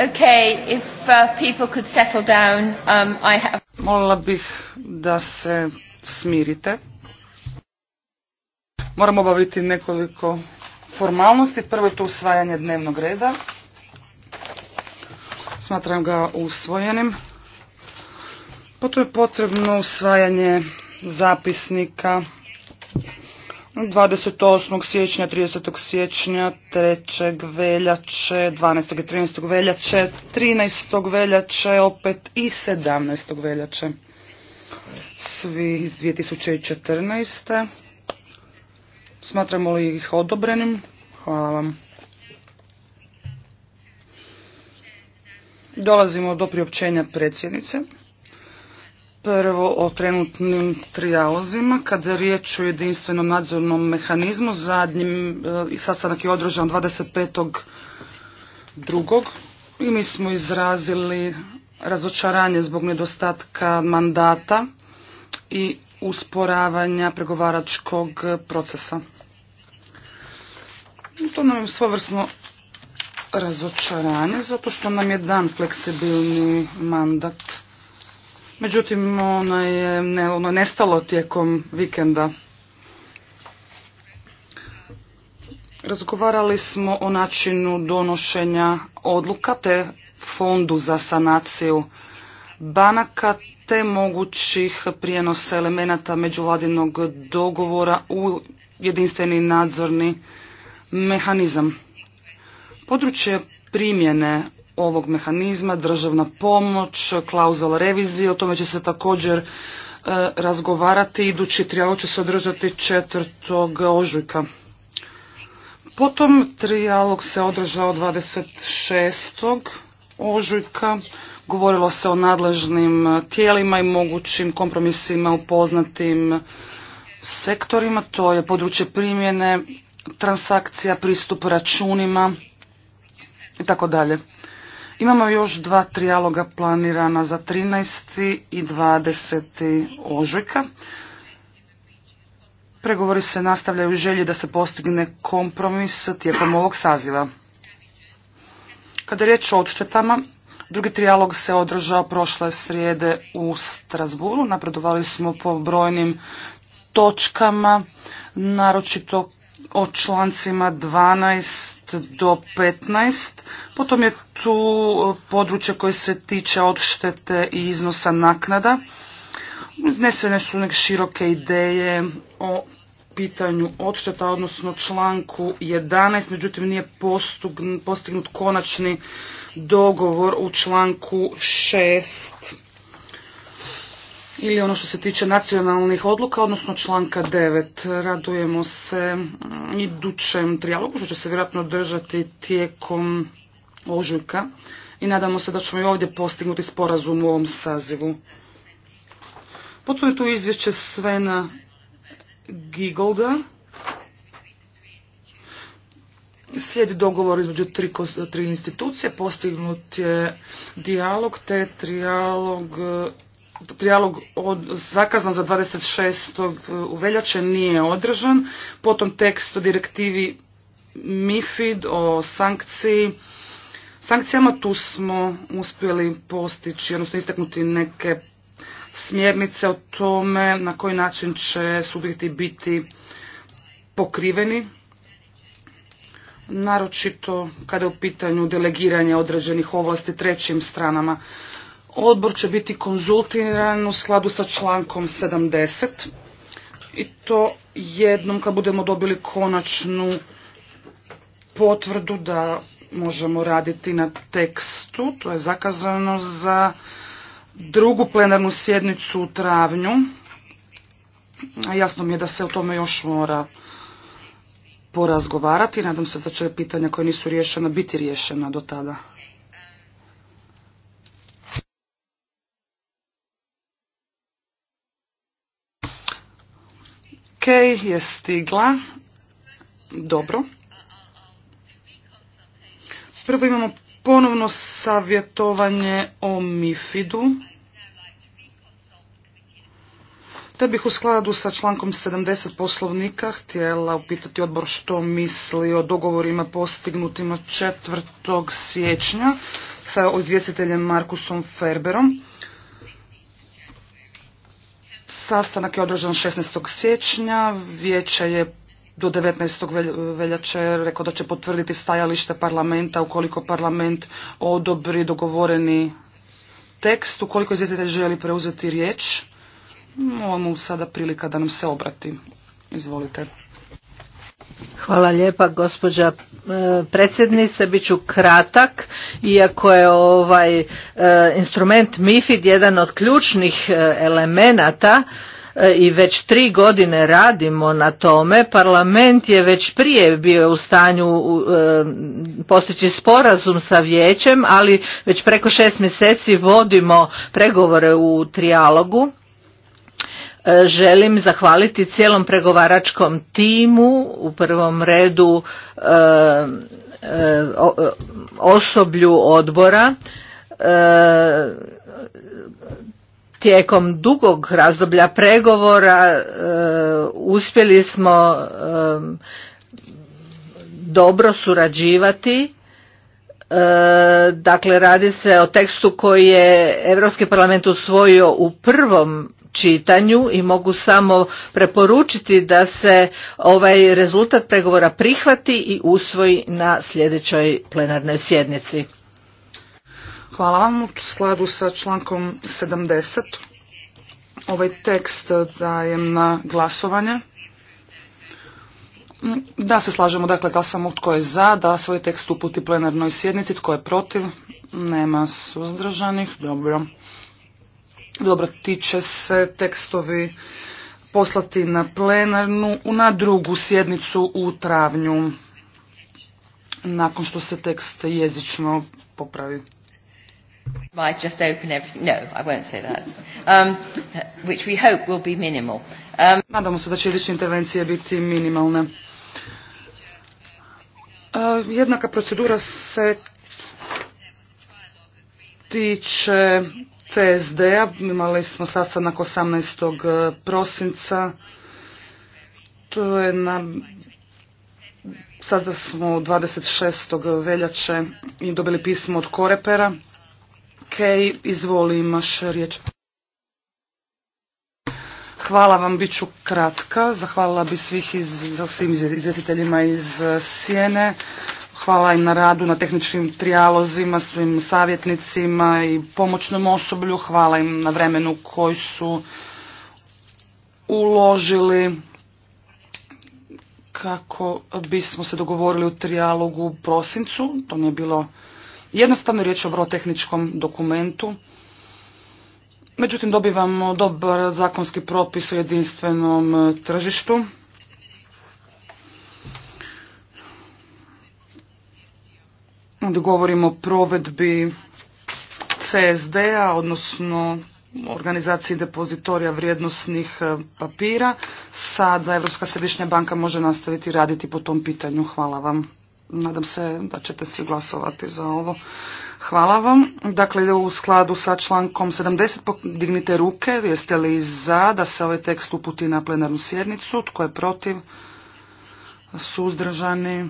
Okay, if uh, people could settle down, um, I have... Molila bih da se smirite. Moramo obaviti nekoliko formalnosti. Prvo je to usvajanje dnevnog reda. Smatram ga usvojenim. Potom pa je potrebno usvajanje zapisnika 28. siječnja, 30. siječnja, 3. veljače, 12. i 13. veljače, 13. veljače, opet i 17. veljače. Svi iz 2014. Smatramo li ih odobrenim? Hvala vam. Dolazimo do priopćenja predsjednice. Prvo o trenutnim trijalozima. Kada je riječ o jedinstvenom nadzornom mehanizmu, zadnji e, sastanak je održan drugog i mi smo izrazili razočaranje zbog nedostatka mandata i usporavanja pregovaračkog procesa. To nam je svovrsno razočaranje zato što nam je dan fleksibilni mandat Međutim, ono je ne, ono nestalo tijekom vikenda. Razgovarali smo o načinu donošenja odluka te fondu za sanaciju banaka te mogućih prijenosa elemenata međuvladinog dogovora u jedinstveni nadzorni mehanizam. Područje primjene ovog mehanizma, državna pomoć, klauzula revizije, o tome će se također e, razgovarati. Idući trialog će se održati 4. ožujka. Potom trijalog se održao 26. ožujka. Govorilo se o nadležnim tijelima i mogućim kompromisima u poznatim sektorima. To je područje primjene, transakcija, pristup računima i tako dalje. Imamo još dva trijaloga planirana za 13. i 20. ožujka. Pregovori se nastavljaju u želji da se postigne kompromis tijekom ovog saziva. Kada je riječ o odštetama, drugi trijalog se održao prošle srijede u Strasburu. Napredovali smo po brojnim točkama, naročito o člancima 12 do 15. Potom je tu područje koje se tiče odštete i iznosa naknada. Iznesene su neke široke ideje o pitanju odšteta, odnosno članku 11, međutim nije postignut konačni dogovor u članku 6 ili ono što se tiče nacionalnih odluka, odnosno članka 9. Radujemo se mm, idućem trijalogu, što će se vjerojatno držati tijekom ožujka i nadamo se da ćemo i ovdje postignuti sporazum u ovom sazivu. Potpuno je tu izvješće Svena Gigolda. Slijedi dogovor između tri, tri institucije, postignut je dijalog te trijalog Trijalog od, zakazan za 26. Eh, veljače nije održan. Potom tekst o direktivi MIFID o sankciji. Sankcijama tu smo uspjeli postići, odnosno istaknuti neke smjernice o tome na koji način će subjekti biti pokriveni, naročito kada je u pitanju delegiranje određenih ovlasti trećim stranama. Odbor će biti konzultiran u skladu sa člankom 70 i to jednom kad budemo dobili konačnu potvrdu da možemo raditi na tekstu. To je zakazano za drugu plenarnu sjednicu u travnju. Jasno mi je da se o tome još mora porazgovarati. Nadam se da će pitanja koja nisu riješena biti riješena do tada. Ok, je stigla. Dobro. Prvo imamo ponovno savjetovanje o Mifidu. Te bih u skladu sa člankom 70 poslovnika htjela upitati odbor što misli o dogovorima postignutima 4. siječnja sa izvjestiteljem Markusom Ferberom. Sastanak je održan 16. siječnja, vijeće je do 19. veljače rekao da će potvrditi stajalište parlamenta ukoliko parlament odobri dogovoreni tekst, ukoliko izvjestitelj želi preuzeti riječ. Ovo mu sada prilika da nam se obrati. Izvolite. Hvala lijepa gospođa e, predsjednice. ću kratak, iako je ovaj e, instrument MIFID jedan od ključnih e, elemenata i već tri godine radimo na tome. Parlament je već prije bio u stanju postići sporazum sa vijećem, ali već preko šest mjeseci vodimo pregovore u trijalogu E, želim zahvaliti cijelom pregovaračkom timu, u prvom redu e, e, osoblju odbora tijekom dugog razdoblja pregovora uspjeli smo dobro surađivati dakle radi se o tekstu koji je Europski parlament usvojio u prvom čitanju i mogu samo preporučiti da se ovaj rezultat pregovora prihvati i usvoji na sljedećoj plenarnoj sjednici. Hvala vam. U skladu sa člankom 70 ovaj tekst dajem na glasovanje. Da se slažemo, dakle, glasamo tko je za, da svoj tekst uputi plenarnoj sjednici, tko je protiv, nema suzdržanih, dobro. Dobro, ti će se tekstovi poslati na plenarnu, na drugu sjednicu u travnju, nakon što se tekst jezično popravi. Um, which we hope will be minimal. Um, Nadamo se da će jezične intervencije biti minimalne. E, jednaka procedura se tiče CSD-a. Imali smo sastanak 18. E, prosinca. To je na... Sada smo 26. veljače i dobili pismo od Korepera. Kej, izvoli, imaš riječ. Hvala vam, bit ću kratka. Zahvalila bi svih iz, svim iz e, Sjene. Hvala im na radu, na tehničkim trijalozima, svim savjetnicima i pomoćnom osoblju. Hvala im na vremenu koji su uložili kako bismo se dogovorili u trijalogu u prosincu. To nije bilo jednostavno riječ o vrlo tehničkom dokumentu. Međutim, dobivamo dobar zakonski propis u jedinstvenom tržištu. Onda govorimo o provedbi CSD-a, odnosno organizaciji depozitorija vrijednosnih e, papira. Sada Europska središnja banka može nastaviti raditi po tom pitanju. Hvala vam. Nadam se da ćete svi glasovati za ovo. Hvala vam. Dakle, u skladu sa člankom 70 dignite ruke. Jeste li za da se ovaj tekst uputi na plenarnu sjednicu? Tko je protiv? Suzdržani?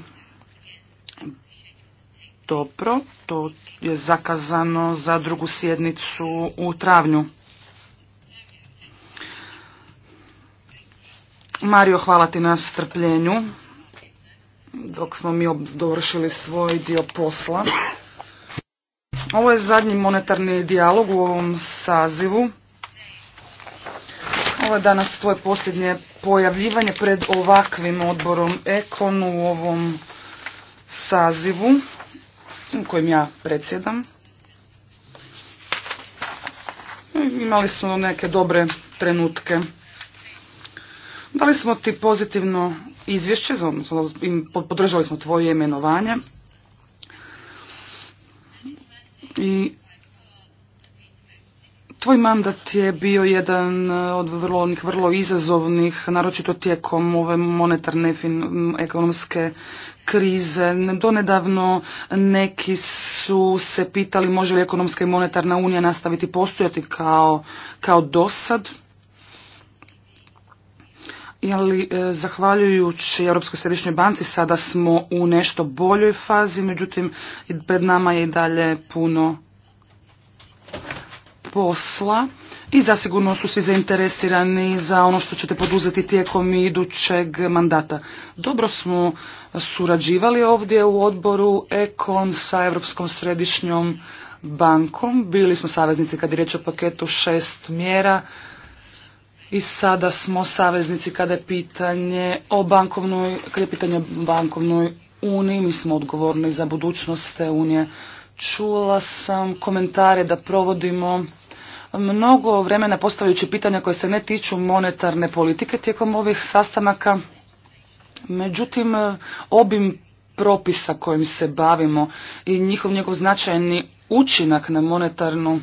dobro. To je zakazano za drugu sjednicu u travnju. Mario, hvala ti na strpljenju. Dok smo mi dovršili svoj dio posla. Ovo je zadnji monetarni dijalog u ovom sazivu. Ovo je danas tvoje posljednje pojavljivanje pred ovakvim odborom Ekon u ovom sazivu kojim ja predsjedam. Imali smo neke dobre trenutke. Dali smo ti pozitivno izvješće, podržali smo tvoje imenovanje. I tvoj mandat je bio jedan od vrlo, onih vrlo izazovnih, naročito tijekom ove monetarne ekonomske krize. Donedavno neki su se pitali može li ekonomska i monetarna unija nastaviti postojati kao, kao dosad. Ali e, zahvaljujući Europskoj središnjoj banci sada smo u nešto boljoj fazi, međutim pred nama je i dalje puno posla i zasigurno su svi zainteresirani za ono što ćete poduzeti tijekom idućeg mandata. Dobro smo surađivali ovdje u odboru Ekon sa Europskom središnjom bankom. Bili smo saveznici kad je riječ o paketu šest mjera i sada smo saveznici kada je pitanje o bankovnoj, kada je pitanje o bankovnoj uniji. Mi smo odgovorni za budućnost te unije. Čula sam komentare da provodimo mnogo vremena postavljajući pitanja koje se ne tiču monetarne politike tijekom ovih sastanaka. Međutim, obim propisa kojim se bavimo i njihov njegov značajni učinak na monetarnu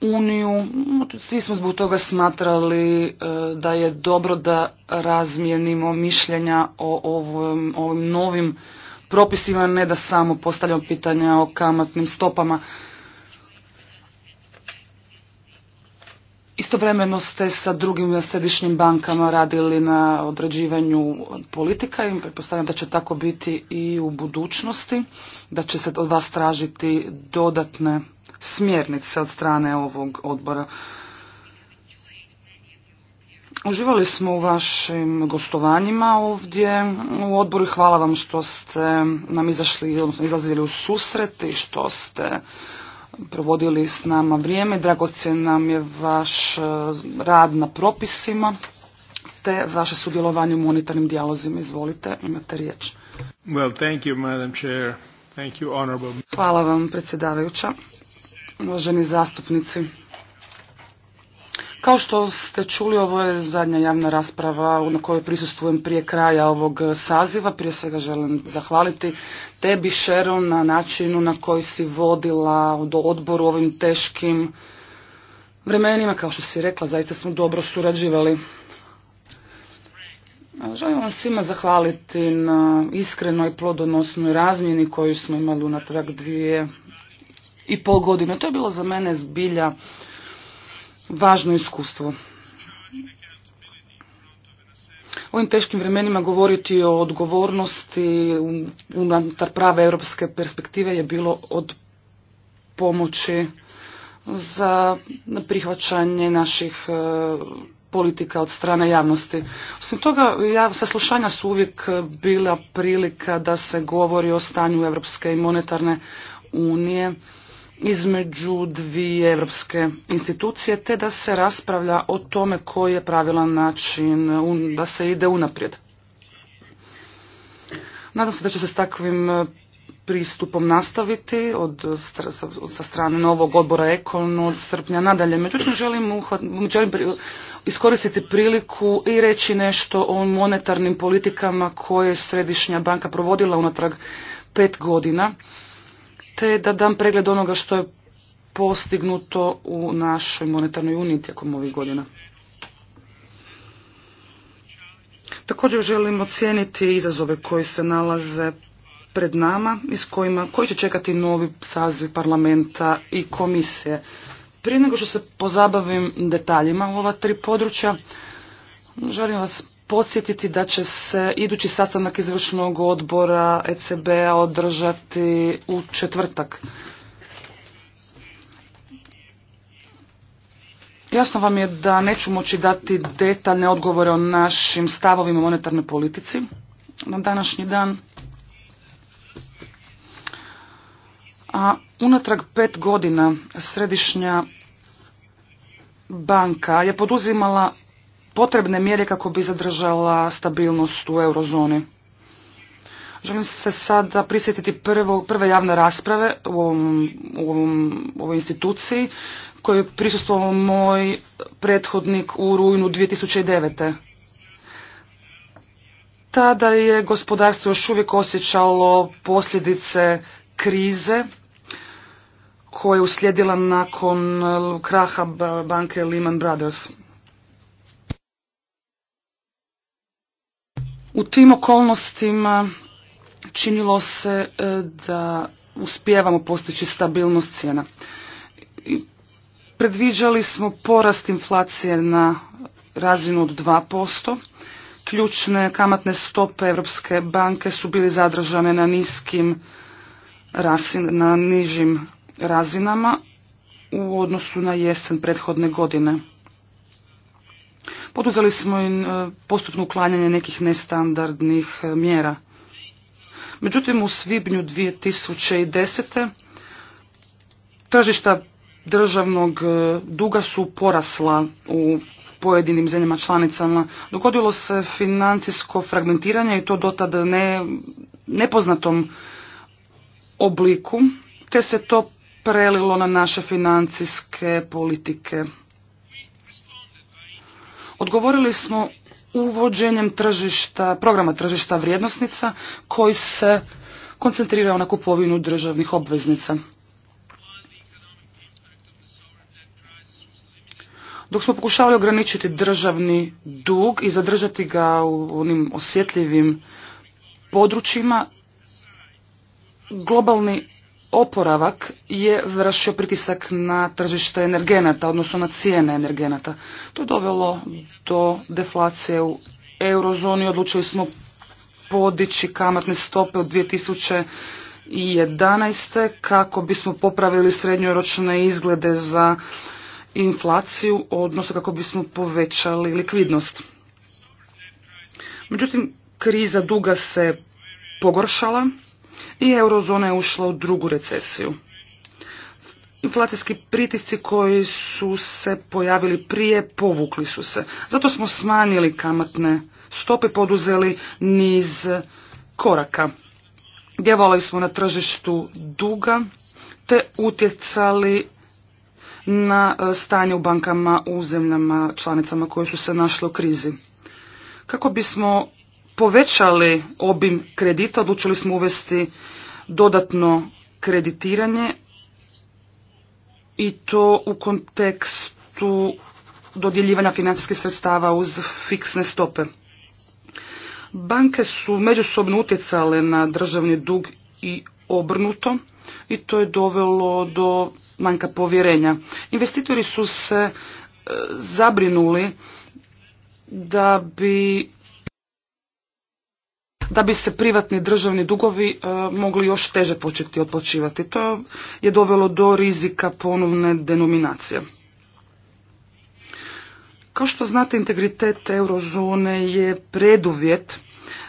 uniju, svi smo zbog toga smatrali e, da je dobro da razmijenimo mišljenja o ovim novim propisima, ne da samo postavljamo pitanja o kamatnim stopama. Istovremeno ste sa drugim središnjim bankama radili na određivanju politika i pretpostavljam da će tako biti i u budućnosti, da će se od vas tražiti dodatne smjernice od strane ovog odbora. Uživali smo u vašim gostovanjima ovdje u odboru i hvala vam što ste nam izašli, odnosno izlazili u susret i što ste provodili s nama vrijeme. Dragocjen nam je vaš e, rad na propisima te vaše sudjelovanje u monetarnim dijalozima. Izvolite, imate riječ. Well, thank you, Madam Chair. Thank you, Hvala vam, predsjedavajuća. Uvaženi zastupnici, kao što ste čuli, ovo je zadnja javna rasprava na kojoj prisustujem prije kraja ovog saziva. Prije svega želim zahvaliti tebi, Sharon, na načinu na koji si vodila do odboru ovim teškim vremenima. Kao što si rekla, zaista smo dobro surađivali. Želim vam svima zahvaliti na iskrenoj plodonosnoj razmjeni koju smo imali unatrag dvije i pol godine. To je bilo za mene zbilja važno iskustvo. U ovim teškim vremenima govoriti o odgovornosti unutar prave europske perspektive je bilo od pomoći za prihvaćanje naših e, politika od strane javnosti. Osim toga, ja, saslušanja su uvijek bila prilika da se govori o stanju Europske i monetarne unije, između dvije evropske institucije, te da se raspravlja o tome koji je pravilan način da se ide unaprijed. Nadam se da će se s takvim e, pristupom nastaviti od, sa strane novog odbora Ekon od srpnja nadalje. Međutim, želim, želim iskoristiti priliku i reći nešto o monetarnim politikama koje je Središnja banka provodila unatrag pet godina te da dam pregled onoga što je postignuto u našoj monetarnoj uniji tijekom ovih godina. Također želim ocijeniti izazove koji se nalaze pred nama i s kojima, koji će čekati novi saziv parlamenta i komisije. Prije nego što se pozabavim detaljima u ova tri područja, želim vas podsjetiti da će se idući sastanak izvršnog odbora ECB-a održati u četvrtak. Jasno vam je da neću moći dati detaljne odgovore o našim stavovima monetarnoj politici na današnji dan. A unatrag pet godina središnja banka je poduzimala potrebne mjere kako bi zadržala stabilnost u eurozoni. Želim se sada prisjetiti prve javne rasprave u, ovom, u, ovoj instituciji koju je prisustvovao moj prethodnik u rujnu 2009. Tada je gospodarstvo još uvijek osjećalo posljedice krize koja je uslijedila nakon kraha banke Lehman Brothers. U tim okolnostima činilo se e, da uspijevamo postići stabilnost cijena. Predviđali smo porast inflacije na razinu od 2%. Ključne kamatne stope Europske banke su bili zadržane na niskim na nižim razinama u odnosu na jesen prethodne godine. Poduzeli smo i e, postupno uklanjanje nekih nestandardnih e, mjera. Međutim, u svibnju 2010. tržišta državnog e, duga su porasla u pojedinim zemljama članicama. Dogodilo se financijsko fragmentiranje i to dotad ne, nepoznatom obliku, te se to prelilo na naše financijske politike. Odgovorili smo uvođenjem tržišta, programa tržišta vrijednosnica koji se koncentrirao na kupovinu državnih obveznica. Dok smo pokušavali ograničiti državni dug i zadržati ga u onim osjetljivim područjima, globalni oporavak je vršio pritisak na tržište energenata, odnosno na cijene energenata. To je dovelo do deflacije u eurozoni. Odlučili smo podići kamatne stope od 2011. kako bismo popravili srednjoročne izglede za inflaciju, odnosno kako bismo povećali likvidnost. Međutim, kriza duga se pogoršala i eurozona je ušla u drugu recesiju. Inflacijski pritisci koji su se pojavili prije povukli su se. Zato smo smanjili kamatne stope, poduzeli niz koraka. Djevali smo na tržištu duga te utjecali na e, stanje u bankama u zemljama članicama koje su se našle u krizi. Kako bismo povećali obim kredita, odlučili smo uvesti dodatno kreditiranje i to u kontekstu dodjeljivanja financijskih sredstava uz fiksne stope. Banke su međusobno utjecale na državni dug i obrnuto i to je dovelo do manjka povjerenja. Investitori su se e, zabrinuli da bi da bi se privatni državni dugovi e, mogli još teže početi otplaćivati. To je dovelo do rizika ponovne denominacije. Kao što znate, integritet eurozone je preduvjet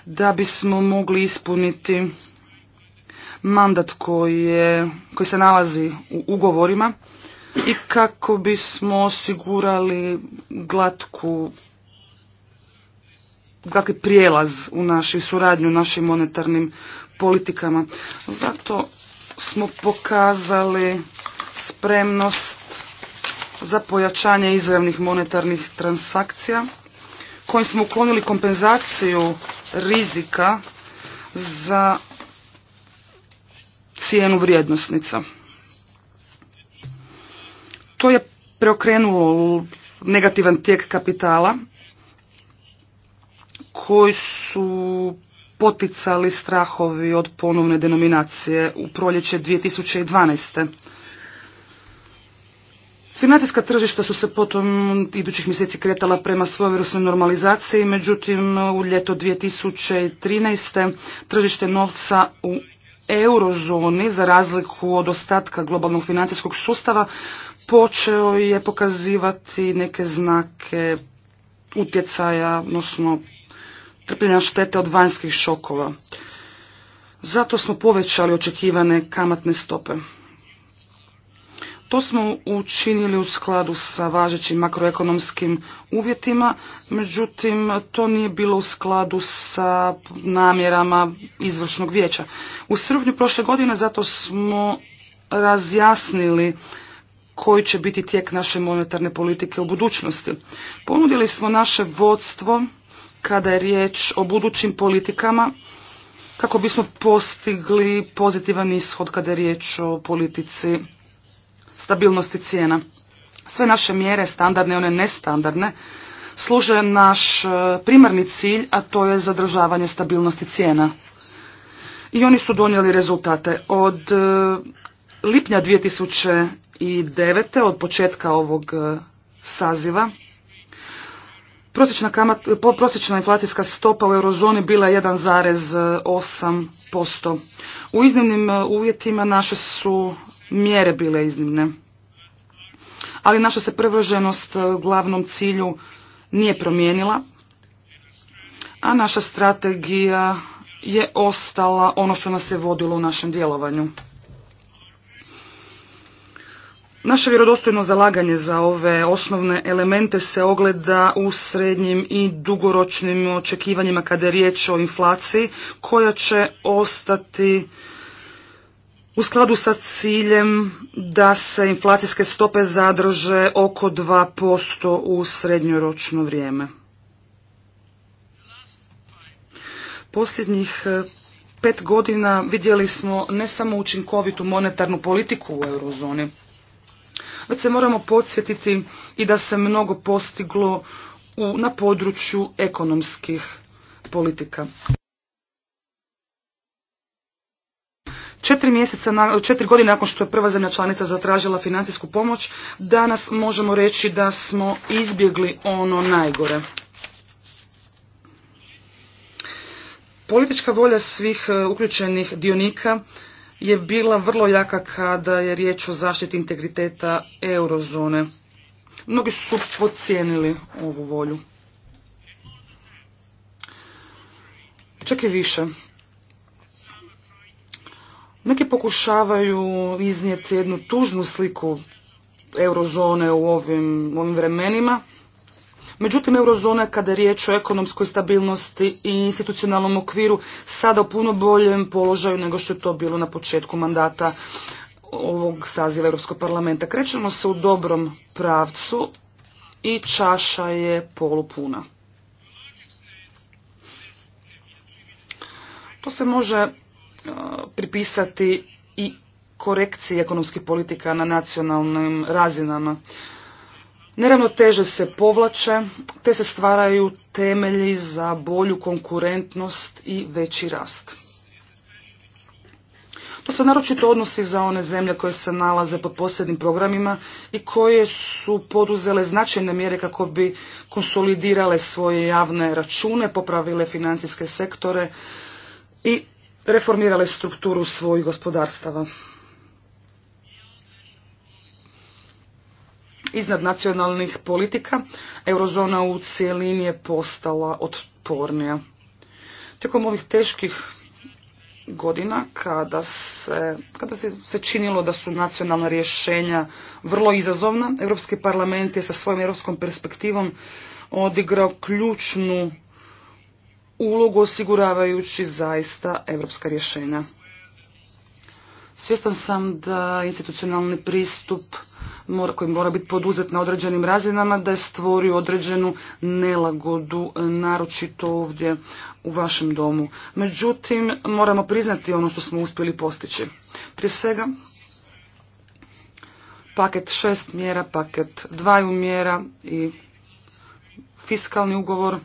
da bismo mogli ispuniti mandat koji, koji se nalazi u ugovorima i kako bismo osigurali glatku dakle, prijelaz u našu suradnju, našim monetarnim politikama. Zato smo pokazali spremnost za pojačanje izravnih monetarnih transakcija kojim smo uklonili kompenzaciju rizika za cijenu vrijednosnica. To je preokrenulo negativan tijek kapitala koji su poticali strahovi od ponovne denominacije u proljeće 2012. Financijska tržišta su se potom idućih mjeseci kretala prema svojevrsnoj normalizaciji, međutim u ljeto 2013. tržište novca u eurozoni, za razliku od ostatka globalnog financijskog sustava, počeo je pokazivati neke znake utjecaja, odnosno trpljenja štete od vanjskih šokova. Zato smo povećali očekivane kamatne stope. To smo učinili u skladu sa važećim makroekonomskim uvjetima, međutim to nije bilo u skladu sa namjerama izvršnog vijeća. U srpnju prošle godine zato smo razjasnili koji će biti tijek naše monetarne politike u budućnosti. Ponudili smo naše vodstvo kada je riječ o budućim politikama kako bismo postigli pozitivan ishod kada je riječ o politici stabilnosti cijena. Sve naše mjere, standardne i one nestandardne, služe naš e, primarni cilj, a to je zadržavanje stabilnosti cijena. I oni su donijeli rezultate. Od e, lipnja 2009. od početka ovog e, saziva Prosječna, inflacijska stopa u eurozoni bila je 1,8%. U iznimnim e, uvjetima naše su mjere bile iznimne, ali naša se privrženost e, glavnom cilju nije promijenila, a naša strategija je ostala ono što nas je vodilo u našem djelovanju. Naše vjerodostojno zalaganje za ove osnovne elemente se ogleda u srednjim i dugoročnim očekivanjima kada je riječ o inflaciji koja će ostati u skladu sa ciljem da se inflacijske stope zadrže oko 2% u srednjoročno vrijeme. Posljednjih eh, pet godina vidjeli smo ne samo učinkovitu monetarnu politiku u eurozoni, već se moramo podsjetiti i da se mnogo postiglo u, na području ekonomskih politika. Četiri, mjeseca, četiri godine nakon što je prva zemlja članica zatražila financijsku pomoć, danas možemo reći da smo izbjegli ono najgore. Politička volja svih e, uključenih dionika je bila vrlo jaka kada je riječ o zaštiti integriteta eurozone. Mnogi su podcijenili ovu volju. Čak i više. Neki pokušavaju iznijeti jednu tužnu sliku eurozone u ovim, ovim vremenima, Međutim, eurozona kada je riječ o ekonomskoj stabilnosti i institucionalnom okviru sada u puno boljem položaju nego što je to bilo na početku mandata ovog saziva Europskog parlamenta. Krećemo se u dobrom pravcu i čaša je polupuna. To se može e, pripisati i korekciji ekonomskih politika na nacionalnim razinama. Neravnoteže se povlače, te se stvaraju temelji za bolju konkurentnost i veći rast. To se naročito odnosi za one zemlje koje se nalaze pod posebnim programima i koje su poduzele značajne mjere kako bi konsolidirale svoje javne račune, popravile financijske sektore i reformirale strukturu svojih gospodarstava. iznad nacionalnih politika, eurozona u cijelini je postala otpornija. Tijekom ovih teških godina kada se, kada se, se činilo da su nacionalna rješenja vrlo izazovna, Europski parlament je sa svojom europskom perspektivom odigrao ključnu ulogu osiguravajući zaista europska rješenja. Svjestan sam da institucionalni pristup mora, koji mora biti poduzet na određenim razinama, da je stvorio određenu nelagodu, naročito ovdje u vašem domu. Međutim, moramo priznati ono što smo uspjeli postići. Prije svega, paket šest mjera, paket dvaju mjera i fiskalni ugovor.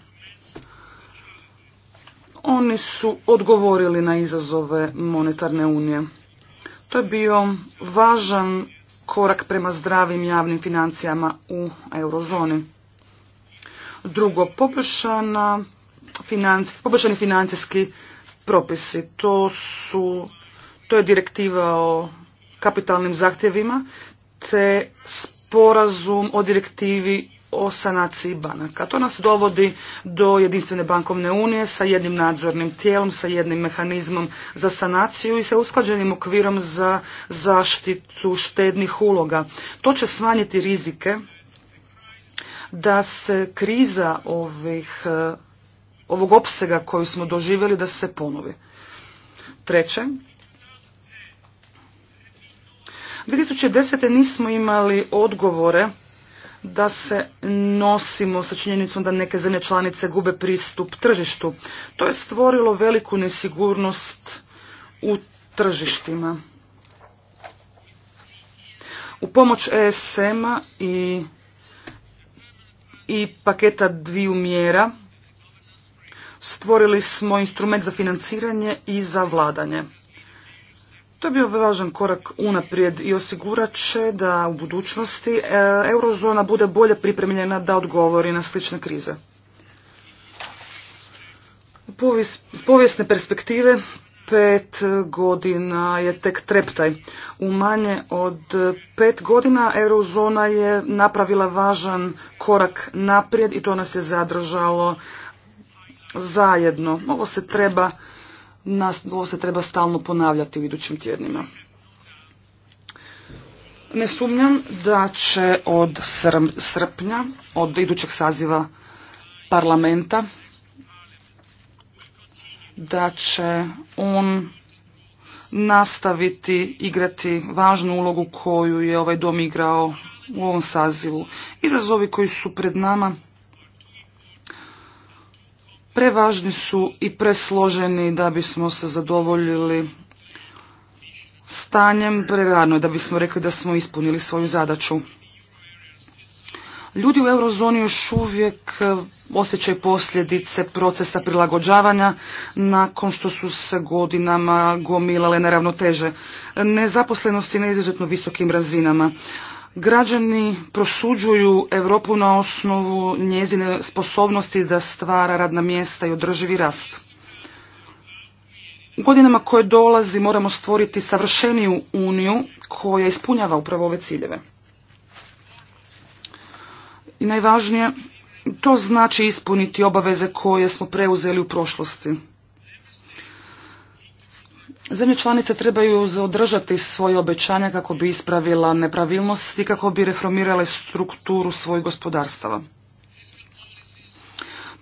Oni su odgovorili na izazove monetarne unije. To je bio važan korak prema zdravim javnim financijama u eurozoni. Drugo, poboljšani financijski propisi. To su, to je direktiva o kapitalnim zahtjevima te sporazum o direktivi o sanaciji banaka. To nas dovodi do jedinstvene bankovne unije sa jednim nadzornim tijelom, sa jednim mehanizmom za sanaciju i sa usklađenim okvirom za zaštitu štednih uloga. To će smanjiti rizike da se kriza ovih, eh, ovog opsega koju smo doživjeli da se ponovi. Treće, 2010. nismo imali odgovore da se nosimo sa činjenicom da neke zemlje članice gube pristup tržištu. To je stvorilo veliku nesigurnost u tržištima. U pomoć ESM-a i, i paketa dviju mjera stvorili smo instrument za financiranje i za vladanje. To je bio važan korak unaprijed i osigurat će da u budućnosti e, eurozona bude bolje pripremljena da odgovori na slične krize. Iz povijesne perspektive pet godina je tek treptaj. U manje od pet godina eurozona je napravila važan korak naprijed i to nas je zadržalo zajedno. Ovo se treba nas, ovo se treba stalno ponavljati u idućim tjednima. Ne sumnjam da će od srpnja, od idućeg saziva parlamenta, da će on nastaviti igrati važnu ulogu koju je ovaj dom igrao u ovom sazivu. Izazovi koji su pred nama prevažni su i presloženi da bismo se zadovoljili stanjem prerano, da bismo rekli da smo ispunili svoju zadaću. Ljudi u eurozoni još uvijek osjećaju posljedice procesa prilagođavanja nakon što su se godinama gomilale neravnoteže. nezaposlenosti na izuzetno visokim razinama. Građani prosuđuju Europu na osnovu njezine sposobnosti da stvara radna mjesta i održivi rast. U godinama koje dolazi moramo stvoriti savršeniju uniju koja ispunjava upravo ove ciljeve. I najvažnije, to znači ispuniti obaveze koje smo preuzeli u prošlosti. Zemlje članice trebaju održati svoje obećanja kako bi ispravila nepravilnosti i kako bi reformirale strukturu svojih gospodarstava.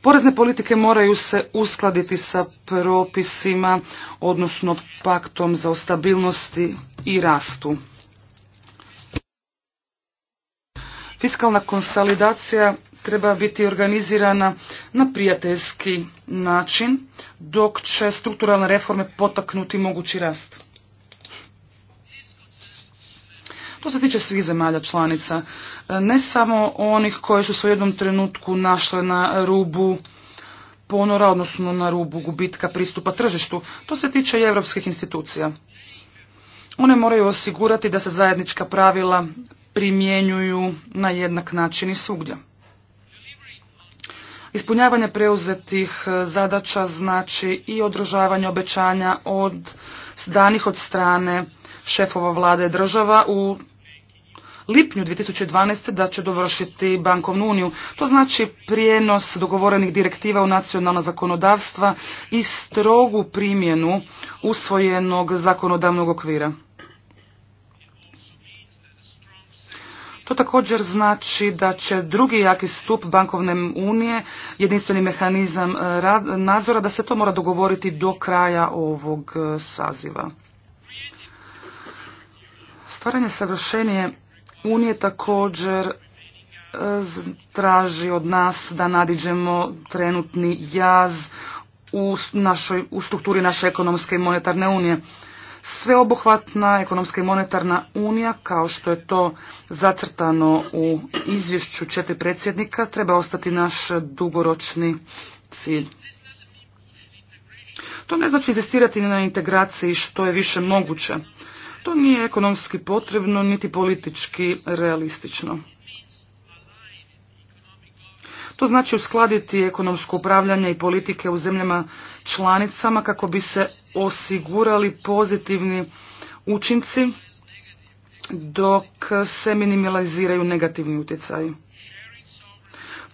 Porezne politike moraju se uskladiti sa propisima, odnosno paktom za stabilnosti i rastu. Fiskalna konsolidacija treba biti organizirana na prijateljski način, dok će strukturalne reforme potaknuti mogući rast. To se tiče svih zemalja članica, ne samo onih koje su se u jednom trenutku našle na rubu ponora, odnosno na rubu gubitka pristupa tržištu. To se tiče i europskih institucija. One moraju osigurati da se zajednička pravila primjenjuju na jednak način i svugdje. Ispunjavanje preuzetih e, zadaća znači i održavanje obećanja od danih od strane šefova vlade država u lipnju 2012. da će dovršiti bankovnu uniju. To znači prijenos dogovorenih direktiva u nacionalna zakonodavstva i strogu primjenu usvojenog zakonodavnog okvira. To također znači da će drugi jaki stup bankovne unije, jedinstveni mehanizam e, nadzora, da se to mora dogovoriti do kraja ovog e, saziva. Stvaranje savršenije unije također e, traži od nas da nadiđemo trenutni jaz u, u strukturi naše ekonomske i monetarne unije sveobuhvatna ekonomska i monetarna unija, kao što je to zacrtano u izvješću četiri predsjednika, treba ostati naš dugoročni cilj. To ne znači izistirati na integraciji što je više moguće. To nije ekonomski potrebno, niti politički realistično. To znači uskladiti ekonomsko upravljanje i politike u zemljama članicama kako bi se osigurali pozitivni učinci dok se minimaliziraju negativni utjecaji.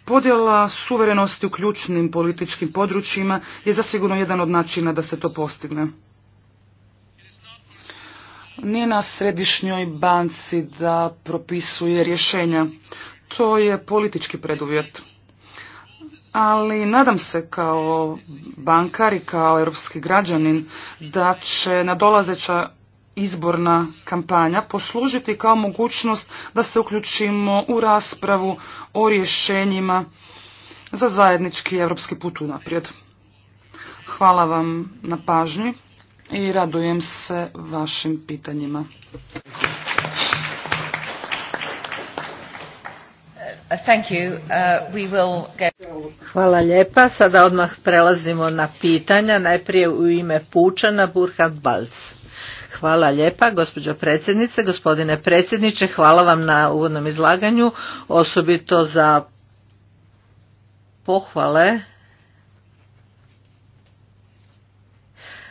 Podjela suverenosti u ključnim političkim područjima je zasigurno jedan od načina da se to postigne. Nije na središnjoj banci da propisuje rješenja. To je politički preduvjet ali nadam se kao bankar i kao europski građanin da će nadolazeća izborna kampanja poslužiti kao mogućnost da se uključimo u raspravu o rješenjima za zajednički europski put unaprijed. Hvala vam na pažnji i radujem se vašim pitanjima. Uh, hvala lijepa. Sada odmah prelazimo na pitanja. Najprije u ime Pučana Burhan Balc. Hvala lijepa, gospođo predsjednice, gospodine predsjedniče, hvala vam na uvodnom izlaganju, osobito za pohvale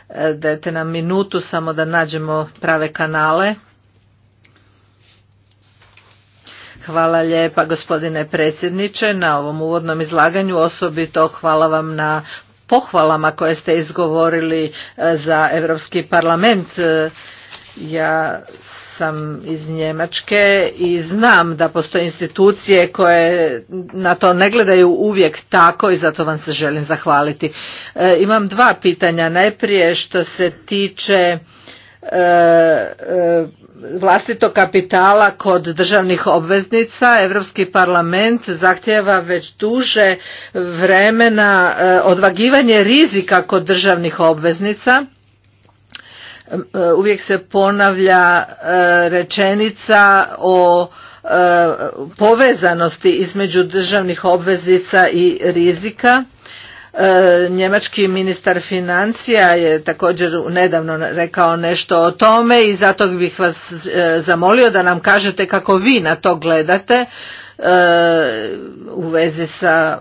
e, dajte nam minutu samo da nađemo prave kanale Hvala lijepa gospodine predsjedniče na ovom uvodnom izlaganju. Osobito hvala vam na pohvalama koje ste izgovorili e, za Europski parlament. E, ja sam iz Njemačke i znam da postoje institucije koje na to ne gledaju uvijek tako i zato vam se želim zahvaliti. E, imam dva pitanja. Najprije što se tiče E, e, vlastitog kapitala kod državnih obveznica Europski parlament zahtjeva već duže vremena e, odvagivanje rizika kod državnih obveznica uvijek se ponavlja rečenica o povezanosti između državnih obveznica i rizika E, njemački ministar financija je također nedavno rekao nešto o tome i zato bih vas e, zamolio da nam kažete kako vi na to gledate e, u vezi sa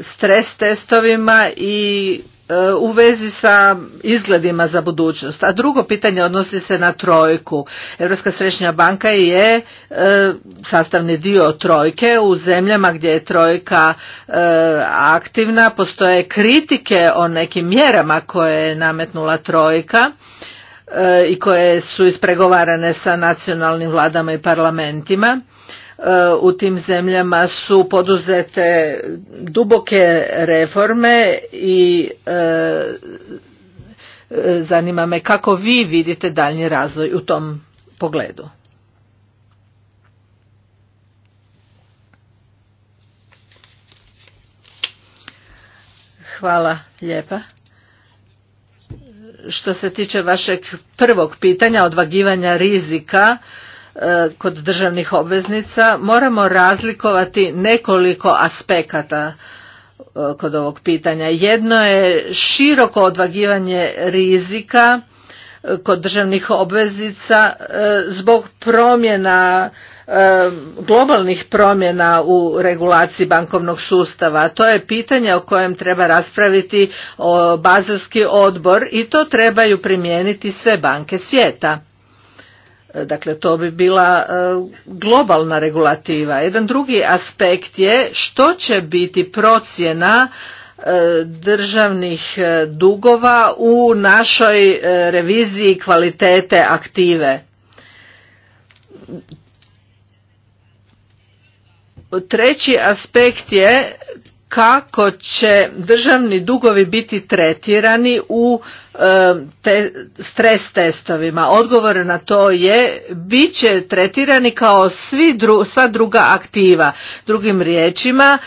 stres testovima i E, u vezi sa izgledima za budućnost. A drugo pitanje odnosi se na trojku. Europska središnja banka je e, sastavni dio trojke. U zemljama gdje je trojka e, aktivna postoje kritike o nekim mjerama koje je nametnula trojka i koje su ispregovarane sa nacionalnim vladama i parlamentima. E, u tim zemljama su poduzete duboke reforme i e, e, zanima me kako vi vidite daljnji razvoj u tom pogledu. Hvala lijepa. Što se tiče vašeg prvog pitanja odvagivanja rizika, E, kod državnih obveznica moramo razlikovati nekoliko aspekata e, kod ovog pitanja. Jedno je široko odvagivanje rizika e, kod državnih obveznica zbog promjena globalnih promjena u regulaciji bankovnog sustava. To je pitanje o kojem treba raspraviti bazarski odbor i to trebaju primijeniti sve banke svijeta. E, dakle, to bi bila e, globalna regulativa. Jedan drugi aspekt je što će biti procjena e, državnih dugova u našoj reviziji kvalitete aktive. Treći aspekt je kako će državni dugovi biti tretirani u E, te stres testovima. Odgovor na to je bit će tretirani kao svi sva druga aktiva. Drugim riječima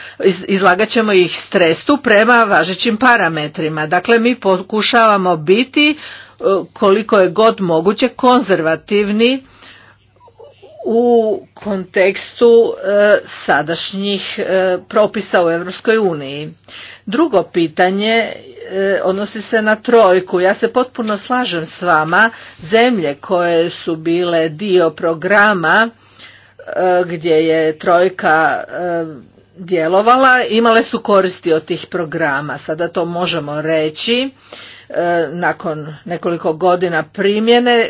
izlagat ćemo ih stresu prema važećim parametrima. Dakle, mi pokušavamo biti e, koliko je god moguće konzervativni u kontekstu e, sadašnjih propisa u Europskoj uniji. Drugo pitanje E, odnosi se na trojku. Ja se potpuno slažem s vama. Zemlje koje su bile dio programa e, gdje je trojka e, djelovala, imale su koristi od tih programa. Sada to možemo reći. Nakon nekoliko godina primjene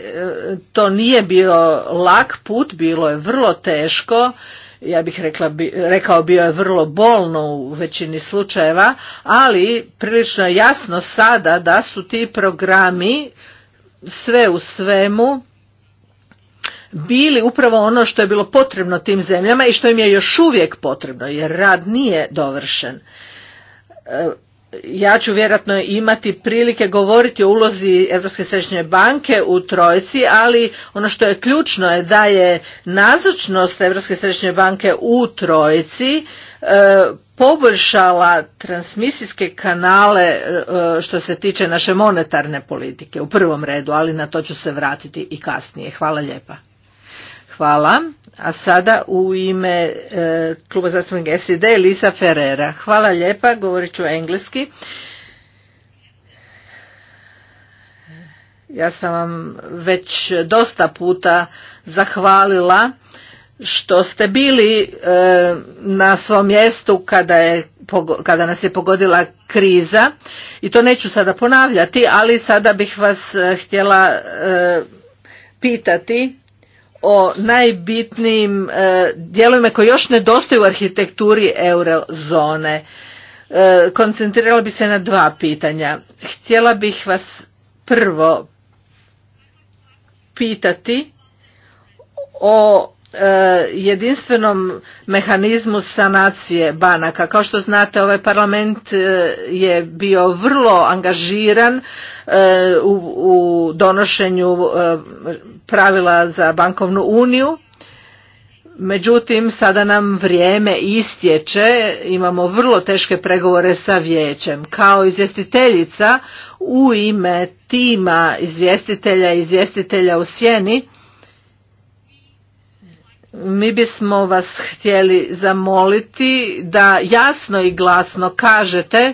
to nije bio lak put, bilo je vrlo teško ja bih rekla, rekao bio je vrlo bolno u većini slučajeva, ali prilično je jasno sada da su ti programi sve u svemu bili upravo ono što je bilo potrebno tim zemljama i što im je još uvijek potrebno jer rad nije dovršen. E, ja ću vjerojatno imati prilike govoriti o ulozi Europske središnje banke u Trojici, ali ono što je ključno je da je nazočnost Europske središnje banke u Trojici e, poboljšala transmisijske kanale e, što se tiče naše monetarne politike u prvom redu, ali na to ću se vratiti i kasnije. Hvala lijepa. Hvala. A sada u ime kluba e, kluba zastupnika SID Elisa Ferreira. Hvala lijepa, govorit ću engleski. Ja sam vam već dosta puta zahvalila što ste bili e, na svom mjestu kada, je, kada nas je pogodila kriza i to neću sada ponavljati, ali sada bih vas e, htjela pitati o najbitnijim e, dijelovima koji još nedostaju u arhitekturi eurozone. E, koncentrirala bi se na dva pitanja. Htjela bih vas prvo pitati o E, jedinstvenom mehanizmu sanacije banaka. Kao što znate, ovaj parlament e, je bio vrlo angažiran e, u donošenju pravila za bankovnu uniju. Međutim, sada nam vrijeme istječe, imamo vrlo teške pregovore sa vijećem. Kao izvjestiteljica u ime tima izvjestitelja i izvjestitelja u sjeni, mi bismo vas htjeli zamoliti da jasno i glasno kažete e,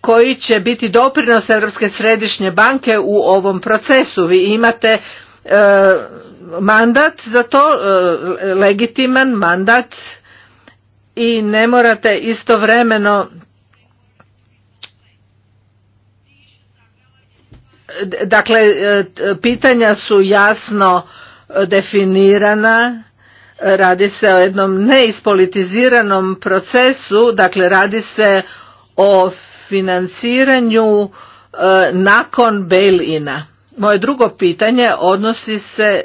koji će biti doprinos Europske središnje banke u ovom procesu. Vi imate e, mandat za to, e, legitiman mandat i ne morate istovremeno dakle pitanja su jasno definirana radi se o jednom neispolitiziranom procesu dakle radi se o financiranju e, nakon bail-ina. Moje drugo pitanje odnosi se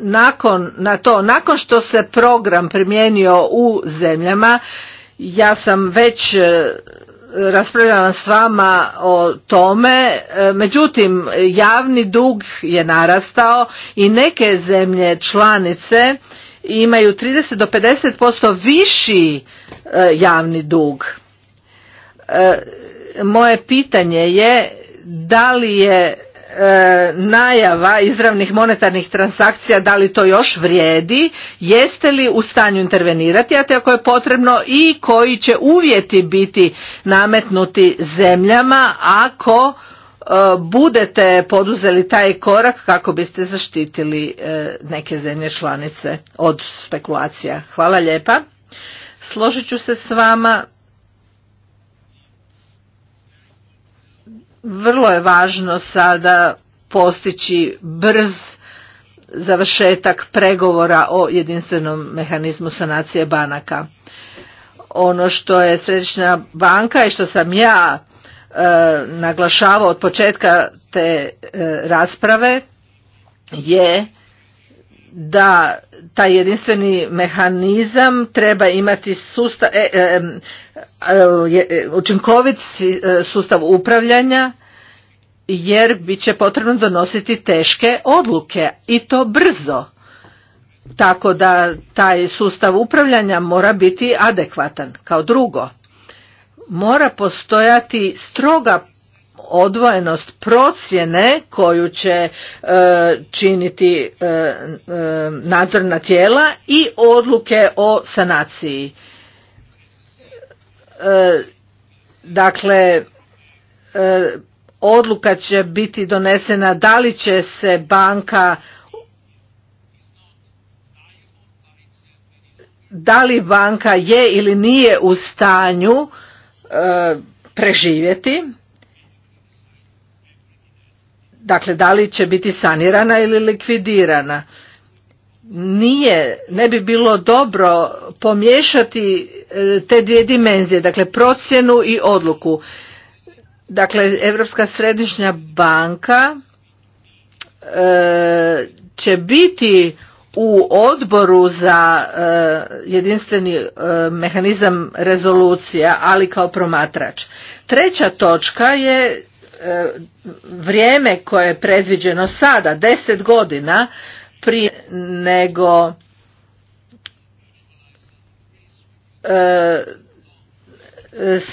nakon, na to, nakon što se program primijenio u zemljama, ja sam već e, raspravljala s vama o tome, e, međutim javni dug je narastao i neke zemlje članice imaju 30 do 50% viši e, javni dug. E, moje pitanje je da li je E, najava izravnih monetarnih transakcija da li to još vrijedi, jeste li u stanju intervenirati, a te ako je potrebno i koji će uvjeti biti nametnuti zemljama ako e, budete poduzeli taj korak kako biste zaštitili e, neke zemlje članice od spekulacija. Hvala lijepa. Složit ću se s vama vrlo je važno sada postići brz završetak pregovora o jedinstvenom mehanizmu sanacije banaka. Ono što je središnja banka i što sam ja e, naglašavao od početka te e, rasprave je da taj jedinstveni mehanizam treba imati sustav, e, e, e, e, učinkovit sustav upravljanja jer bit će potrebno donositi teške odluke i to brzo. Tako da taj sustav upravljanja mora biti adekvatan kao drugo. Mora postojati stroga odvojenost procjene koju će e, činiti e, e, nadzorna tijela i odluke o sanaciji. dakle, odluka će biti donesena da li će se banka da li banka je ili nije u stanju preživjeti dakle da li će biti sanirana ili likvidirana nije ne bi bilo dobro pomiješati e, te dvije dimenzije dakle procjenu i odluku dakle europska središnja banka e, će biti u odboru za e, jedinstveni mehanizam rezolucija ali kao promatrač treća točka je E, vrijeme koje je predviđeno sada, deset godina, prije nego e,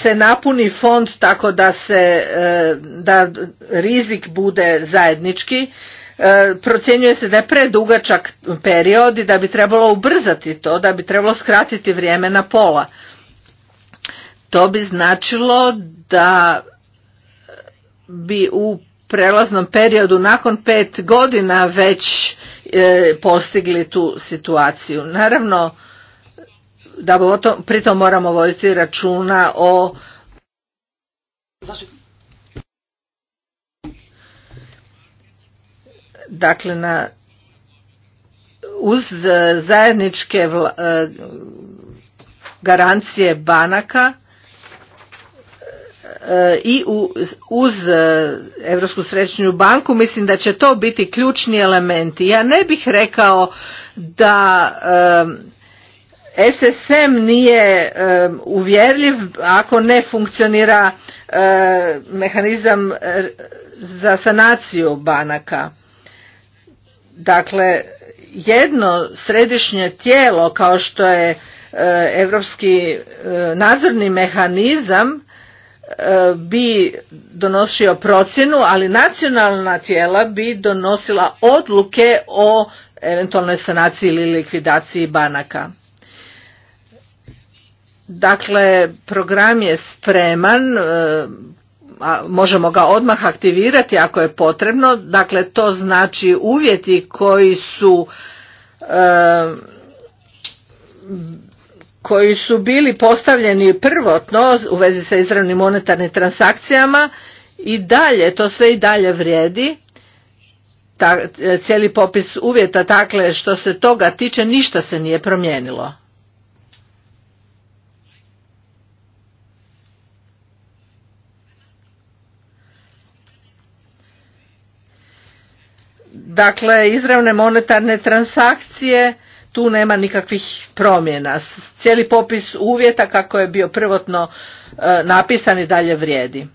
se napuni fond tako da se e, da rizik bude zajednički procjenjuje se da je predugačak period i da bi trebalo ubrzati to da bi trebalo skratiti vrijeme na pola to bi značilo da bi u prelaznom periodu nakon pet godina već e, postigli tu situaciju. Naravno da to, pritom moramo voditi računa o dakle na uz zajedničke e, garancije banaka i uz e, Europsku središnju banku mislim da će to biti ključni elementi. Ja ne bih rekao da e, SSM nije e, uvjerljiv ako ne funkcionira mehanizam za sanaciju banaka. Dakle, jedno središnje tijelo kao što je europski nadzorni mehanizam bi donosio procjenu, ali nacionalna tijela bi donosila odluke o eventualnoj sanaciji ili likvidaciji banaka. Dakle, program je spreman, e, možemo ga odmah aktivirati ako je potrebno. Dakle, to znači uvjeti koji su e, koji su bili postavljeni prvotno u vezi sa izravnim monetarnim transakcijama i dalje, to sve i dalje vrijedi. E, cijeli popis uvjeta, dakle, što se toga tiče, ništa se nije promijenilo. Dakle, izravne monetarne transakcije tu nema nikakvih promjena. Cijeli popis uvjeta kako je bio prvotno e, napisan i dalje vrijedi.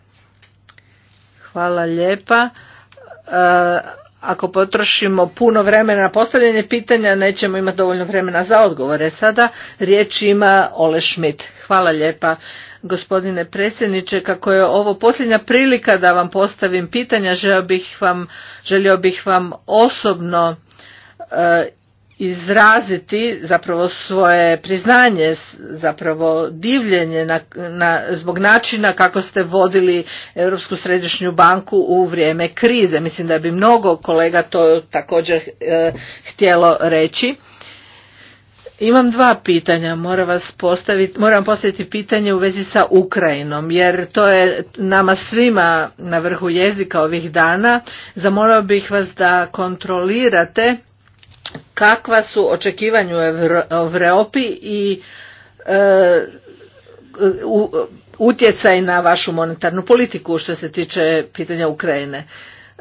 Hvala lijepa. E, ako potrošimo puno vremena na postavljanje pitanja, nećemo imati dovoljno vremena za odgovore. Sada riječ ima Ole Schmidt. Hvala lijepa gospodine predsjedniče. Kako je ovo posljednja prilika da vam postavim pitanja, želio bih vam, želio bih vam osobno e, izraziti zapravo svoje priznanje, zapravo divljenje na, na, zbog načina kako ste vodili Europsku središnju banku u vrijeme krize. Mislim da bi mnogo kolega to također eh, htjelo reći. Imam dva pitanja, moram vas postaviti, moram postaviti pitanje u vezi sa Ukrajinom, jer to je nama svima na vrhu jezika ovih dana. Zamolio bih vas da kontrolirate kakva su očekivanja u Europi i e, utjecaj na vašu monetarnu politiku što se tiče pitanja Ukrajine.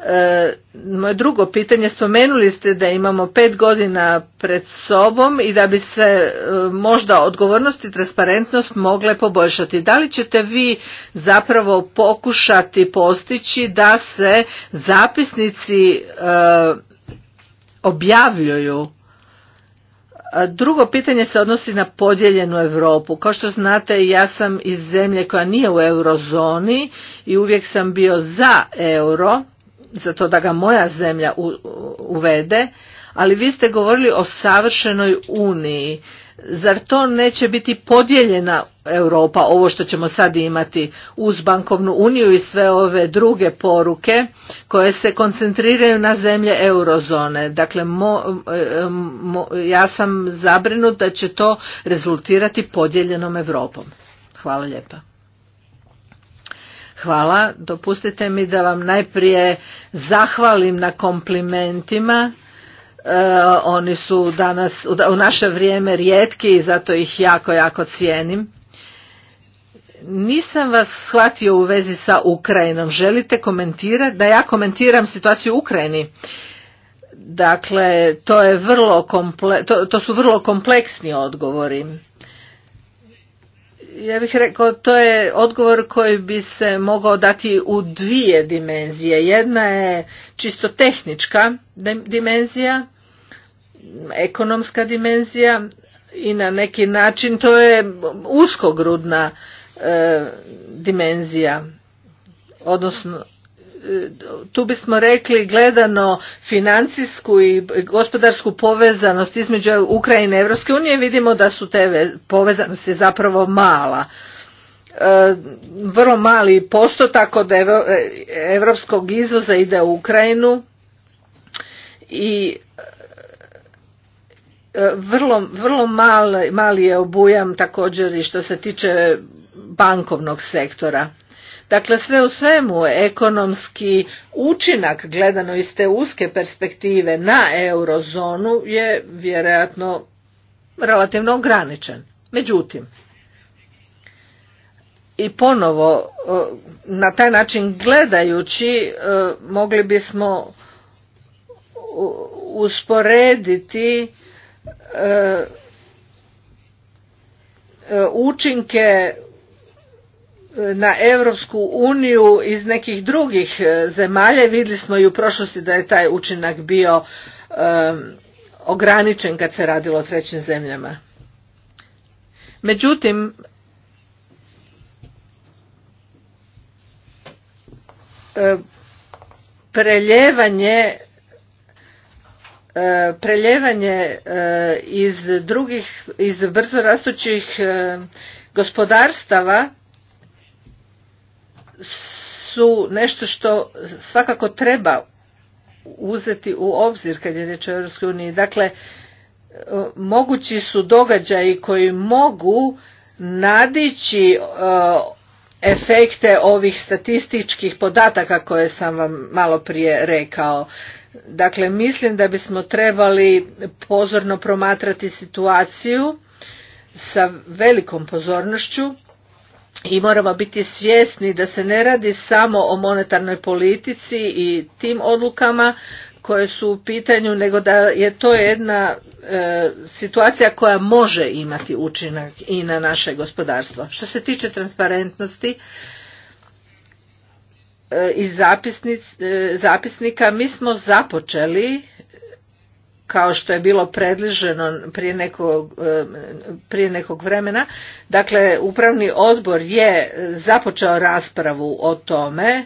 E, moje drugo pitanje, spomenuli ste da imamo pet godina pred sobom i da bi se e, možda odgovornost i transparentnost mogle poboljšati. Da li ćete vi zapravo pokušati postići da se zapisnici e, objavljuju. E, drugo pitanje se odnosi na podijeljenu Europu. Kao što znate, ja sam iz zemlje koja nije u eurozoni i uvijek sam bio za euro, za to da ga moja zemlja uvede, ali vi ste govorili o savršenoj uniji. Zar to neće biti podijeljena Europa, ovo što ćemo sad imati uz bankovnu uniju i sve ove druge poruke koje se koncentriraju na zemlje eurozone. Dakle, eh, ja sam zabrinut da će to rezultirati podijeljenom Europom. Hvala lijepa. Hvala. Dopustite mi da vam najprije zahvalim na komplimentima E, oni su danas u naše vrijeme rijetki i zato ih jako, jako cijenim. Nisam vas shvatio u vezi sa Ukrajinom. Želite komentirati? Da ja komentiram situaciju u Ukrajini. Dakle, to, je vrlo to, to su vrlo kompleksni odgovori. Ja bih rekao, to je odgovor koji bi se mogao dati u dvije dimenzije. Jedna je čisto tehnička dimenzija, ekonomska dimenzija i na neki način to je uskogrudna e, dimenzija odnosno e, tu bismo rekli gledano financijsku i gospodarsku povezanost između Ukrajine i Europske unije vidimo da su te povezanosti zapravo mala. E, vrlo mali postotak od europskog izvoza ide u Ukrajinu i vrlo, vrlo mali, mali je obujam također i što se tiče bankovnog sektora. Dakle, sve u svemu ekonomski učinak gledano iz te uske perspektive na eurozonu je vjerojatno relativno ograničen. Međutim, i ponovo e, na taj način gledajući e, mogli bismo usporediti E, e, učinke e, na Europsku uniju iz nekih drugih zemalja. Vidjeli smo i u prošlosti da je taj učinak bio ograničen kad se radilo o trećim zemljama. Međutim, preljevanje E, preljevanje e, iz drugih, iz brzo rastućih e, gospodarstava su nešto što svakako treba uzeti u obzir kad je riječ o Europskoj uniji. Dakle, mogući su događaji koji mogu nadići efekte ovih statističkih podataka koje sam vam malo prije rekao. Dakle, mislim da bismo trebali pozorno promatrati situaciju sa velikom pozornošću i moramo biti svjesni da se ne radi samo o monetarnoj politici i tim odlukama koje su u pitanju, nego da je to jedna e, situacija koja može imati učinak i na naše gospodarstvo. Što se tiče transparentnosti, E, iz e, zapisnika mi smo započeli kao što je bilo predliženo prije nekog, e, prije nekog vremena. Dakle, upravni odbor je započeo raspravu o tome,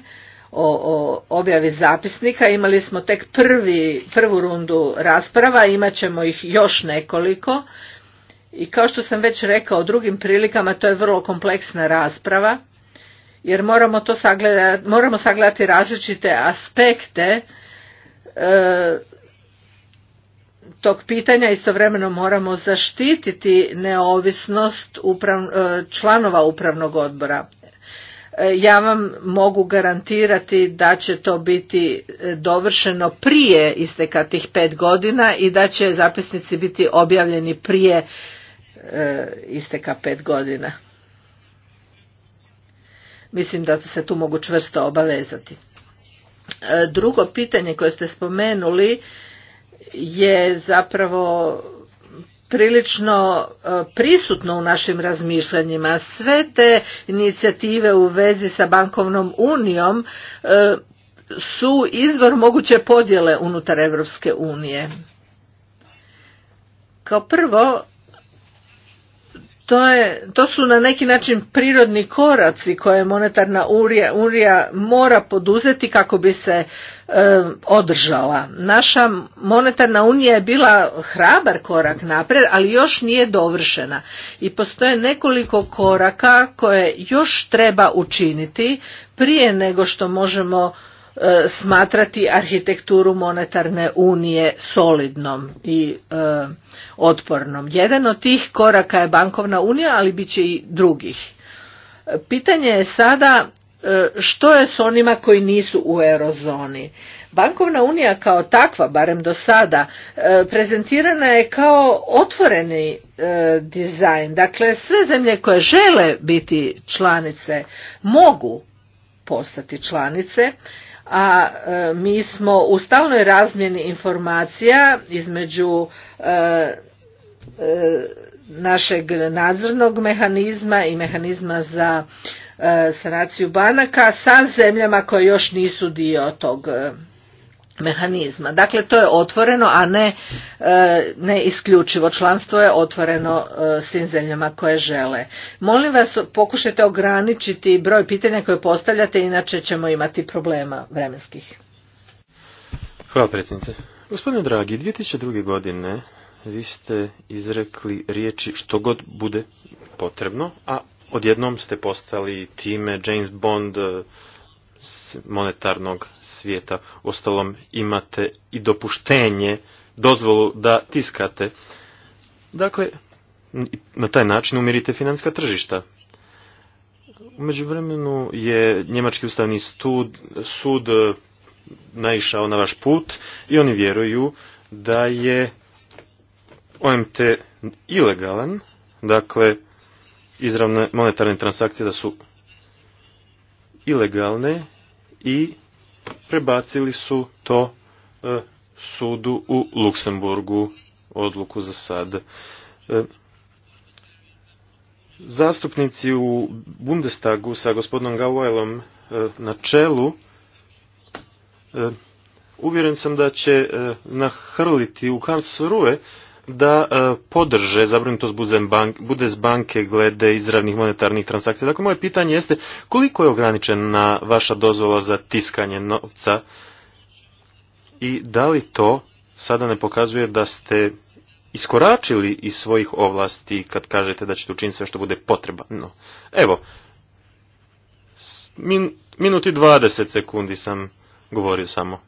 o, objavi zapisnika. Imali smo tek prvi, prvu rundu rasprava, imat ćemo ih još nekoliko. I kao što sam već rekao drugim prilikama, to je vrlo kompleksna rasprava jer moramo to sagledati, moramo sagledati različite aspekte e, tog pitanja istovremeno moramo zaštititi neovisnost uprav, e, članova upravnog odbora. E, ja vam mogu garantirati da će to biti dovršeno prije isteka tih pet godina i da će zapisnici biti objavljeni prije isteka pet godina. Mislim da se tu mogu čvrsto obavezati. E, drugo pitanje koje ste spomenuli je zapravo prilično e, prisutno u našim razmišljanjima. Sve te inicijative u vezi sa bankovnom unijom e, su izvor moguće podjele unutar Europske unije. Kao prvo, to, je, to su na neki način prirodni koraci koje monetarna unija, unija mora poduzeti kako bi se održala. Naša monetarna unija je bila hrabar korak naprijed, ali još nije dovršena. I postoje nekoliko koraka koje još treba učiniti prije nego što možemo E, smatrati arhitekturu monetarne unije solidnom i e, otpornom. Jedan od tih koraka je bankovna unija, ali bit će i drugih. Pitanje je sada e, što je s onima koji nisu u eurozoni. Bankovna unija kao takva, barem do sada, prezentirana je kao otvoreni dizajn. Dakle, sve zemlje koje žele biti članice mogu postati članice a e, mi smo u stalnoj razmjeni informacija između e, e, našeg nadzornog mehanizma i mehanizma za sanaciju banaka sa zemljama koje još nisu dio tog mehanizma. Dakle, to je otvoreno, a ne, e, ne isključivo. Članstvo je otvoreno e, svim zemljama koje žele. Molim vas, pokušajte ograničiti broj pitanja koje postavljate, inače ćemo imati problema vremenskih. Hvala predsjednice. Gospodine Dragi, 2002. godine vi ste izrekli riječi što god bude potrebno, a odjednom ste postali time James Bond monetarnog svijeta. Ostalom imate i dopuštenje, dozvolu da tiskate. Dakle, na taj način umirite financijska tržišta. U međuvremenu je Njemački ustavni stud, sud eh, naišao na vaš put i oni vjeruju da je OMT ilegalan, dakle izravne monetarne transakcije da su ilegalne i prebacili su to e, sudu u Luksemburgu odluku za sad. E, zastupnici u Bundestagu sa gospodinom Gauelom e, na čelu uvjeren sam da će nahrliti u Karlsruhe da e, podrže zabrinutost banke, glede izravnih monetarnih transakcija. Dakle, moje pitanje jeste koliko je ograničena vaša dozvola za tiskanje novca i da li to sada ne pokazuje da ste iskoračili iz svojih ovlasti kad kažete da ćete učiniti sve što bude potrebno. Evo, minuti 20 sekundi sam govorio samo.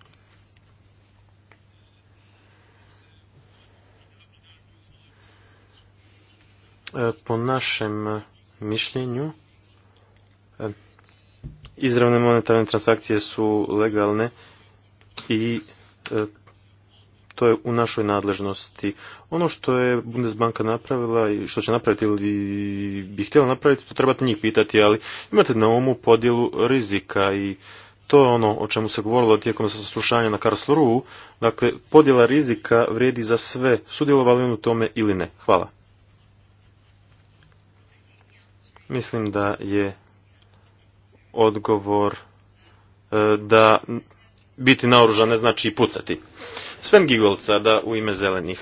E, po našem mišljenju e, izravne monetarne transakcije su legalne i e, to je u našoj nadležnosti. Ono što je Bundesbanka napravila i što će napraviti ili bi htjela napraviti, to trebate njih pitati, ali imate na umu podjelu rizika i to je ono o čemu se govorilo tijekom saslušanja na Karlsruhu. Dakle, podjela rizika vrijedi za sve, sudjelovali on u tome ili ne. Hvala. Mislim da je odgovor e, da biti naoružan ne znači pucati. Sven gigolca sada u ime zelenih.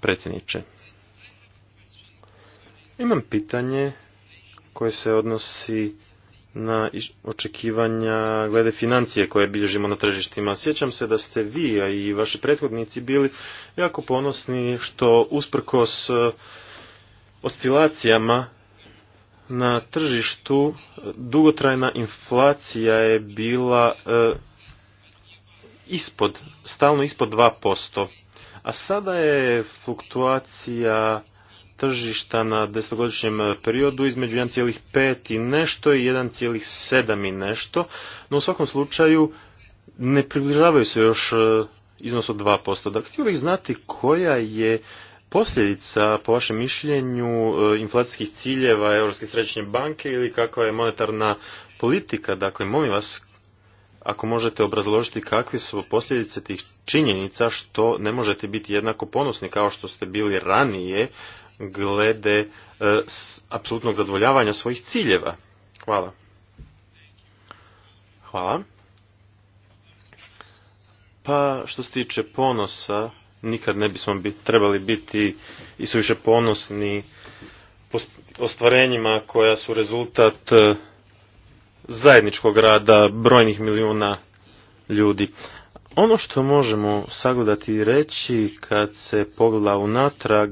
Predsjedniče. Imam pitanje koje se odnosi na očekivanja glede financije koje bilježimo na tržištima. Sjećam se da ste vi, i vaši prethodnici bili jako ponosni što usprkos e, oscilacijama na tržištu dugotrajna inflacija je bila e, ispod, stalno ispod 2%. A sada je fluktuacija tržišta na desetogodišnjem e, periodu između 1,5 i nešto i 1,7 i nešto, no u svakom slučaju ne približavaju se još e, iznos od 2%. Dakle, htio bih znati koja je posljedica, po vašem mišljenju, e, inflacijskih ciljeva Europske središnje banke ili kakva je monetarna politika. Dakle, molim vas, ako možete obrazložiti kakve su posljedice tih činjenica što ne možete biti jednako ponosni kao što ste bili ranije glede e, apsolutnog zadovoljavanja svojih ciljeva. Hvala. Hvala. Pa što se tiče ponosa, nikad ne bismo bi, trebali biti i suviše ponosni ostvarenjima koja su rezultat e, zajedničkog rada brojnih milijuna ljudi. Ono što možemo sagledati i reći kad se pogleda unatrag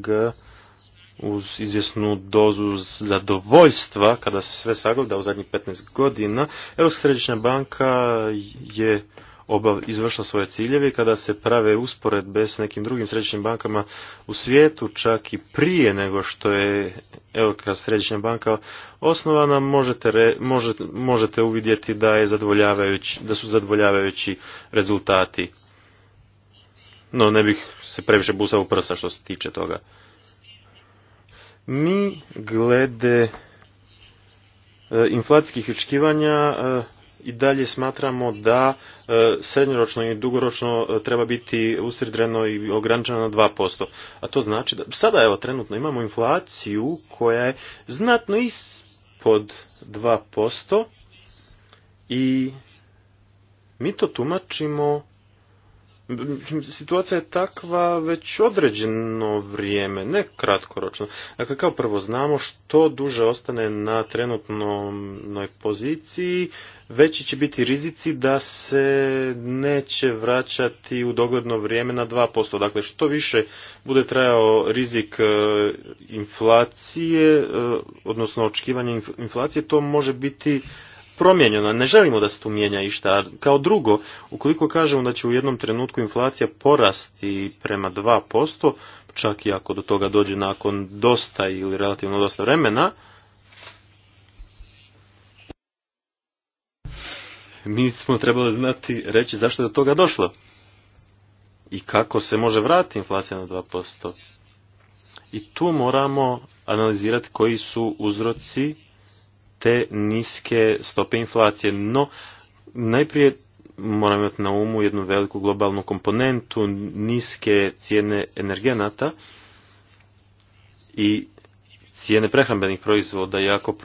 uz izvjesnu dozu zadovoljstva, kada se sve sagleda u zadnjih 15 godina, Europska središnja banka je obav, izvršila svoje ciljeve kada se prave usporedbe s nekim drugim središnjim bankama u svijetu, čak i prije nego što je Europska središnja banka osnovana, možete, re, možete, možete uvidjeti da, je zadovoljavajući, da su zadovoljavajući rezultati. No, ne bih se previše busao u prsa što se tiče toga. Mi glede e, inflacijskih očekivanja e, i dalje smatramo da e, srednjoročno i dugoročno treba biti usredreno i ograničeno na 2%. A to znači da sada evo trenutno imamo inflaciju koja je znatno ispod 2% i mi to tumačimo situacija je takva već određeno vrijeme, ne kratkoročno. Dakle, kao prvo znamo što duže ostane na trenutnoj poziciji, veći će biti rizici da se neće vraćati u dogledno vrijeme na 2%. Dakle, što više bude trajao rizik e, inflacije, e, odnosno očekivanje inflacije, to može biti promijenjeno. Ne želimo da se tu mijenja išta. Kao drugo, ukoliko kažemo da će u jednom trenutku inflacija porasti prema 2%, čak i ako do toga dođe nakon dosta ili relativno dosta vremena, mi smo trebali znati reći zašto je do toga došlo. I kako se može vratiti inflacija na 2%. I tu moramo analizirati koji su uzroci te niske stope inflacije. No, najprije moram imati na umu jednu veliku globalnu komponentu, niske cijene energenata i cijene prehrambenih proizvoda i ako,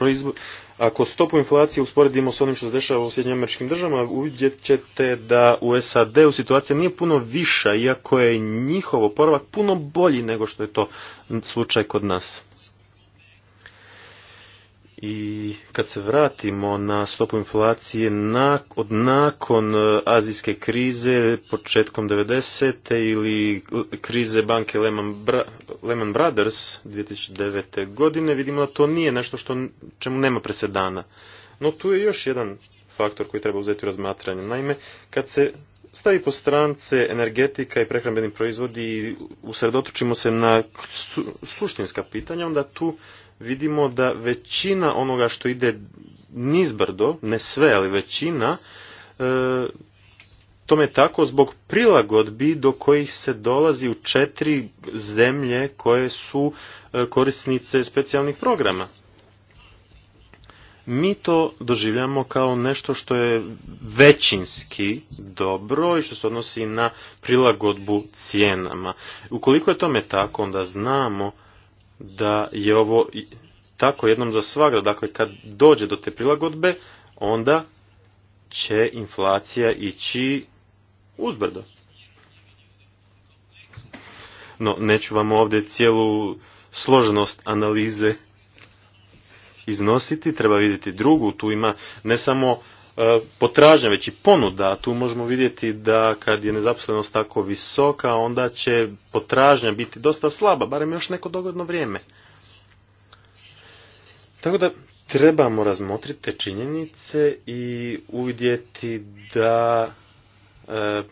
ako stopu inflacije usporedimo s onim što se dešava u Sjedinjim američkim državama, uvidjet ćete da u SAD-u situacija nije puno viša, iako je njihovo oporavak puno bolji nego što je to slučaj kod nas i kad se vratimo na stopu inflacije od nakon e, azijske krize početkom 90. ili krize banke Lehman Brothers 2009. godine vidimo da to nije nešto što čemu nema presedana. No tu je još jedan faktor koji treba uzeti u razmatranje. Naime, kad se stavi po strance energetika i prehrambeni proizvodi i usredotočimo se na suštinska pitanja, onda tu vidimo da većina onoga što ide nizbrdo, ne sve, ali većina, e, tome tako zbog prilagodbi do kojih se dolazi u četiri zemlje koje su e, korisnice specijalnih programa. Mi to doživljamo kao nešto što je većinski dobro i što se odnosi na prilagodbu cijenama. Ukoliko je tome tako, onda znamo da je ovo tako jednom za svaga, dakle kad dođe do te prilagodbe, onda će inflacija ići uzbrdo. No, neću vam ovdje cijelu složenost analize iznositi, treba vidjeti drugu, tu ima ne samo E, potražnja, već i ponuda. Tu možemo vidjeti da kad je nezaposlenost tako visoka, onda će potražnja biti dosta slaba, barem još neko dogodno vrijeme. Tako da trebamo razmotriti te činjenice i uvidjeti da e,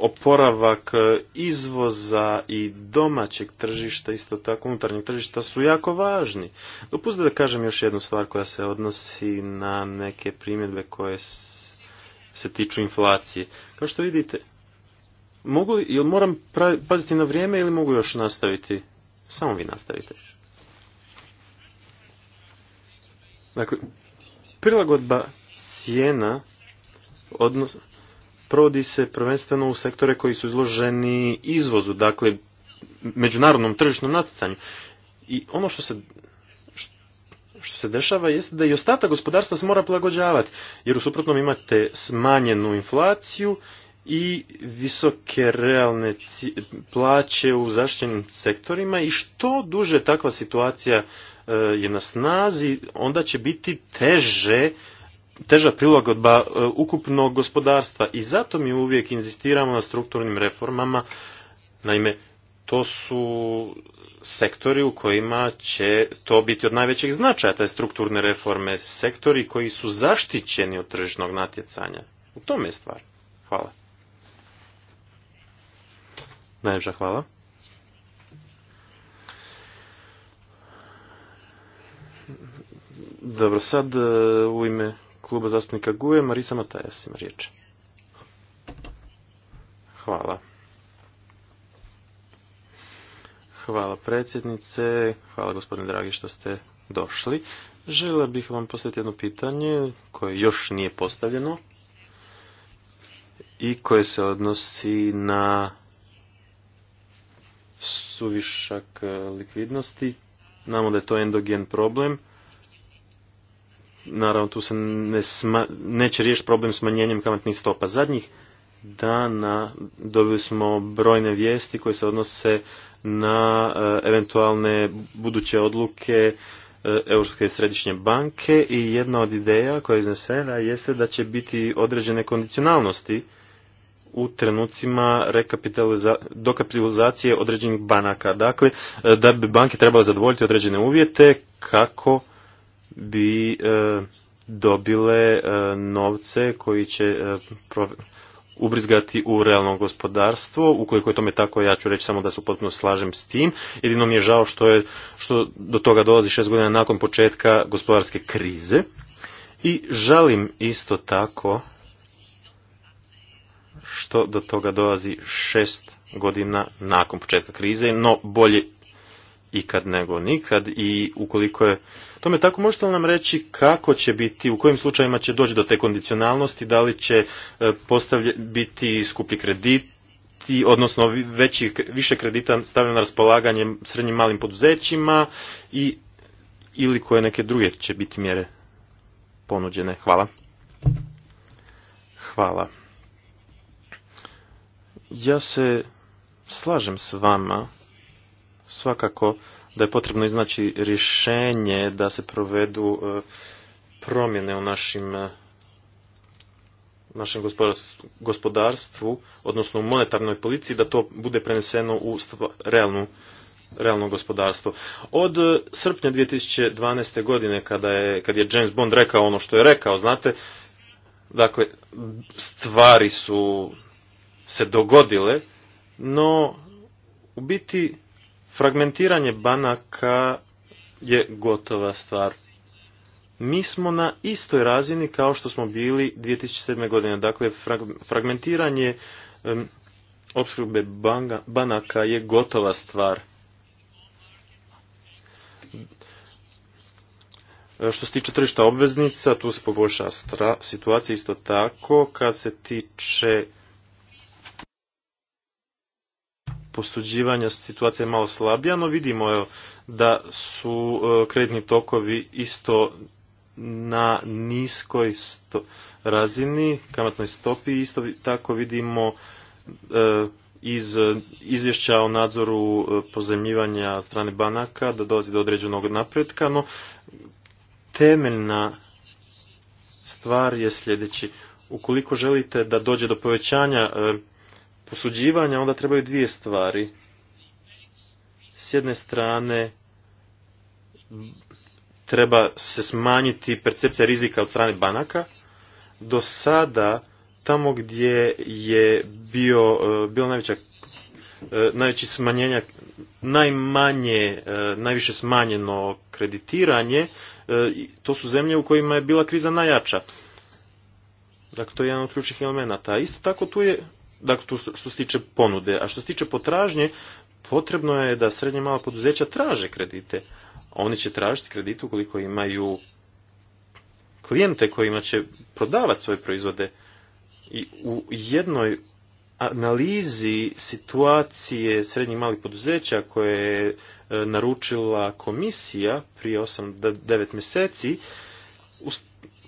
oporavak e, izvoza i domaćeg tržišta, isto tako unutarnjeg tržišta, su jako važni. Dopustite da kažem još jednu stvar koja se odnosi na neke primjedbe koje se tiču inflacije. Kao što vidite, mogu, ili moram paziti na vrijeme ili mogu još nastaviti? Samo vi nastavite. Dakle, prilagodba cijena odnosno provodi se prvenstveno u sektore koji su izloženi izvozu, dakle međunarodnom tržišnom natjecanju. I ono što se što se dešava jeste da i ostatak gospodarstva se mora prilagođavati, jer u suprotnom imate smanjenu inflaciju i visoke realne plaće u zaštićenim sektorima i što duže takva situacija e, je na snazi, onda će biti teže teža prilagodba e, ukupnog gospodarstva i zato mi uvijek inzistiramo na strukturnim reformama. Naime, to su sektori u kojima će to biti od najvećeg značaja, te strukturne reforme, sektori koji su zaštićeni od tržišnog natjecanja. U tome je stvar. Hvala. Najljepša hvala. Dobro, sad e, u ime kluba zastupnika Guje, Marisa Matajas ima riječ. Hvala. Hvala predsjednice, hvala gospodine dragi što ste došli. Žela bih vam postaviti jedno pitanje koje još nije postavljeno i koje se odnosi na suvišak likvidnosti. Znamo da je to endogen problem naravno tu se ne sma, neće riješiti problem smanjenjem kamatnih stopa. Zadnjih dana dobili smo brojne vijesti koje se odnose na e, eventualne buduće odluke e, Europske središnje banke i jedna od ideja koja je iznesena jeste da će biti određene kondicionalnosti u trenucima dokapitalizacije određenih banaka. Dakle, e, da bi banke trebale zadovoljiti određene uvjete kako bi e, dobile e, novce koji će e, ubrizgati u realno gospodarstvo. Ukoliko je tome tako, ja ću reći samo da se potpuno slažem s tim. Jedino mi je žao što, je, što do toga dolazi šest godina nakon početka gospodarske krize. I žalim isto tako što do toga dolazi šest godina nakon početka krize, no bolje ikad nego nikad i ukoliko je tome tako možete li nam reći kako će biti, u kojim slučajima će doći do te kondicionalnosti, da li će e, postavlje, biti skupi kredit, odnosno veći, više kredita stavljeno na raspolaganje srednjim malim poduzećima i ili koje neke druge će biti mjere ponuđene. Hvala. Hvala. Ja se slažem s vama svakako da je potrebno iznaći rješenje da se provedu e, promjene u našim e, našem gospodarstvu, odnosno u monetarnoj policiji, da to bude preneseno u realnu realno gospodarstvo. Od e, srpnja 2012. godine kada je, kad je James Bond rekao ono što je rekao, znate, dakle, stvari su se dogodile, no u biti Fragmentiranje banaka je gotova stvar. Mi smo na istoj razini kao što smo bili 2007. godine. Dakle, fragmentiranje opskrbe banaka je gotova stvar. Što se tiče tržišta obveznica, tu se poboljša situacija isto tako. Kad se tiče posuđivanja situacija je malo slabija, no vidimo evo, da su e, kreditni tokovi isto na niskoj razini, kamatnoj stopi, isto tako vidimo e, iz izvješća o nadzoru e, pozemljivanja strane banaka da dolazi do određenog napretka, no temeljna stvar je sljedeći. Ukoliko želite da dođe do povećanja posuđivanja, onda trebaju dvije stvari. S jedne strane, treba se smanjiti percepcija rizika od strane banaka. Do sada, tamo gdje je bio, e, bilo najveća e, najveći smanjenja, najmanje, e, najviše smanjeno kreditiranje, to su zemlje u kojima je bila kriza najjača. Dakle, to je jedan od ključnih elemenata. Isto tako tu je dakle što se tiče ponude, a što se tiče potražnje, potrebno je da srednje mala poduzeća traže kredite. Oni će tražiti kredite ukoliko imaju klijente kojima će prodavati svoje proizvode i u jednoj analizi situacije srednjih malih poduzeća koje je e, naručila komisija prije 8-9 mjeseci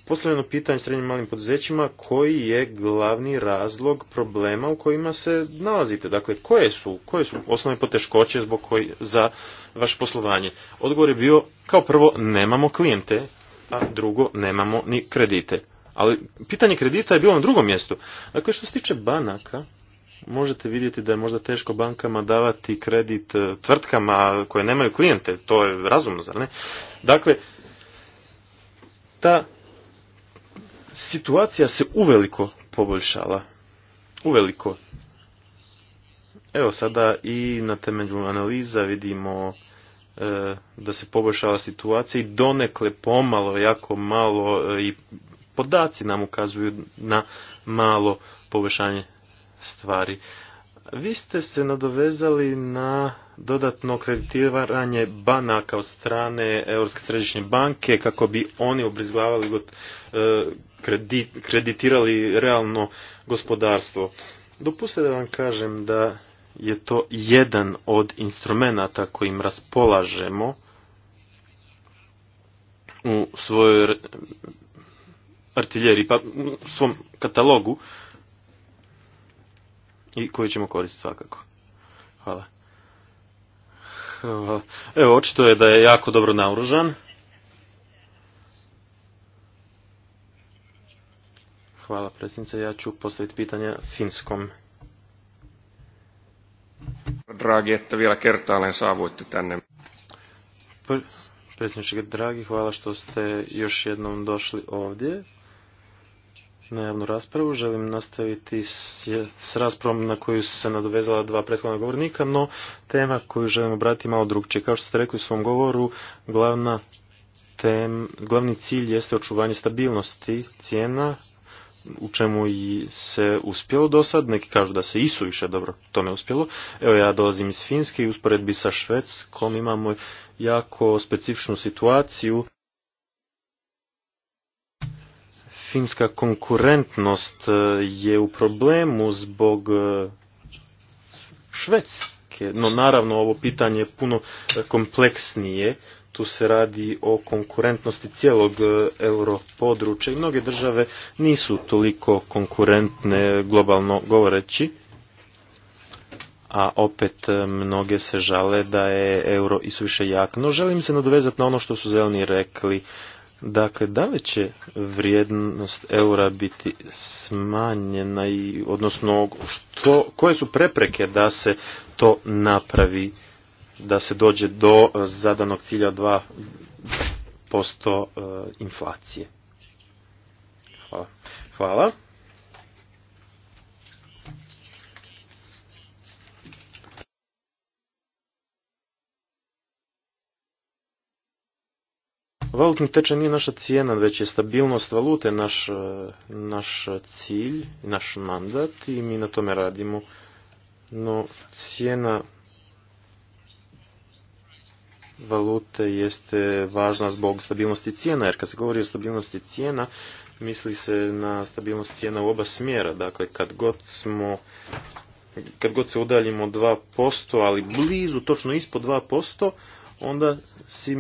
postavljeno pitanje srednjim malim poduzećima koji je glavni razlog problema u kojima se nalazite. Dakle, koje su, koje su osnovne poteškoće zbog koji, za vaše poslovanje? Odgovor je bio, kao prvo, nemamo klijente, a drugo, nemamo ni kredite. Ali pitanje kredita je bilo na drugom mjestu. Dakle, što se tiče banaka, možete vidjeti da je možda teško bankama davati kredit e, tvrtkama koje nemaju klijente. To je razumno, zar ne? Dakle, ta situacija se uveliko poboljšala. Uveliko. Evo sada i na temelju analiza vidimo e, da se poboljšala situacija i donekle pomalo, jako malo e, i podaci nam ukazuju na malo poboljšanje stvari. Vi ste se nadovezali na dodatno kreditiranje banaka od strane Europske središnje banke kako bi oni obrizglavali e, kreditirali realno gospodarstvo. Dopustite da vam kažem da je to jedan od instrumenata kojim raspolažemo u svojoj artiljeriji, pa u svom katalogu i koji ćemo koristiti svakako. Hvala. Evo, očito je da je jako dobro naoružan. Hvala predsjednice. Ja ću postaviti pitanje finskom. Dragi, että vielä tänne. Predsjedniče Dragi, hvala što ste još jednom došli ovdje na javnu raspravu. Želim nastaviti s, s raspravom na koju se nadovezala dva prethodna govornika, no tema koju želim obratiti malo drugčije. Kao što ste rekli u svom govoru, glavna tem, glavni cilj jeste očuvanje stabilnosti cijena u čemu se uspjelo do sad, neki kažu da se i više dobro tome uspjelo. Evo ja dolazim iz Finske i usporedbi sa Švedskom imamo jako specifičnu situaciju. Finska konkurentnost eh, je u problemu zbog eh, Švedske, no naravno ovo pitanje je puno eh, kompleksnije tu se radi o konkurentnosti cijelog e, europodručja i mnoge države nisu toliko konkurentne globalno govoreći, a opet e, mnoge se žale da je euro isuviše jak. No želim se nadovezati na ono što su zeleni rekli. Dakle, da li će vrijednost eura biti smanjena i odnosno što, koje su prepreke da se to napravi? da se dođe do eh, zadanog cilja 2% eh, inflacije. Hvala. Hvala. Valutni tečaj nije naša cijena, već je stabilnost valute naš, eh, naš cilj, naš mandat i mi na tome radimo. No cijena valute jeste važna zbog stabilnosti cijena, jer kad se govori o stabilnosti cijena, misli se na stabilnost cijena u oba smjera. Dakle, kad god smo kad god se udaljimo 2%, ali blizu, točno ispod 2%, onda si,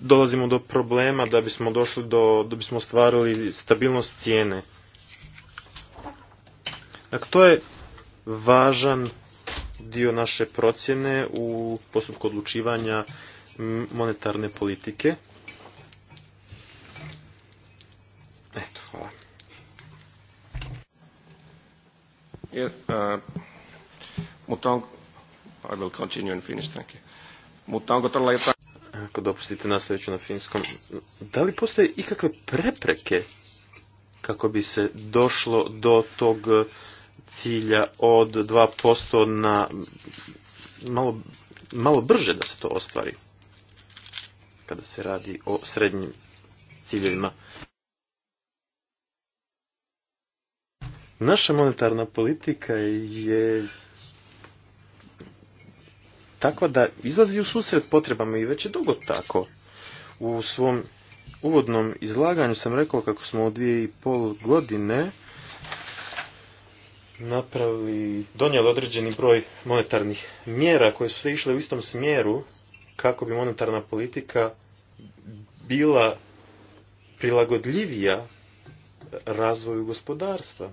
dolazimo do problema da bismo došli do, da bismo ostvarili stabilnost cijene. Dakle, to je važan dio naše procjene u postupku odlučivanja monetarne politike. Eto, hvala. Ako dopustite, nastavit ću na finskom. Da li postoje ikakve prepreke kako bi se došlo do tog cilja od 2% na malo, malo brže da se to ostvari kada se radi o srednjim ciljevima. Naša monetarna politika je tako da izlazi u susret potrebama i već je dugo tako. U svom uvodnom izlaganju sam rekao kako smo u dvije i pol godine napravili, donijeli određeni broj monetarnih mjera koje su sve išle u istom smjeru kako bi monetarna politika bila prilagodljivija razvoju gospodarstva.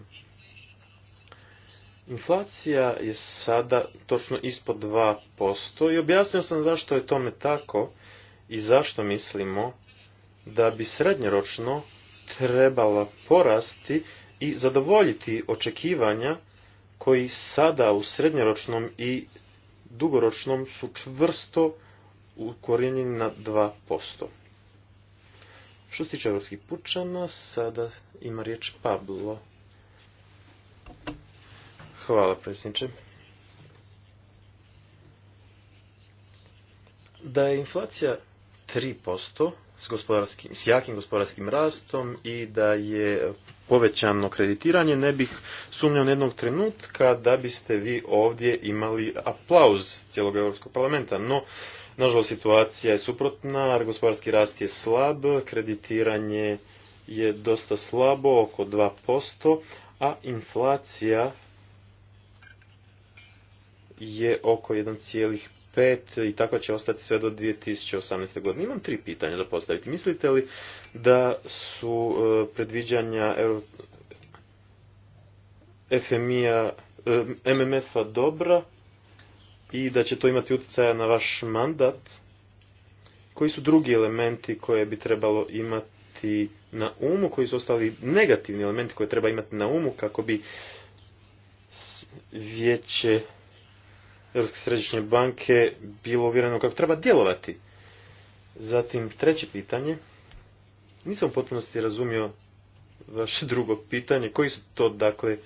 Inflacija je sada točno ispod 2% i objasnio sam zašto je tome tako i zašto mislimo da bi srednjeročno trebala porasti i zadovoljiti očekivanja koji sada u srednjoročnom i dugoročnom su čvrsto ukorijenjeni na 2%. Što se tiče evropskih pučana, sada ima riječ Pablo. Hvala, predsjedniče. Da je inflacija 3%, s, gospodarskim, s jakim gospodarskim rastom i da je povećano kreditiranje, ne bih sumnjao na jednog trenutka da biste vi ovdje imali aplauz cijelog Europskog parlamenta, no nažalost situacija je suprotna, gospodarski rast je slab, kreditiranje je dosta slabo, oko 2%, a inflacija je oko 1,5% i tako će ostati sve do 2018. godine. Imam tri pitanja da postaviti. Mislite li da su e, predviđanja fmi MMF-a e, dobra i da će to imati utjecaja na vaš mandat? Koji su drugi elementi koje bi trebalo imati na umu, koji su ostali negativni elementi koje treba imati na umu kako bi vijeće Europske središnje banke bilo uvjereno kako treba djelovati. Zatim, treće pitanje. Nisam u potpunosti razumio vaše drugo pitanje. Koji su to, dakle,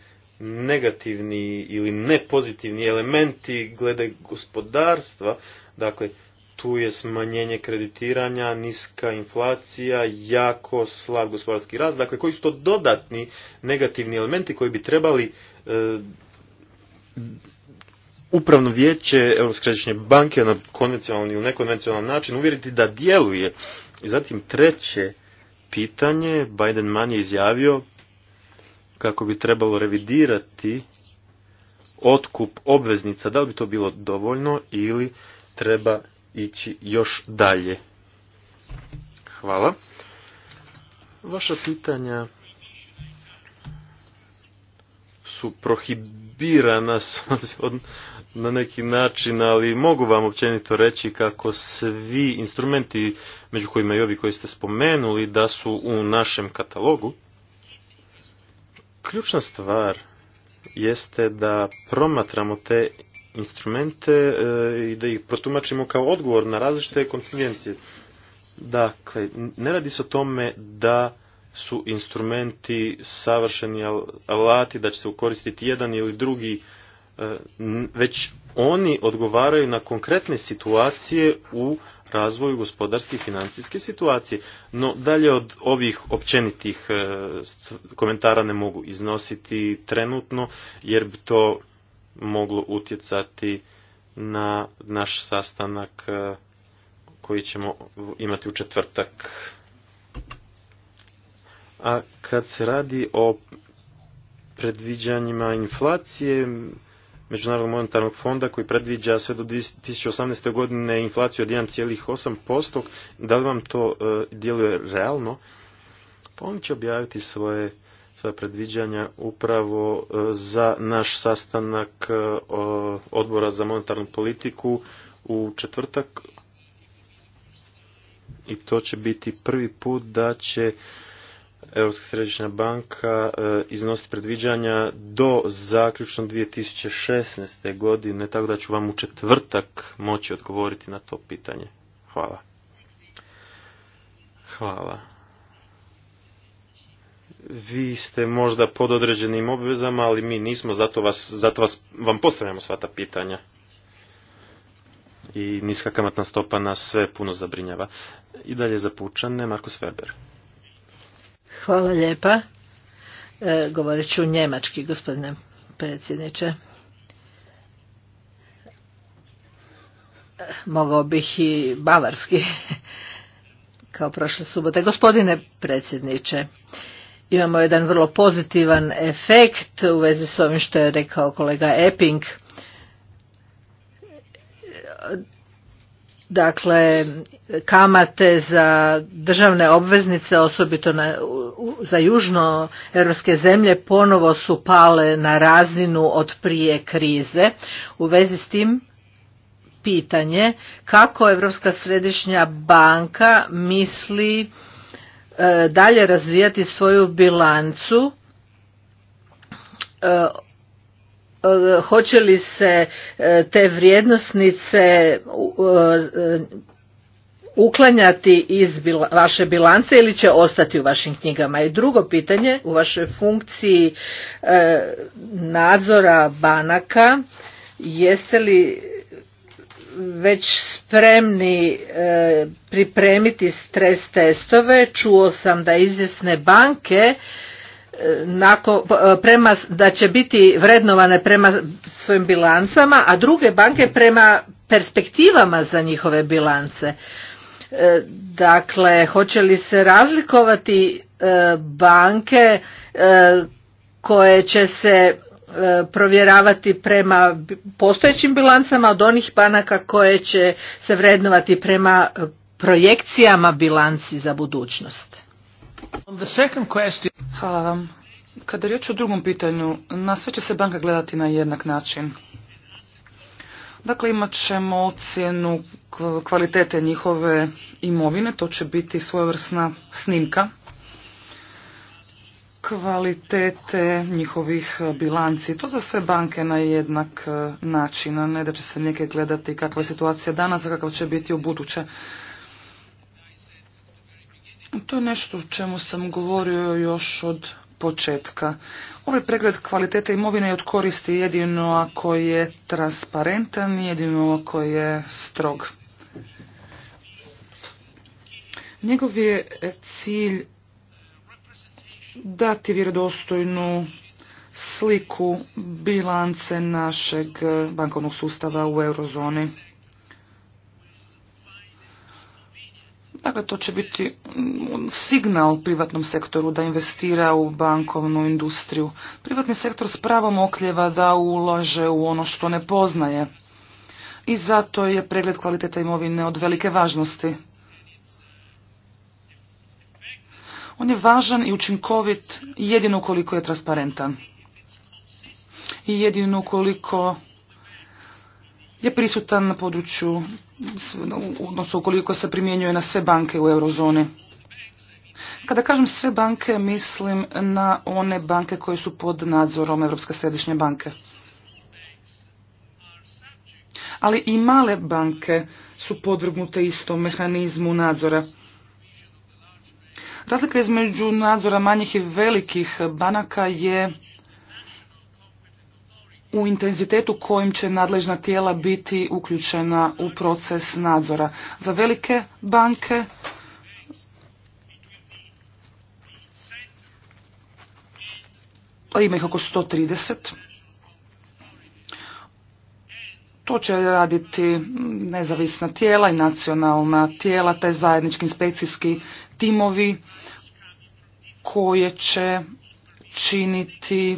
negativni ili nepozitivni elementi glede gospodarstva? Dakle, tu je smanjenje kreditiranja, niska inflacija, jako slab gospodarski rast. Dakle, koji su to dodatni negativni elementi koji bi trebali e, upravno vijeće Europske središnje banke na konvencionalni ili nekonvencionalni način uvjeriti da djeluje. I zatim treće pitanje, Biden manje izjavio kako bi trebalo revidirati otkup obveznica, da li bi to bilo dovoljno ili treba ići još dalje. Hvala. Vaša pitanja su prohibirana na neki način, ali mogu vam općenito reći kako svi instrumenti, među kojima i ovi koji ste spomenuli, da su u našem katalogu. Ključna stvar jeste da promatramo te instrumente e, i da ih protumačimo kao odgovor na različite kontingencije. Dakle, ne radi se o tome da su instrumenti savršeni alati da će se ukoristiti jedan ili drugi e, već oni odgovaraju na konkretne situacije u razvoju gospodarske i financijske situacije. No dalje od ovih općenitih e, komentara ne mogu iznositi trenutno jer bi to moglo utjecati na naš sastanak e, koji ćemo imati u četvrtak a kad se radi o predviđanjima inflacije Međunarodnog monetarnog fonda koji predviđa sve do 2018. godine inflaciju od 1,8%, da li vam to e, djeluje realno? Pa oni će objaviti svoje sva predviđanja upravo e, za naš sastanak e, odbora za monetarnu politiku u četvrtak i to će biti prvi put da će Europska središnja banka e, iznosi predviđanja do zaključno 2016. godine, tako da ću vam u četvrtak moći odgovoriti na to pitanje. Hvala. Hvala. Vi ste možda pod određenim obvezama, ali mi nismo, zato, vas, zato vas, vam postavljamo sva ta pitanja. I niska kamatna stopa nas sve puno zabrinjava. I dalje za pučane, Markus Weber. Hvala lijepa. E, govorit ću njemački, gospodine predsjedniče. mogao bih i bavarski, kao prošle subote. Gospodine predsjedniče, imamo jedan vrlo pozitivan efekt u vezi s ovim što je rekao kolega Epping – dakle kamate za državne obveznice osobito na, za južno europske zemlje ponovo su pale na razinu od prije krize u vezi s tim pitanje kako Europska središnja banka misli e, dalje razvijati svoju bilancu e, Eh, hoće li se eh, te vrijednosnice eh, uklanjati iz vaše bilance ili će ostati u vašim knjigama i drugo pitanje u vašoj funkciji nadzora banaka jeste li već spremni pripremiti stres testove čuo sam da izvjesne banke nako, e, prema, da će biti vrednovane prema svojim bilancama, a druge banke prema perspektivama za njihove bilance. E, dakle, hoće li se razlikovati e, banke koje će se provjeravati prema postojećim bilancama od onih banaka koje će se vrednovati prema projekcijama bilanci za budućnost. Hvala vam. Kada je riječ o drugom pitanju, na sve će se banka gledati na jednak način. Dakle, imat ćemo ocjenu kvalitete njihove imovine, to će biti svojevrsna snimka kvalitete njihovih e, bilanci. To za sve banke na jednak e, način, a ne da će se neke gledati kakva je situacija danas, a kakva će biti u buduće. To je nešto o čemu sam govorio još od početka. Ovaj pregled kvalitete imovine je od koristi jedino ako je transparentan, jedino ako je strog. Njegov je cilj dati vjerodostojnu sliku bilance našeg bankovnog sustava u eurozoni. Dakle, to će biti signal privatnom sektoru da investira u bankovnu industriju. Privatni sektor s pravom okljeva da ulaže u ono što ne poznaje. I zato je pregled kvaliteta imovine od velike važnosti. On je važan i učinkovit jedino koliko je transparentan. I jedino koliko je prisutan na području, odnosno ukoliko se primjenjuje na sve banke u eurozoni. Kada kažem sve banke, mislim na one banke koje su pod nadzorom Europske središnje banke. Ali i male banke su podvrgnute istom mehanizmu nadzora. Razlika između nadzora manjih i velikih banaka je u intenzitetu kojim će nadležna tijela biti uključena u proces nadzora. Za velike banke ima ih oko 130. To će raditi nezavisna tijela i nacionalna tijela, te zajednički inspekcijski timovi koje će činiti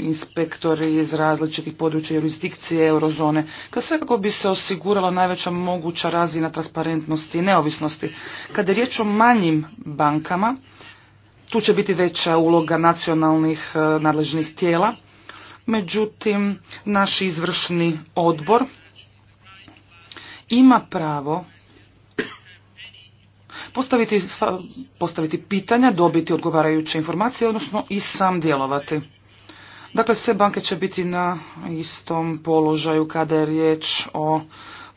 inspektori iz različitih područja jurisdikcije eurozone, kad sve kako bi se osigurala najveća moguća razina transparentnosti i neovisnosti. Kada je riječ o manjim bankama, tu će biti veća uloga nacionalnih e, nadležnih tijela, međutim naš izvršni odbor ima pravo postaviti, postaviti pitanja, dobiti odgovarajuće informacije, odnosno i sam djelovati. Dakle, sve banke će biti na istom položaju kada je riječ o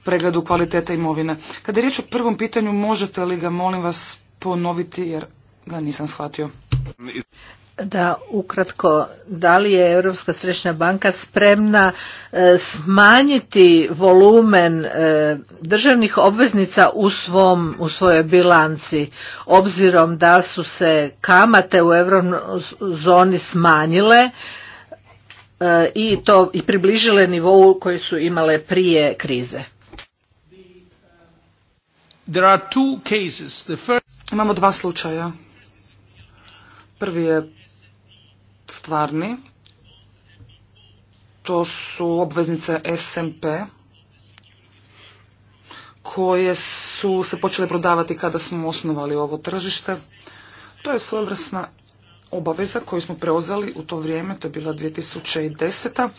pregledu kvalitete imovine. Kada je riječ o prvom pitanju, možete li ga, molim vas, ponoviti jer ga nisam shvatio da ukratko da li je Europska središnja banka spremna e, smanjiti volumen e, državnih obveznica u svom u svojoj bilanci obzirom da su se kamate u eurozoni smanjile e, i to i približile nivou koji su imale prije krize. two Imamo dva slučaja. Prvi je stvarni. To su obveznice SMP koje su se počele prodavati kada smo osnovali ovo tržište. To je svojevrsna obaveza koju smo preuzeli u to vrijeme, to je bila 2010.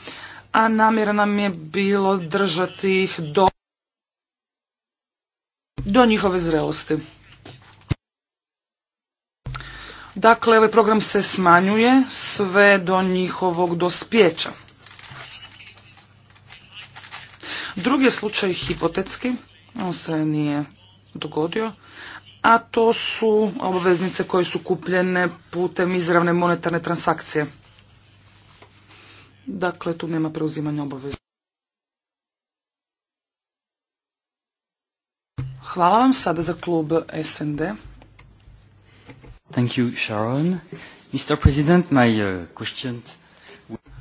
A namjera nam je bilo držati ih do, do njihove zrelosti. Dakle, ovaj program se smanjuje sve do njihovog dospjeća. Drugi je slučaj hipotetski, on se nije dogodio, a to su obveznice koje su kupljene putem izravne monetarne transakcije. Dakle, tu nema preuzimanja obaveza. Hvala vam sada za klub SND. Thank you, Sharon. Mr. President, my uh, question...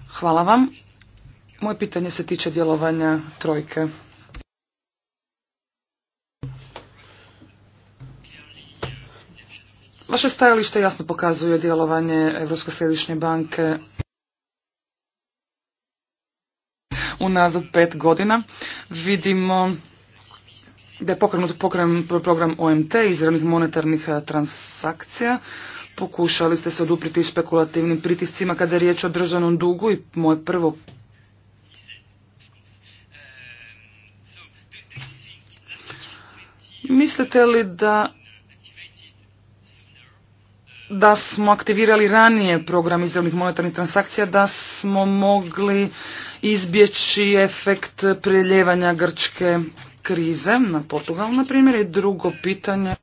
Hvala vam. Moje pitanje se tiče djelovanja trojke. Vaše stajalište jasno pokazuje djelovanje Europske središnje banke u unazad pet godina. Vidimo da je pokrenut pokren, program OMT, izravnih monetarnih e, transakcija. Pokušali ste se odupriti spekulativnim pritiscima kada je riječ o državnom dugu i moje prvo Mislite li da da smo aktivirali ranije program izravnih monetarnih transakcija, da smo mogli izbjeći efekt preljevanja Grčke krize na Portugalu, na primjer, i drugo pitanje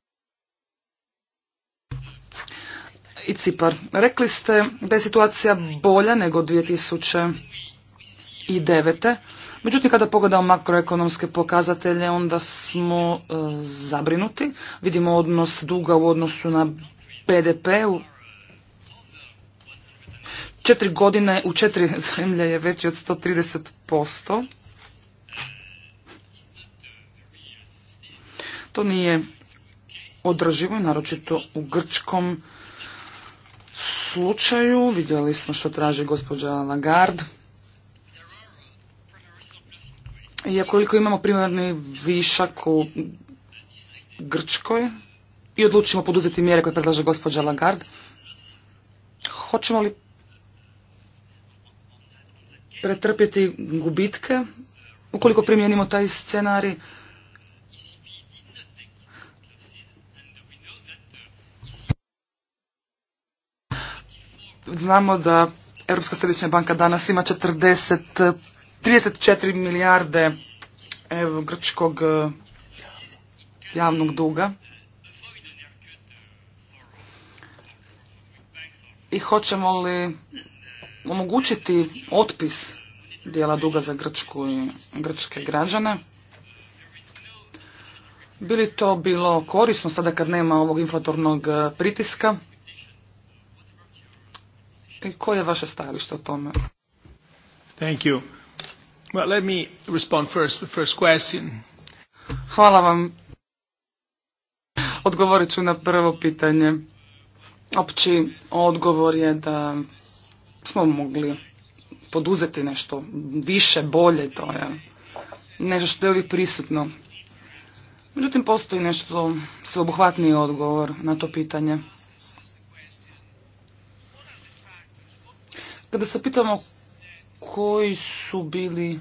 i Cipar. Rekli ste da je situacija bolja nego 2009. Međutim, kada pogledamo makroekonomske pokazatelje, onda smo e, zabrinuti. Vidimo odnos duga u odnosu na BDP. četiri godine u četiri zemlje je veći od 130%. To nije održivo, naročito u grčkom slučaju. Vidjeli smo što traži gospođa Lagarde. I koliko imamo primarni višak u Grčkoj i odlučimo poduzeti mjere koje predlaže gospođa Lagarde, hoćemo li pretrpjeti gubitke ukoliko primijenimo taj scenarij? Znamo da Europska središnja banka danas ima 40, 34 milijarde evo, grčkog e, javnog duga. I hoćemo li omogućiti otpis dijela duga za grčku i grčke građane? Bili to bilo korisno sada kad nema ovog inflatornog e, pritiska? I koje je vaše stajalište o tome? Thank you. Well, let me respond first first question. Hvala vam. Odgovorit ću na prvo pitanje. Opći odgovor je da smo mogli poduzeti nešto više, bolje, to je nešto što je uvijek prisutno. Međutim, postoji nešto sveobuhvatniji odgovor na to pitanje. Kada se pitamo koji su bili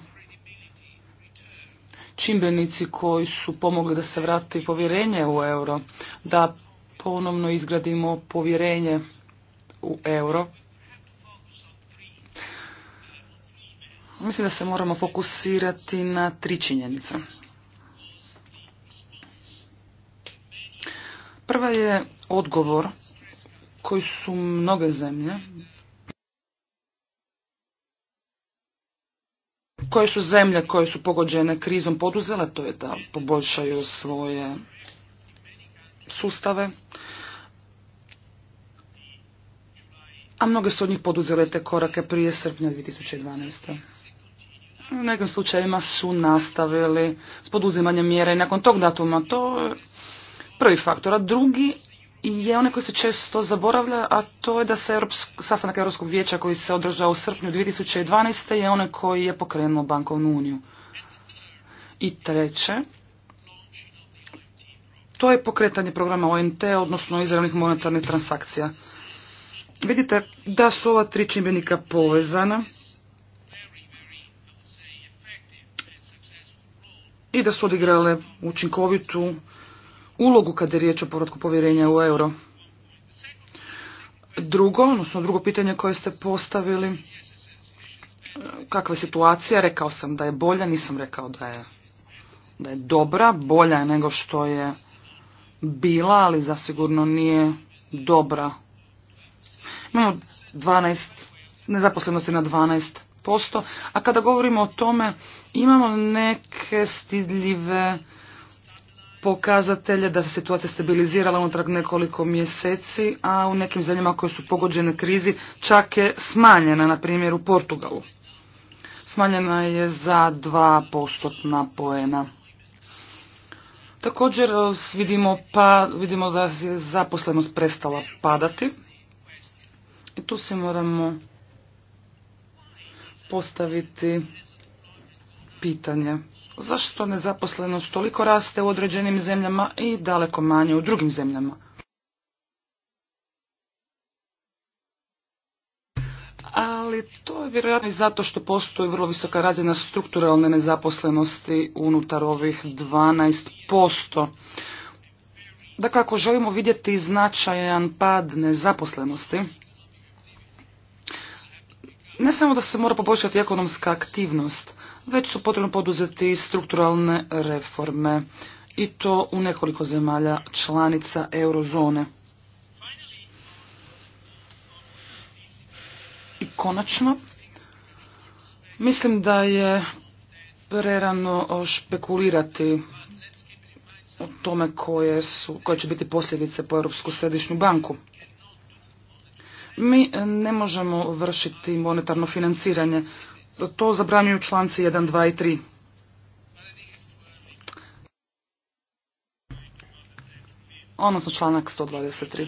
čimbenici koji su pomogli da se vrati povjerenje u euro, da ponovno izgradimo povjerenje u euro. Mislim da se moramo fokusirati na tri činjenice. Prva je odgovor koji su mnoge zemlje koje su zemlje koje su pogođene krizom poduzele, to je da poboljšaju svoje sustave. A mnoge su od njih poduzele te korake prije srpnja 2012. U nekim slučajevima su nastavili s poduzimanjem mjere i nakon tog datuma to je prvi faktor. A drugi je one koji se često zaboravlja, a to je da se Europsk, sastanak Europskog vijeća koji se održao u srpnju 2012. je onaj koji je pokrenuo bankovnu uniju. I treće, to je pokretanje programa ONT, odnosno izravnih monetarnih transakcija. Vidite da su ova tri čimbenika povezana i da su odigrale učinkovitu ulogu kada je riječ o povratku povjerenja u euro? Drugo, odnosno drugo pitanje koje ste postavili, e, kakva je situacija? Rekao sam da je bolja, nisam rekao da je, da je dobra, bolja je nego što je bila, ali zasigurno nije dobra. Imamo 12, nezaposlenosti na 12%, a kada govorimo o tome, imamo neke stidljive pokazatelje da se situacija stabilizirala unutar nekoliko mjeseci, a u nekim zemljama koje su pogođene krizi čak je smanjena, na primjer u Portugalu. Smanjena je za 2 postotna poena. Također e, vidimo, pa, vidimo da je zaposlenost prestala padati. I tu se moramo postaviti pitanje. Zašto nezaposlenost toliko raste u određenim zemljama i daleko manje u drugim zemljama? Ali to je vjerojatno i zato što postoji vrlo visoka razina strukturalne nezaposlenosti unutar ovih 12%. Dakle, ako želimo vidjeti značajan pad nezaposlenosti, ne samo da se mora poboljšati ekonomska aktivnost, već su potrebno poduzeti strukturalne reforme i to u nekoliko zemalja članica eurozone. I konačno, mislim da je prerano špekulirati o tome koje, su, koje će biti posljedice po Europsku središnju banku. Mi ne možemo vršiti monetarno financiranje to zabranjuju članci 1, 2 i 3. odnosno članak 123.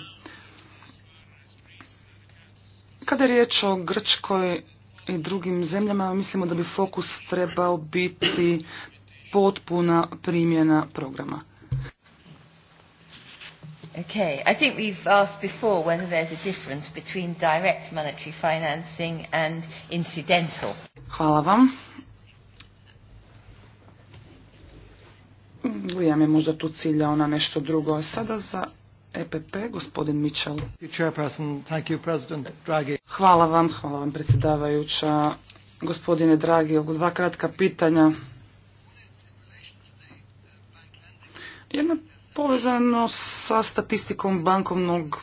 Kada je riječ o Grčkoj i drugim zemljama, mislimo da bi fokus trebao biti potpuna primjena programa. Okay, I think we've asked before whether there's a difference between direct monetary financing and incidental. Hvala vam. Lijam je možda tu ciljao na nešto drugo. A sada za EPP, gospodin Mitchell. Hvala vam, hvala vam predsjedavajuća. Gospodine Dragi, dva kratka pitanja. Jedno Povezano sa statistikom bankovnog